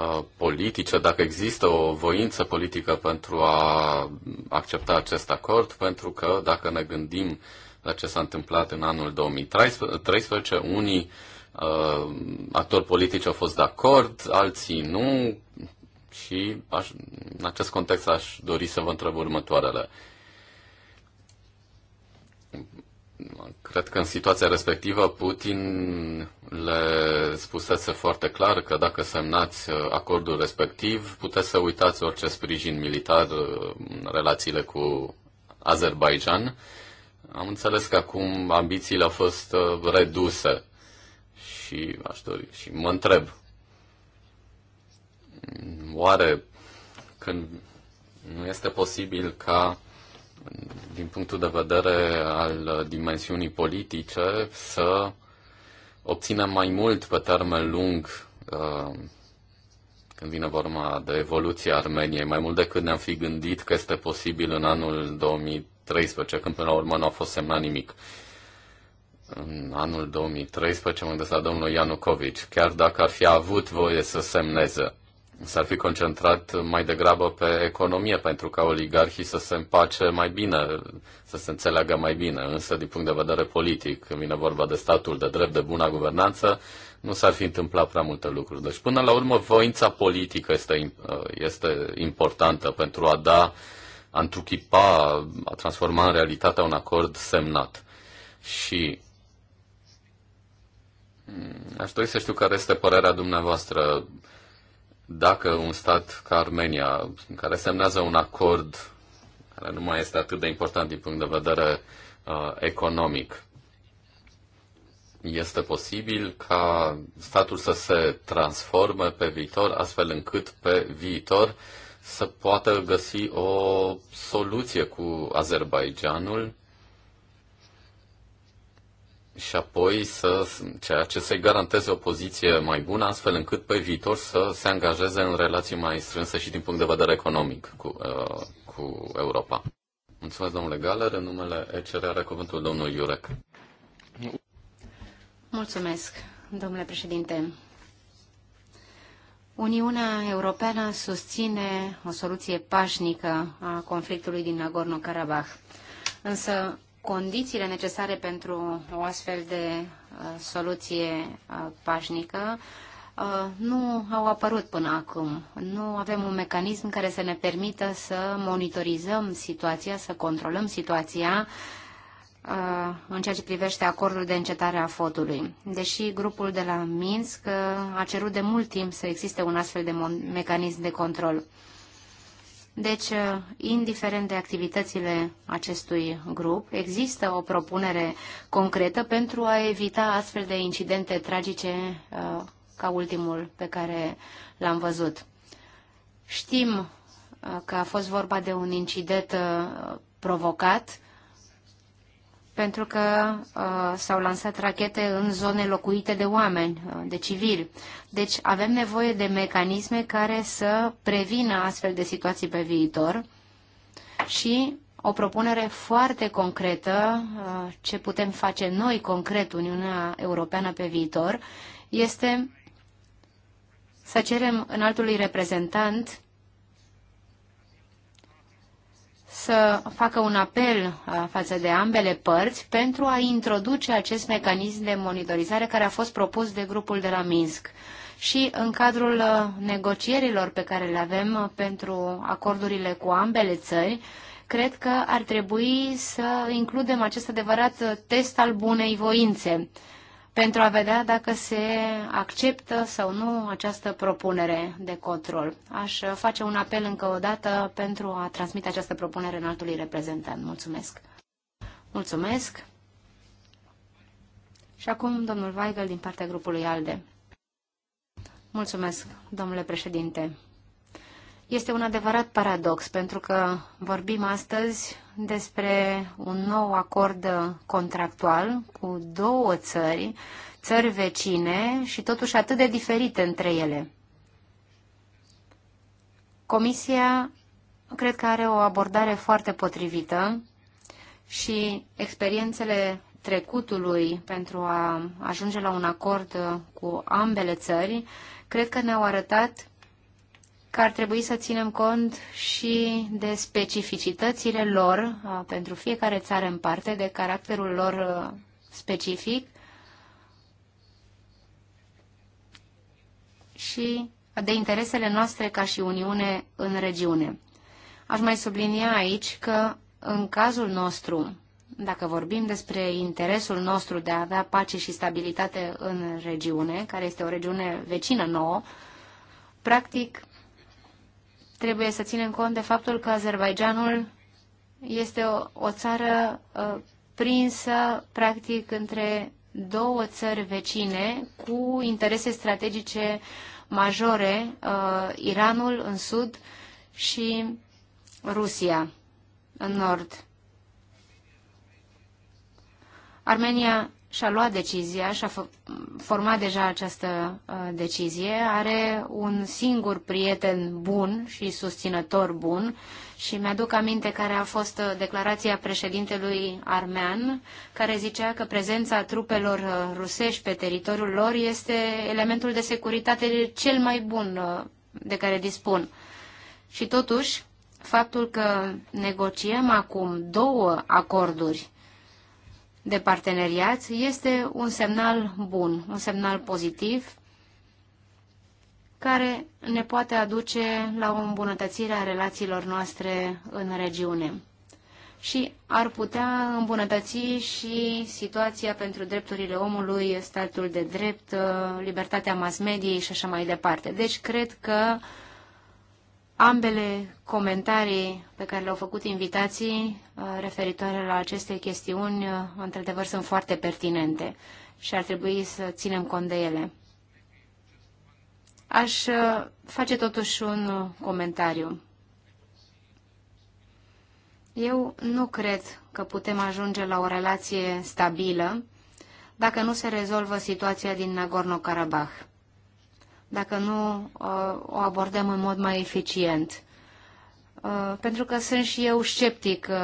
Uh, politice, dacă există o voință politică pentru a accepta acest acord, pentru că dacă ne gândim la ce s-a întâmplat în anul 2013, unii uh, actori politici au fost de acord, alții nu și aș, în acest context aș dori să vă întreb următoarele. Uh, Cred că în situația respectivă Putin le spusese foarte clar că dacă semnați uh, acordul respectiv, puteți să uitați orice sprijin militar uh, în relațiile cu Azerbaijan. Am înțeles că acum ambițiile au fost uh, reduse și aș dori și mă întreb oare când nu este posibil ca din punctul de vedere al dimensiunii politice, să obținem mai mult pe termen lung uh, când vine vorba de evoluția Armeniei, mai mult decât ne-am fi gândit că este posibil în anul 2013, când până la urmă nu a fost semnat nimic. În anul 2013 mă gândesc la domnul Ianucovici, chiar dacă ar fi avut voie să semneze s-ar fi concentrat mai degrabă pe economie, pentru ca oligarhii să se împace mai bine, să se înțeleagă mai bine. Însă, din punct de vedere politic, când vine vorba de statul de drept, de buna guvernanță, nu s-ar fi întâmplat prea multe lucruri. Deci, până la urmă, voința politică este, este importantă pentru a da, a întruchipa, a transforma în realitate un acord semnat. Și aș dori să știu care este părerea dumneavoastră dacă un stat ca Armenia, care semnează un acord care nu mai este atât de important din punct de vedere uh, economic, este posibil ca statul să se transforme pe viitor, astfel încât pe viitor să poată găsi o soluție cu Azerbaijanul și apoi să, ceea ce să-i garanteze o poziție mai bună, astfel încât pe viitor să se angajeze în relații mai strânse și din punct de vedere economic cu, uh, cu Europa. Mulțumesc, domnule Galer. În numele ECR are cuvântul domnul Iurec. Mulțumesc, domnule președinte. Uniunea Europeană susține o soluție pașnică a conflictului din Nagorno-Karabakh. Însă condițiile necesare pentru o astfel de uh, soluție uh, pașnică uh, nu au apărut până acum. Nu avem un mecanism care să ne permită să monitorizăm situația, să controlăm situația uh, în ceea ce privește acordul de încetare a fotului. Deși grupul de la Minsk uh, a cerut de mult timp să existe un astfel de mecanism de control. Deci, uh, indiferent de activitățile acestui grup, există o propunere concretă pentru a evita astfel de incidente tragice uh, ca ultimul pe care l-am văzut. Știm uh, că a fost vorba de un incident provocat pentru că uh, s-au lansat rachete în zone locuite de oameni, uh, de civili. Deci avem nevoie de mecanisme care să prevină astfel de situații pe viitor și o propunere foarte concretă, uh, ce putem face noi concret Uniunea Europeană pe viitor, este să cerem altului reprezentant să facă un apel uh, față de ambele părți pentru a introduce acest mecanism de monitorizare care a fost propus de grupul de la Minsk și în cadrul uh, negocierilor pe care le avem uh, pentru acordurile cu ambele țări, cred că ar trebui să includem acest adevărat test al bunei voințe pentru a vedea dacă se acceptă sau nu această propunere de control. Aș face un apel încă o dată pentru a transmite această propunere în altului reprezentant. Mulțumesc! Mulțumesc! Și acum domnul Weigel din partea grupului ALDE. Mulțumesc, domnule președinte. Este un adevărat paradox, pentru că vorbim astăzi despre un nou acord contractual cu două țări, țări vecine și totuși atât de diferite între ele. Comisia cred că are o abordare foarte potrivită și experiențele trecutului pentru a ajunge la un acord cu ambele țări, cred că ne-au arătat că ar trebui să ținem cont și de specificitățile lor pentru fiecare țară în parte, de caracterul lor specific și de interesele noastre ca și Uniune în regiune. Aș mai sublinia aici că în cazul nostru, dacă vorbim despre interesul nostru de a avea pace și stabilitate în regiune, care este o regiune vecină nouă, practic trebuie să ținem cont de faptul că Azerbaijanul este o, o țară uh, prinsă, practic, între două țări vecine cu interese strategice majore, uh, Iranul în sud și Rusia în nord. Armenia și-a luat decizia, și-a format deja această uh, decizie, are un singur prieten bun și susținător bun și mi-aduc aminte care a fost uh, declarația președintelui armean, care zicea că prezența trupelor uh, rusești pe teritoriul lor este elementul de securitate cel mai bun uh, de care dispun. Și totuși, faptul că negociem acum două acorduri de parteneriat este un semnal bun, un semnal pozitiv care ne poate aduce la o îmbunătățire a relațiilor noastre în regiune și ar putea îmbunătăți și situația pentru drepturile omului, statul de drept, uh, libertatea mass mediei și așa mai departe. Deci cred că uh, ambele comentarii pe care le-au făcut invitații uh, referitoare la aceste chestiuni, uh, într-adevăr, sunt foarte pertinente și ar trebui să ținem cont de ele. Aș uh, face totuși un comentariu. Eu nu cred că putem ajunge la o relație stabilă dacă nu se rezolvă situația din Nagorno-Karabakh dacă nu o abordăm în mod mai eficient. Uh, pentru că sunt și eu sceptic, uh,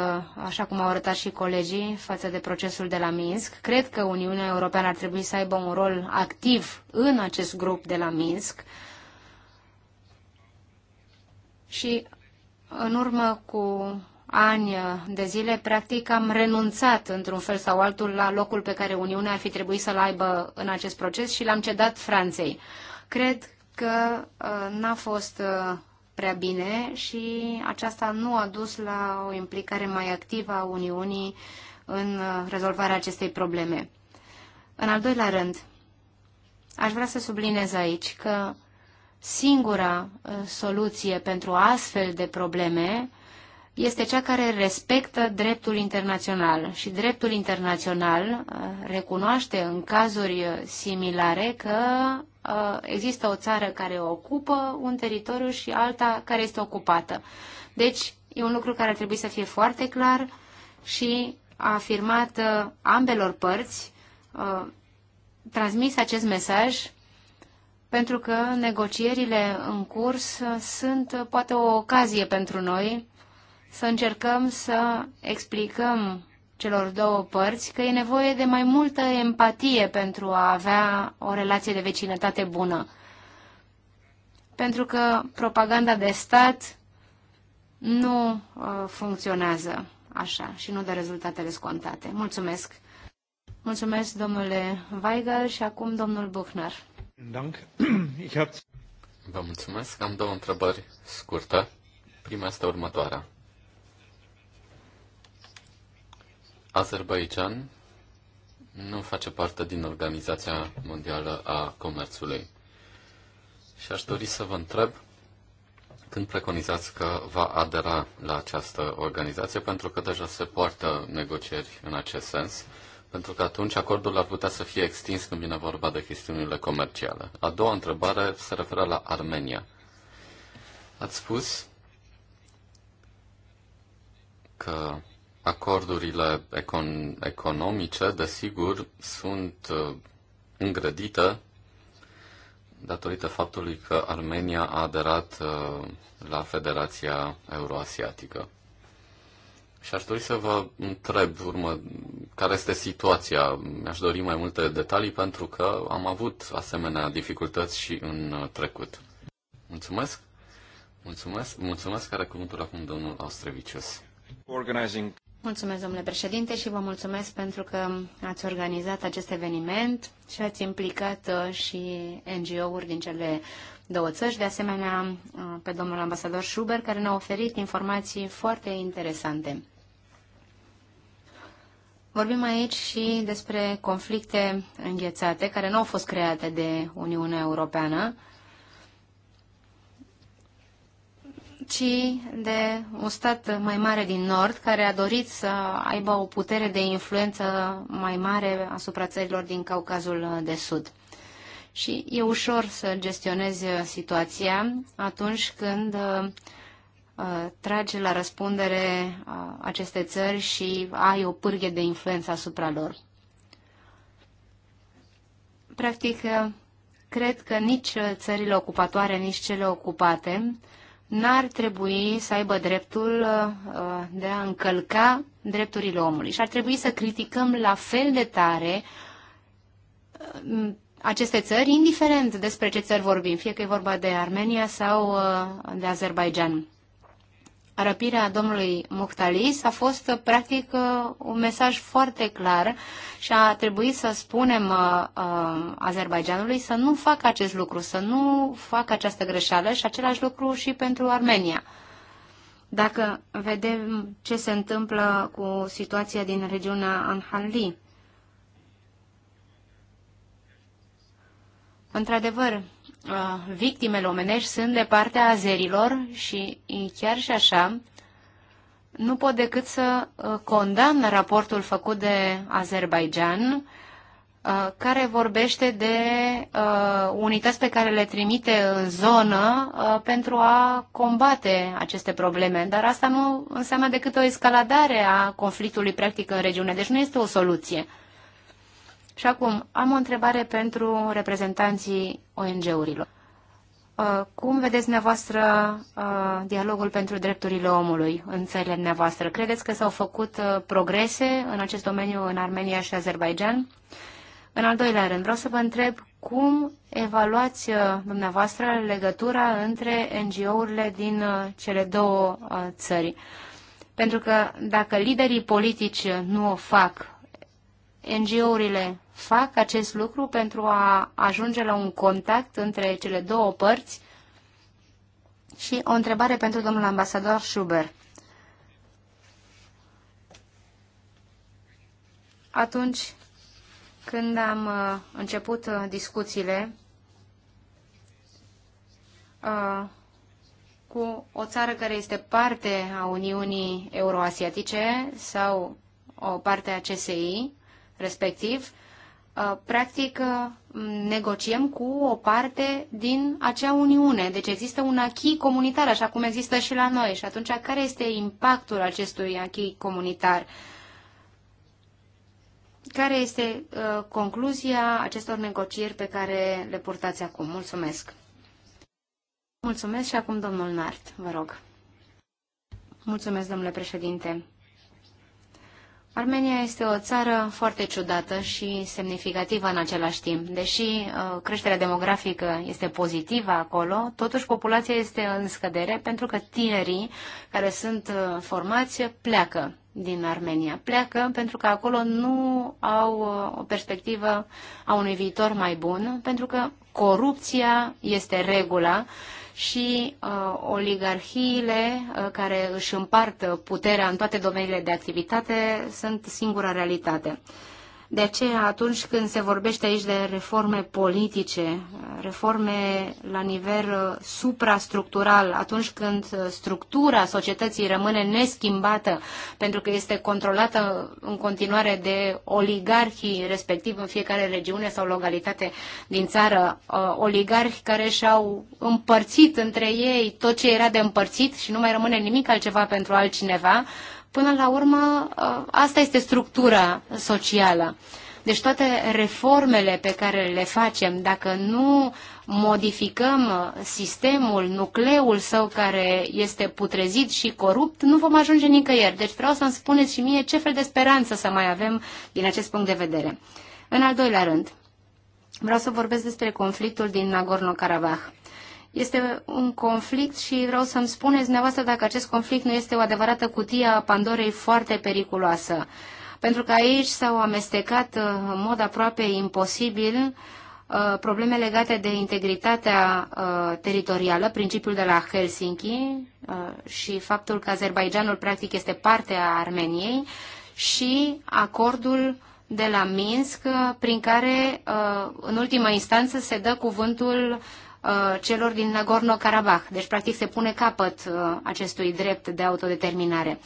așa cum au arătat și colegii, față de procesul de la Minsk. Cred că Uniunea Europeană ar trebui să aibă un rol activ în acest grup de la Minsk. Și în urmă cu ani de zile, practic am renunțat într-un fel sau altul la locul pe care Uniunea ar fi trebuit să-l aibă în acest proces și l-am cedat Franței. Cred că uh, n-a fost uh, prea bine și aceasta nu a dus la o implicare mai activă a Uniunii în uh, rezolvarea acestei probleme. În al doilea rând, aș vrea să subliniez aici că singura soluție pentru astfel de probleme este cea care respectă dreptul internațional și dreptul internațional recunoaște în cazuri similare că Uh, există o țară care ocupă un teritoriu și alta care este ocupată. Deci, e un lucru care ar trebui să fie foarte clar și a afirmat uh, ambelor părți, uh, transmis acest mesaj, pentru că negocierile în curs sunt poate o ocazie pentru noi să încercăm să explicăm celor două părți că e nevoie de mai multă empatie pentru a avea o relație de vecinătate bună. Pentru că propaganda de stat nu uh, funcționează așa și nu dă rezultatele scontate. Mulțumesc! Mulțumesc, domnule Weigel, și acum domnul Buchner. Vă mulțumesc. Am două întrebări scurte. Prima este următoarea. Azerbaijan nu face parte din Organizația Mondială a Comerțului. Și aș dori să vă întreb când preconizați că va adera la această organizație, pentru că deja se poartă negocieri în acest sens, pentru că atunci acordul ar putea să fie extins când vine vorba de chestiunile comerciale. A doua întrebare se referă la Armenia. Ați spus că acordurile econ- economice, desigur, sunt uh, îngrădite datorită faptului că Armenia a aderat uh, la Federația Euroasiatică. Și aș dori să vă întreb urmă, care este situația. Mi-aș dori mai multe detalii pentru că am avut asemenea dificultăți și în uh, trecut. Mulțumesc! Mulțumesc! Mulțumesc care cuvântul acum domnul Austrevicius. Organizing. Mulțumesc, domnule președinte, și vă mulțumesc pentru că ați organizat acest eveniment și ați implicat uh, și NGO-uri din cele două țări, de asemenea uh, pe domnul ambasador Schuber, care ne-a oferit informații foarte interesante. Vorbim aici și despre conflicte înghețate, care nu au fost create de Uniunea Europeană, ci de un stat mai mare din Nord care a dorit să aibă o putere de influență mai mare asupra țărilor din Caucazul de Sud. Și e ușor să gestionezi situația atunci când uh, tragi la răspundere uh, aceste țări și ai o pârghie de influență asupra lor. Practic, uh, cred că nici țările ocupatoare, nici cele ocupate n-ar trebui să aibă dreptul uh, de a încălca drepturile omului și ar trebui să criticăm la fel de tare uh, aceste țări, indiferent despre ce țări vorbim, fie că e vorba de Armenia sau uh, de Azerbaijan răpirea domnului Muhtalis a fost uh, practic uh, un mesaj foarte clar și a trebuit să spunem uh, uh, Azerbaijanului să nu facă acest lucru, să nu facă această greșeală și același lucru și pentru Armenia. Dacă vedem ce se întâmplă cu situația din regiunea Anhanli. Într-adevăr, victimele omenești sunt de partea azerilor și chiar și așa nu pot decât să condamn raportul făcut de Azerbaijan care vorbește de unități pe care le trimite în zonă pentru a combate aceste probleme. Dar asta nu înseamnă decât o escaladare a conflictului practic în regiune, deci nu este o soluție. Și acum am o întrebare pentru reprezentanții ONG-urilor. Uh, cum vedeți dumneavoastră uh, dialogul pentru drepturile omului în țările dumneavoastră? Credeți că s-au făcut uh, progrese în acest domeniu în Armenia și Azerbaijan? În al doilea rând, vreau să vă întreb cum evaluați dumneavoastră legătura între NGO-urile din cele două țări? Pentru că dacă liderii politici nu o fac, NGO-urile fac acest lucru pentru a ajunge la un contact între cele două părți? Și o întrebare pentru domnul ambasador Schubert. Atunci când am uh, început uh, discuțiile uh, cu o țară care este parte a Uniunii Euroasiatice sau o parte a CSI, respectiv, Uh, practic uh, negociem cu o parte din acea Uniune. Deci există un achii comunitar, așa cum există și la noi. Și atunci, care este impactul acestui achii comunitar? Care este uh, concluzia acestor negocieri pe care le purtați acum? Mulțumesc! Mulțumesc și acum domnul Nart, vă rog. Mulțumesc, domnule președinte. Armenia este o țară foarte ciudată și semnificativă în același timp. Deși uh, creșterea demografică este pozitivă acolo, totuși populația este în scădere pentru că tinerii care sunt uh, formați pleacă din Armenia. Pleacă pentru că acolo nu au uh, o perspectivă a unui viitor mai bun, pentru că corupția este regula și uh, oligarhiile uh, care își împart puterea în toate domeniile de activitate sunt singura realitate. Uh, de aceea, atunci când se vorbește aici de reforme politice, reforme la nivel uh, suprastructural, atunci când uh, structura societății rămâne neschimbată pentru că este controlată în continuare de oligarhii, respectiv în fiecare regiune sau localitate din țară, uh, oligarhi care și-au împărțit între ei tot ce era de împărțit și nu mai rămâne nimic altceva pentru altcineva, Până la urmă, uh, asta este structura socială. Deci toate reformele pe care le facem, dacă nu modificăm sistemul, nucleul său care este putrezit și corupt, nu vom ajunge nicăieri. Deci vreau să-mi spuneți și mie ce fel de speranță să mai avem din acest punct de vedere. În al doilea rând, vreau să vorbesc despre conflictul din Nagorno-Karabakh. Este un conflict și vreau să-mi spuneți dumneavoastră dacă acest conflict nu este o adevărată cutie a Pandorei foarte periculoasă. Pentru că aici s-au amestecat uh, în mod aproape imposibil uh, probleme legate de integritatea uh, teritorială, principiul de la Helsinki și faptul că Azerbaijanul practic este parte a Armeniei și acordul de la Minsk, prin care, în ultima instanță, se dă cuvântul Uh, celor din Nagorno-Karabakh. Deci, practic, se pune capăt uh, acestui drept de autodeterminare.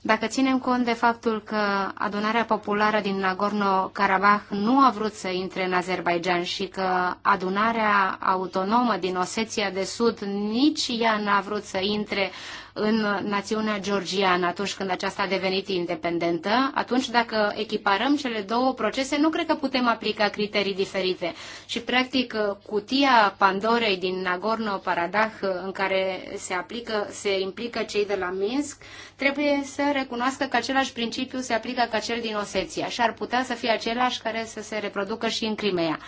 Dacă ținem cont de faptul că adunarea populară din Nagorno-Karabakh nu a vrut să intre în Azerbaijan și că adunarea autonomă din Oseția de Sud nici ea n-a vrut să intre în națiunea georgiană atunci când aceasta a devenit independentă, atunci dacă echiparăm cele două procese, nu cred că putem aplica criterii diferite. Și, practic, cutia Pandorei din Nagorno-Karabakh, în care se, aplică, se implică cei de la Minsk, trebuie să recunoască că același principiu se aplică ca cel din Oseția și ar putea să fie același care să se reproducă și în Crimea.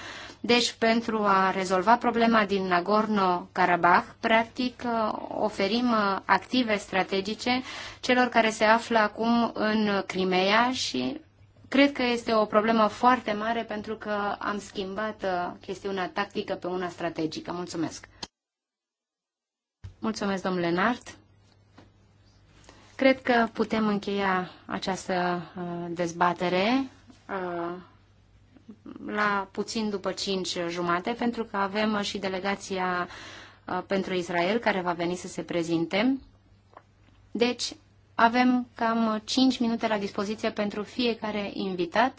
Deci, pentru a rezolva problema din Nagorno-Karabakh, practic uh, oferim uh, active strategice celor care se află acum în Crimea și cred că este o problemă foarte mare pentru că am schimbat uh, chestiunea tactică pe una strategică. Mulțumesc! Mulțumesc, domnule Nart! Cred că putem încheia această dezbatere la puțin după 5 jumate, pentru că avem și delegația uh, pentru Israel care va veni să se prezinte. Deci, avem cam 5 minute la dispoziție pentru fiecare invitat.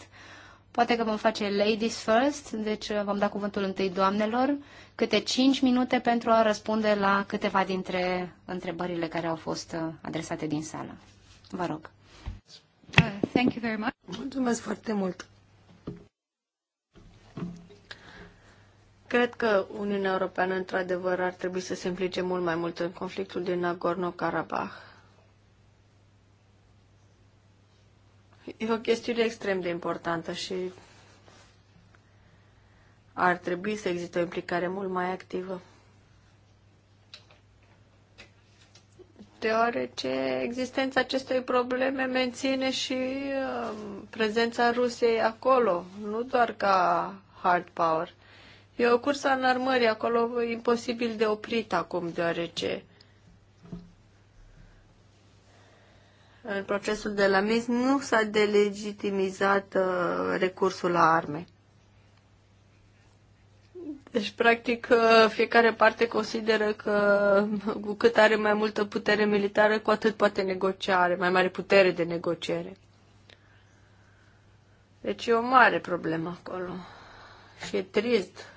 Poate că vom face ladies first, deci uh, vom da cuvântul întâi doamnelor, câte 5 minute pentru a răspunde la câteva dintre întrebările care au fost uh, adresate din sală. Vă rog. Uh, thank you very much. Mulțumesc foarte mult. Cred că Uniunea Europeană, într-adevăr, ar trebui să se implice mult mai mult în conflictul din Nagorno-Karabakh. E o chestiune extrem de importantă și ar trebui să existe o implicare mult mai activă. Deoarece existența acestei probleme menține și uh, prezența Rusiei acolo, nu doar ca hard power. E o cursă în armării, acolo imposibil de oprit acum, deoarece în procesul de la mis nu s-a delegitimizat uh, recursul la arme. Deci, practic, uh, fiecare parte consideră că cu cât are mai multă putere militară, cu atât poate negocia, are mai mare putere de negociere. Deci e o mare problemă acolo. Și e trist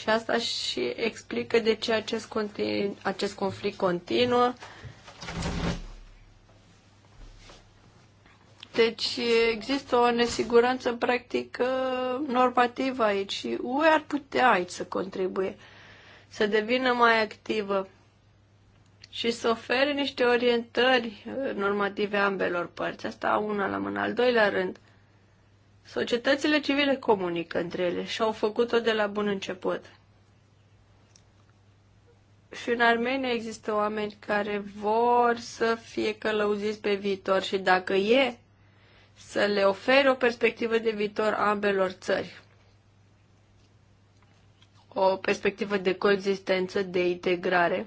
și asta și explică de ce acest, continu, acest conflict continuă. Deci există o nesiguranță practică normativă aici și UE ar putea aici să contribuie, să devină mai activă și să ofere niște orientări uh, normative ambelor părți. Asta una la mână. Al doilea rând, Societățile civile comunică între ele și au făcut-o de la bun început. Și în Armenia există oameni care vor să fie călăuziți pe viitor și dacă e, să le ofere o perspectivă de viitor ambelor țări. O perspectivă de coexistență, de integrare.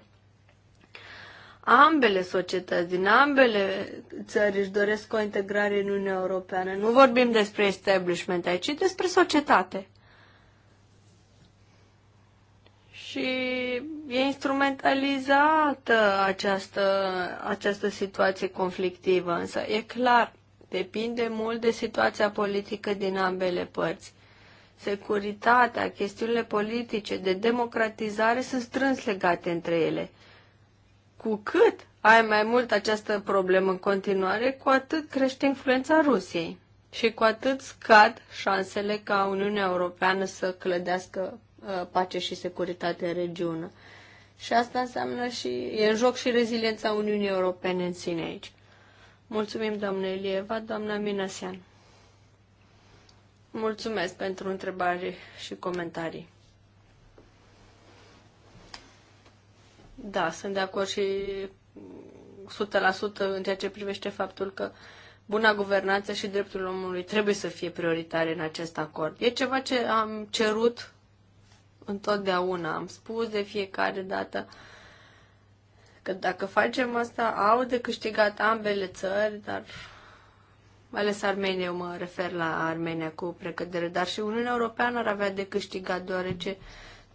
Ambele societăți din ambele țări își doresc o integrare în Uniunea Europeană. Nu vorbim despre establishment aici, ci despre societate. Și e instrumentalizată această, această situație conflictivă, însă e clar, depinde mult de situația politică din ambele părți. Securitatea, chestiunile politice, de democratizare sunt strâns legate între ele cu cât ai mai mult această problemă în continuare, cu atât crește influența Rusiei și cu atât scad șansele ca Uniunea Europeană să clădească uh, pace și securitate în regiune. Și asta înseamnă și, e în joc și reziliența Uniunii Europene în sine aici. Mulțumim, doamne Elieva, doamna Minasian. Mulțumesc pentru întrebare și comentarii. Da, sunt de acord și 100% în ceea ce privește faptul că buna guvernanță și dreptul omului trebuie să fie prioritare în acest acord. E ceva ce am cerut întotdeauna, am spus de fiecare dată că dacă facem asta, au de câștigat ambele țări, dar mai ales Armenia, eu mă refer la Armenia cu precădere, dar și Uniunea Europeană ar avea de câștigat, deoarece uh,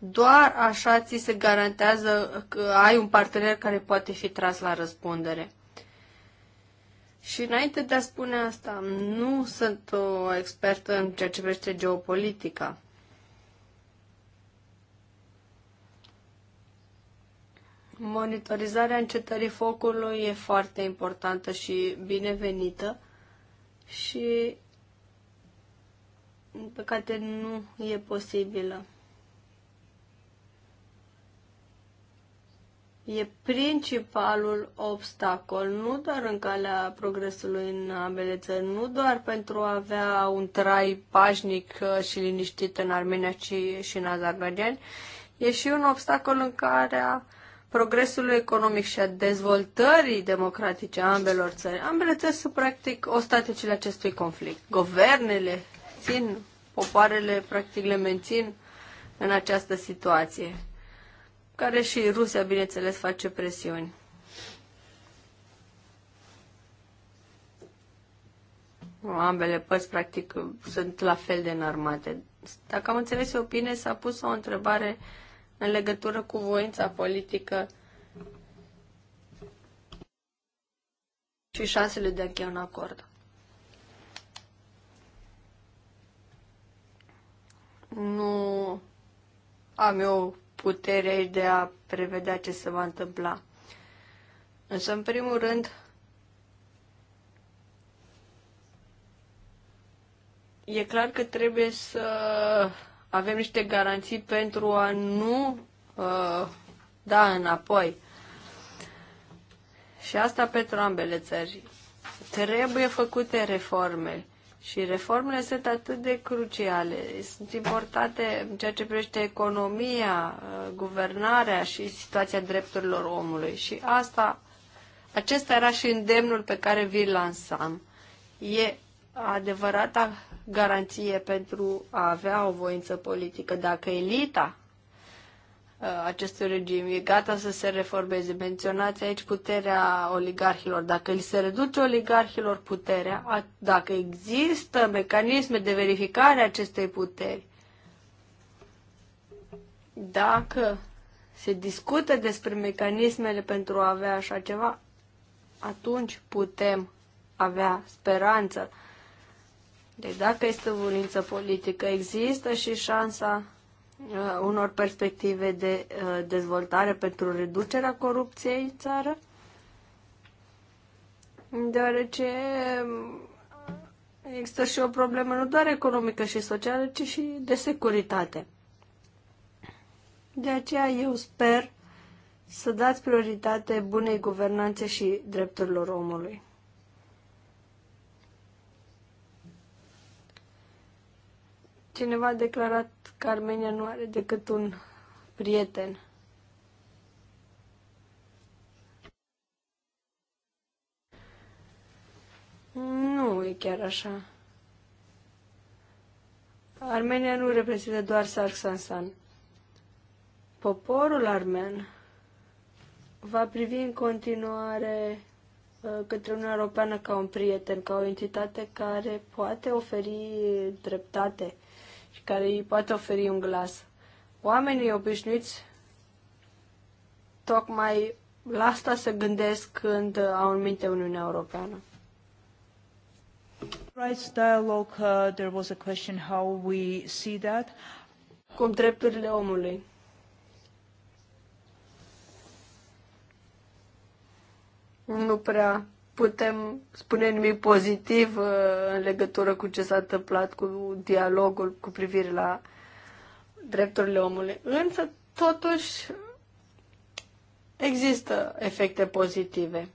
doar așa ți se garantează că ai un partener care poate fi tras la răspundere. Și înainte de a spune asta, nu sunt o expertă în ceea ce privește geopolitica. Monitorizarea încetării focului e foarte importantă și binevenită și, pe păcate, nu e posibilă. e principalul obstacol, nu doar în calea progresului în ambele țări, nu doar pentru a avea un trai pașnic uh, și liniștit în Armenia, ci și în Azerbaijan, e și un obstacol în calea progresului economic și a dezvoltării democratice a ambelor țări. Ambele țări sunt practic ostaticile acestui conflict. Guvernele țin, popoarele practic le mențin în această situație care și Rusia, bineînțeles, face presiuni. Ambele părți, practic, sunt la fel de înarmate. Dacă am înțeles eu bine, s-a pus o întrebare în legătură cu voința politică și șansele de a încheia un acord. Nu am eu puterea de a prevedea ce se va întâmpla. Însă, în primul rând, e clar că trebuie să avem niște garanții pentru a nu uh, da înapoi. Și asta pentru ambele țări. Trebuie făcute reforme și reformele sunt atât de cruciale, sunt importante în ceea ce privește economia, uh, guvernarea și situația drepturilor omului. Și asta, acesta era și îndemnul pe care vi-l lansam. E adevărata garanție pentru a avea o voință politică. Dacă elita Uh, acestui regim. E gata să se reformeze. Menționați aici puterea oligarhilor. Dacă îi se reduce oligarhilor puterea, dacă există mecanisme de verificare a acestei puteri, dacă se discută despre mecanismele pentru a avea așa ceva, atunci putem avea speranță. Deci dacă este voință politică, există și șansa Uh, unor perspective de uh, dezvoltare pentru reducerea corupției în țară, deoarece um, există și o problemă nu doar economică și socială, ci și de securitate. De aceea eu sper să dați prioritate bunei guvernanțe și drepturilor omului. Cineva a declarat că Armenia nu are decât un prieten. Nu e chiar așa. Armenia nu reprezintă doar Sarxansan. Poporul armen va privi în continuare uh, către Uniunea Europeană ca un prieten, ca o entitate care poate oferi dreptate și care îi poate oferi un glas. Oamenii obișnuiți tocmai la asta se gândesc când au în minte Uniunea Europeană. dialogue, uh, there was a question how we see that. Cum drepturile omului. Nu prea putem spune nimic pozitiv uh, în legătură cu ce s-a întâmplat cu dialogul cu privire la drepturile omului. Însă, totuși, există efecte pozitive.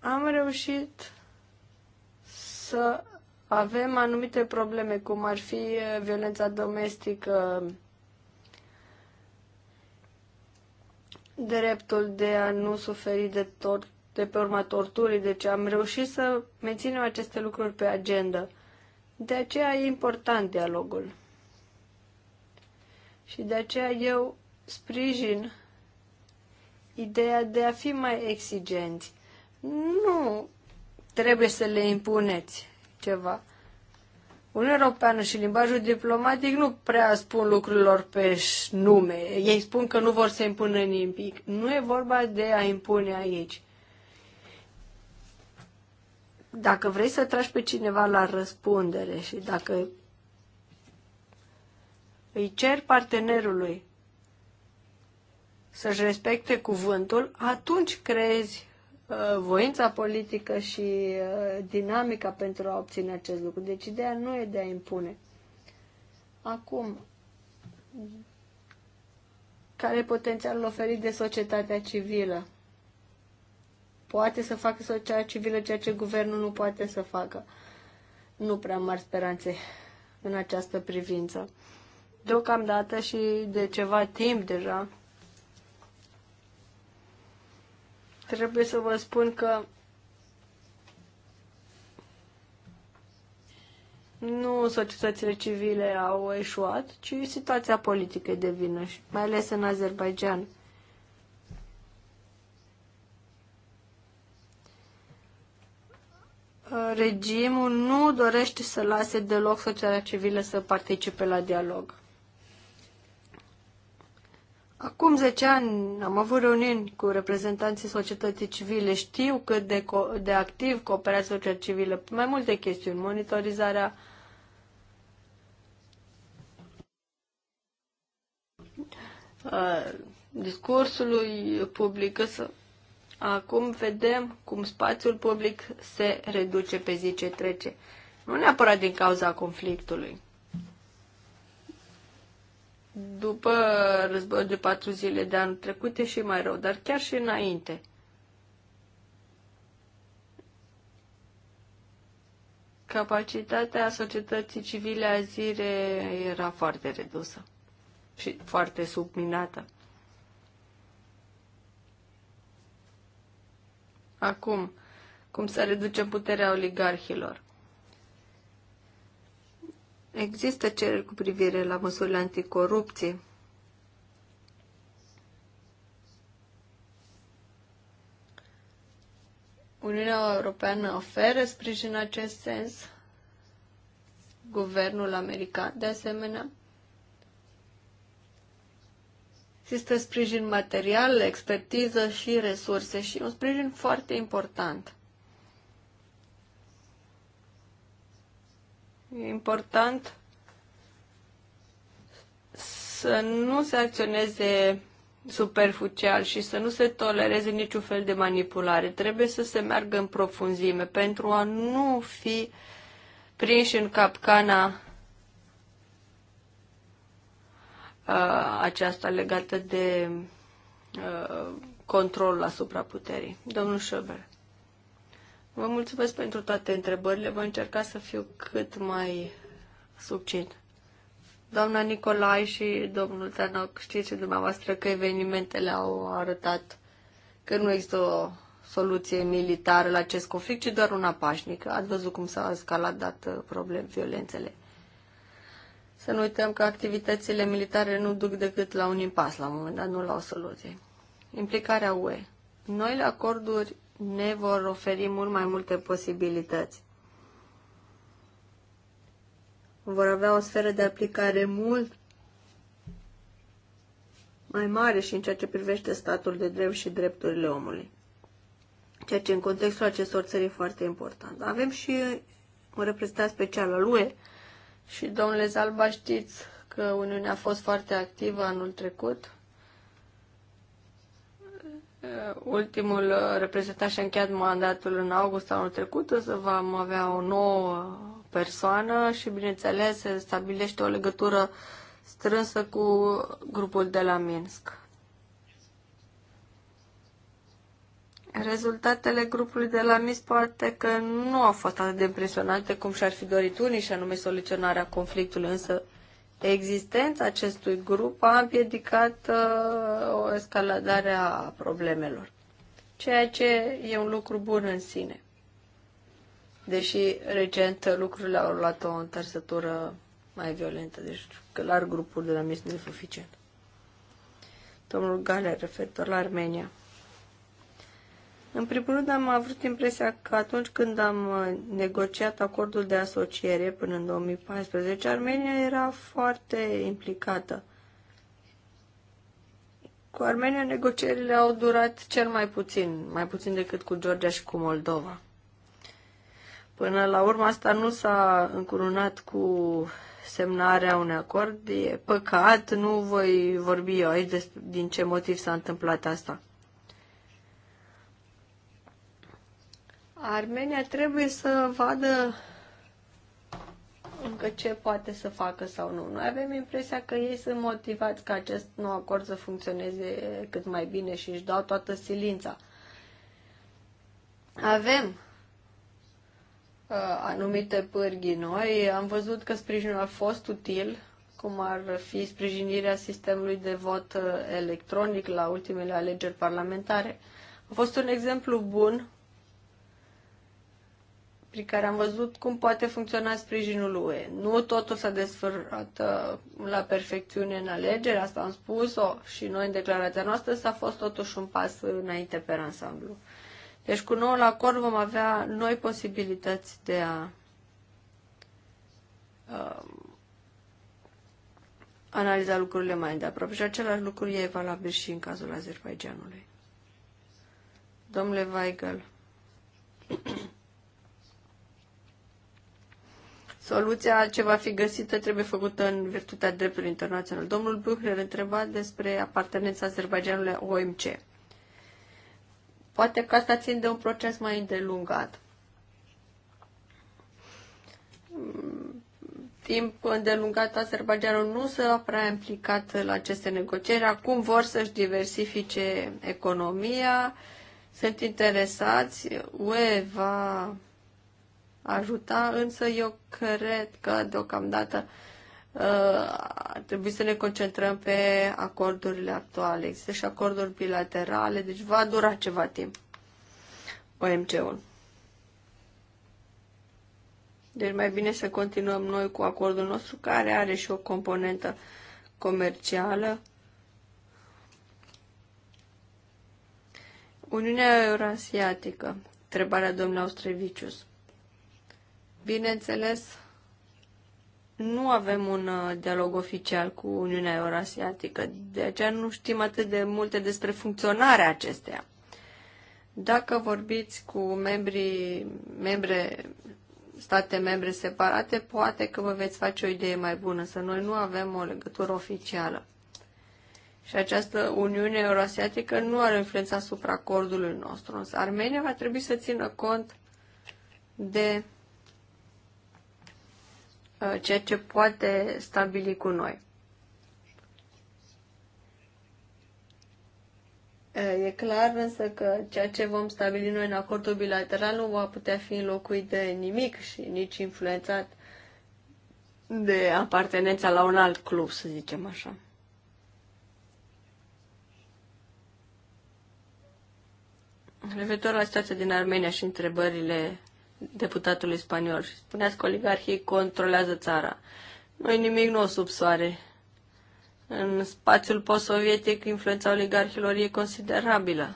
Am reușit să avem anumite probleme, cum ar fi uh, violența domestică, dreptul de a nu suferi de, tor- de pe urma torturii, deci am reușit să menținem aceste lucruri pe agenda. De aceea e important dialogul. Și de aceea eu sprijin ideea de a fi mai exigenți. Nu trebuie să le impuneți ceva. Uniunea Europeană și limbajul diplomatic nu prea spun lucrurilor pe nume. Ei spun că nu vor să impună nimic. Nu e vorba de a impune aici. Dacă vrei să tragi pe cineva la răspundere și dacă îi cer partenerului să-și respecte cuvântul, atunci crezi. Uh, voința politică și uh, dinamica pentru a obține acest lucru. Deci ideea nu e de a impune. Acum, care e potențialul oferit de societatea civilă? Poate să facă societatea civilă ceea ce guvernul nu poate să facă. Nu prea mari speranțe în această privință. Deocamdată și de ceva timp deja, trebuie să vă spun că nu societățile civile au eșuat, ci situația politică de vină, mai ales în Azerbaijan. Regimul nu dorește să lase deloc societatea civilă să participe la dialog. Acum 10 ani am avut reuniuni cu reprezentanții societății civile. Știu cât de, co- de activ cooperați societatea civilă mai multe chestiuni. Monitorizarea uh, discursului public. acum vedem cum spațiul public se reduce pe zi ce trece. Nu neapărat din cauza conflictului după războiul de patru zile de anul trecut e și mai rău, dar chiar și înainte. Capacitatea societății civile a zire era foarte redusă și foarte subminată. Acum, cum să reducem puterea oligarhilor? Există cereri cu privire la măsurile anticorupție. Uniunea Europeană oferă sprijin în acest sens, guvernul american de asemenea. Există sprijin material, expertiză și resurse și un sprijin foarte important. E important să nu se acționeze superficial și să nu se tolereze niciun fel de manipulare. Trebuie să se meargă în profunzime pentru a nu fi prinși în capcana uh, aceasta legată de uh, controlul asupra puterii. Domnul Schöber. Vă mulțumesc pentru toate întrebările. Voi încerca să fiu cât mai subțin. Doamna Nicolai și domnul Tanoc, știți dumneavoastră că evenimentele au arătat că nu există o soluție militară la acest conflict, ci doar una pașnică. Ați văzut cum s-a dat uh, problem violențele. Să nu uităm că activitățile militare nu duc decât la un impas la un moment dat, nu la o soluție. Implicarea UE. Noile acorduri ne vor oferi mult mai multe posibilități. Vor avea o sferă de aplicare mult mai mare și în ceea ce privește statul de drept și drepturile omului. Ceea ce în contextul acestor țări e foarte important. Avem și un reprezentant special al UE și domnule Zalba știți că Uniunea a fost foarte activă anul trecut Uh, ultimul uh, reprezentant și-a încheiat mandatul în august anul trecut, să vom avea o nouă persoană și, bineînțeles, se stabilește o legătură strânsă cu grupul de la Minsk. Rezultatele grupului de la Minsk poate că nu au fost atât de impresionante cum și-ar fi dorit unii, și anume soluționarea conflictului, însă existența acestui grup a împiedicat uh, o escaladare a problemelor, ceea ce e un lucru bun în sine. Deși recent lucrurile au luat o întărsătură mai violentă, deci clar grupul de la Misnil Fuficen. Domnul Gale, referitor la Armenia. În primul rând am avut impresia că atunci când am uh, negociat acordul de asociere până în 2014, Armenia era foarte implicată. Cu Armenia negocierile au durat cel mai puțin, mai puțin decât cu Georgia și cu Moldova. Până la urmă asta nu s-a încurunat cu semnarea unui acord. E păcat, nu voi vorbi eu aici din ce motiv s-a întâmplat asta. Armenia trebuie să vadă încă ce poate să facă sau nu. Noi avem impresia că ei sunt motivați ca acest nou acord să funcționeze cât mai bine și își dau toată silința. Avem uh, anumite pârghii noi. Am văzut că sprijinul a fost util, cum ar fi sprijinirea sistemului de vot uh, electronic la ultimele alegeri parlamentare. A fost un exemplu bun prin care am văzut cum poate funcționa sprijinul UE. Nu totul s-a desfărat uh, la perfecțiune în alegeri, asta am spus-o și noi în declarația noastră, s-a fost totuși un pas înainte pe ansamblu. Deci cu noul acord vom avea noi posibilități de a uh, analiza lucrurile mai îndeaproape și același lucru e valabil și în cazul Azerbaijanului. Domnule Weigel, Soluția ce va fi găsită trebuie făcută în virtutea dreptului internațional. Domnul Buchler întreba despre apartenența Azerbaijanului OMC. Poate că asta țin de un proces mai îndelungat. Timp îndelungat, Azerbaijanul nu s-a prea implicat la aceste negocieri. Acum vor să-și diversifice economia, sunt interesați. UE va ajuta, însă eu cred că deocamdată uh, ar trebui să ne concentrăm pe acordurile actuale. Există și acorduri bilaterale, deci va dura ceva timp OMC-ul. Deci mai bine să continuăm noi cu acordul nostru, care are și o componentă comercială. Uniunea Eurasiatică. Întrebarea domnului Austrevicius. Bineînțeles, nu avem un uh, dialog oficial cu Uniunea Eurasiatică, de aceea nu știm atât de multe despre funcționarea acesteia. Dacă vorbiți cu membrii, membre, state membre separate, poate că vă veți face o idee mai bună, să noi nu avem o legătură oficială. Și această Uniune Eurasiatică nu are influența asupra acordului nostru, însă Armenia va trebui să țină cont de Uh, ceea ce poate stabili cu noi. Uh, e clar însă că ceea ce vom stabili noi în acordul bilateral nu va putea fi înlocuit de nimic și nici influențat de apartenența la un alt club, să zicem așa. Referitor la situația din Armenia și întrebările deputatului spaniol și spuneați că oligarhii controlează țara. Nu e nimic nou sub soare. În spațiul post-sovietic, influența oligarhilor e considerabilă.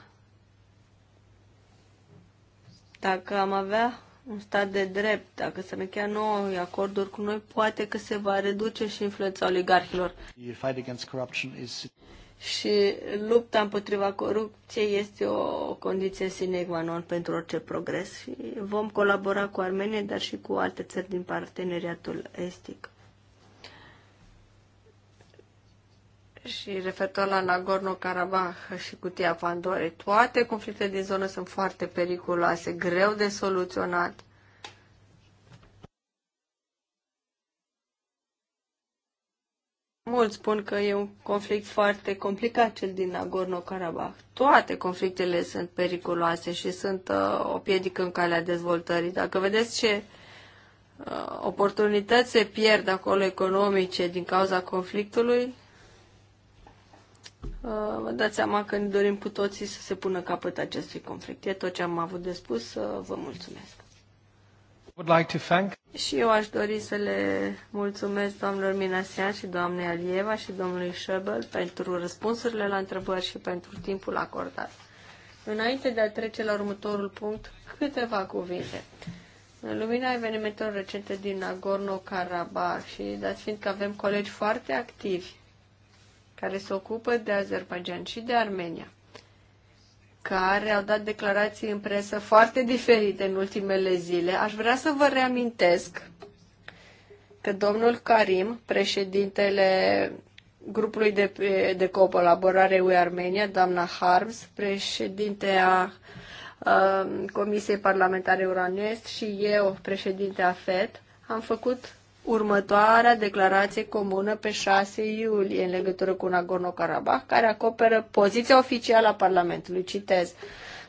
Dacă am avea un stat de drept, dacă se mechea noi acorduri cu noi, poate că se va reduce și influența oligarhilor și lupta împotriva corupției este o condiție sine qua non pentru orice progres și vom colabora cu Armenia, dar și cu alte țări din parteneriatul estic. Și referitor la Nagorno-Karabakh și cutia Pandore, toate conflictele din zonă sunt foarte periculoase, greu de soluționat Mulți spun că e un conflict foarte complicat cel din Nagorno-Karabakh. Toate conflictele sunt periculoase și sunt uh, o piedică în calea dezvoltării. Dacă vedeți ce uh, oportunități se pierd acolo economice din cauza conflictului, uh, vă dați seama că ne dorim cu toții să se pună capăt acestui conflict. E tot ce am avut de spus. Uh, vă mulțumesc. Would like to thank... Și eu aș dori să le mulțumesc doamnelor Minasian și doamnei Alieva și domnului Schöbel pentru răspunsurile la întrebări și pentru timpul acordat. Înainte de a trece la următorul punct, câteva cuvinte. În lumina evenimentelor recente din Nagorno-Karabakh și dat fiind că avem colegi foarte activi care se ocupă de Azerbaijan și de Armenia, care au dat declarații în presă foarte diferite în ultimele zile. Aș vrea să vă reamintesc că domnul Karim, președintele grupului de, de colaborare UE Armenia, doamna Harms, președinte a uh, Comisiei Parlamentare Euronest și eu, președinte a FED, am făcut următoarea declarație comună pe 6 iulie în legătură cu Nagorno-Karabakh, care acoperă poziția oficială a Parlamentului. Citez.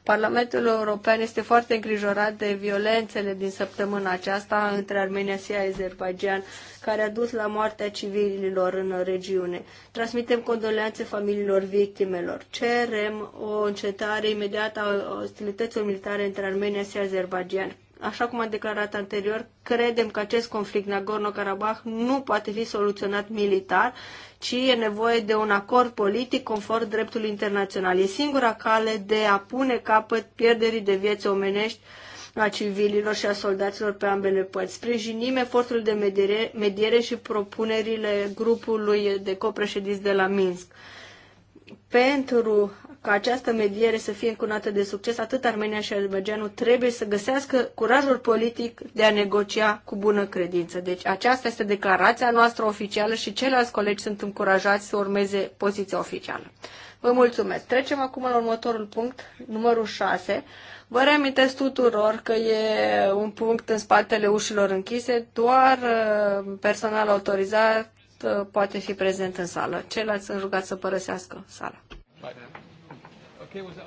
Parlamentul European este foarte îngrijorat de violențele din săptămâna aceasta între Armenia și Azerbaijan, care a dus la moartea civililor în regiune. Transmitem condoleanțe familiilor victimelor. Cerem o încetare imediată a ostilităților militare între Armenia și Azerbaijan, Așa cum am declarat anterior, credem că acest conflict Nagorno-Karabakh nu poate fi soluționat militar, ci e nevoie de un acord politic conform dreptului internațional. E singura cale de a pune capăt pierderii de vieți omenești a civililor și a soldaților pe ambele părți. Sprijinim efortul de mediere, mediere și propunerile grupului de copreședinți de la Minsk. Pentru ca această mediere să fie încunată de succes, atât Armenia și Azerbaijanul trebuie să găsească curajul politic de a negocia cu bună credință. Deci aceasta este declarația noastră oficială și ceilalți colegi sunt încurajați să urmeze poziția oficială. Vă mulțumesc. Trecem acum la următorul punct, numărul 6. Vă reamintesc tuturor că e un punct în spatele ușilor închise, doar uh, personal autorizat uh, poate fi prezent în sală. Ceilalți sunt rugați să părăsească sala. Bye there was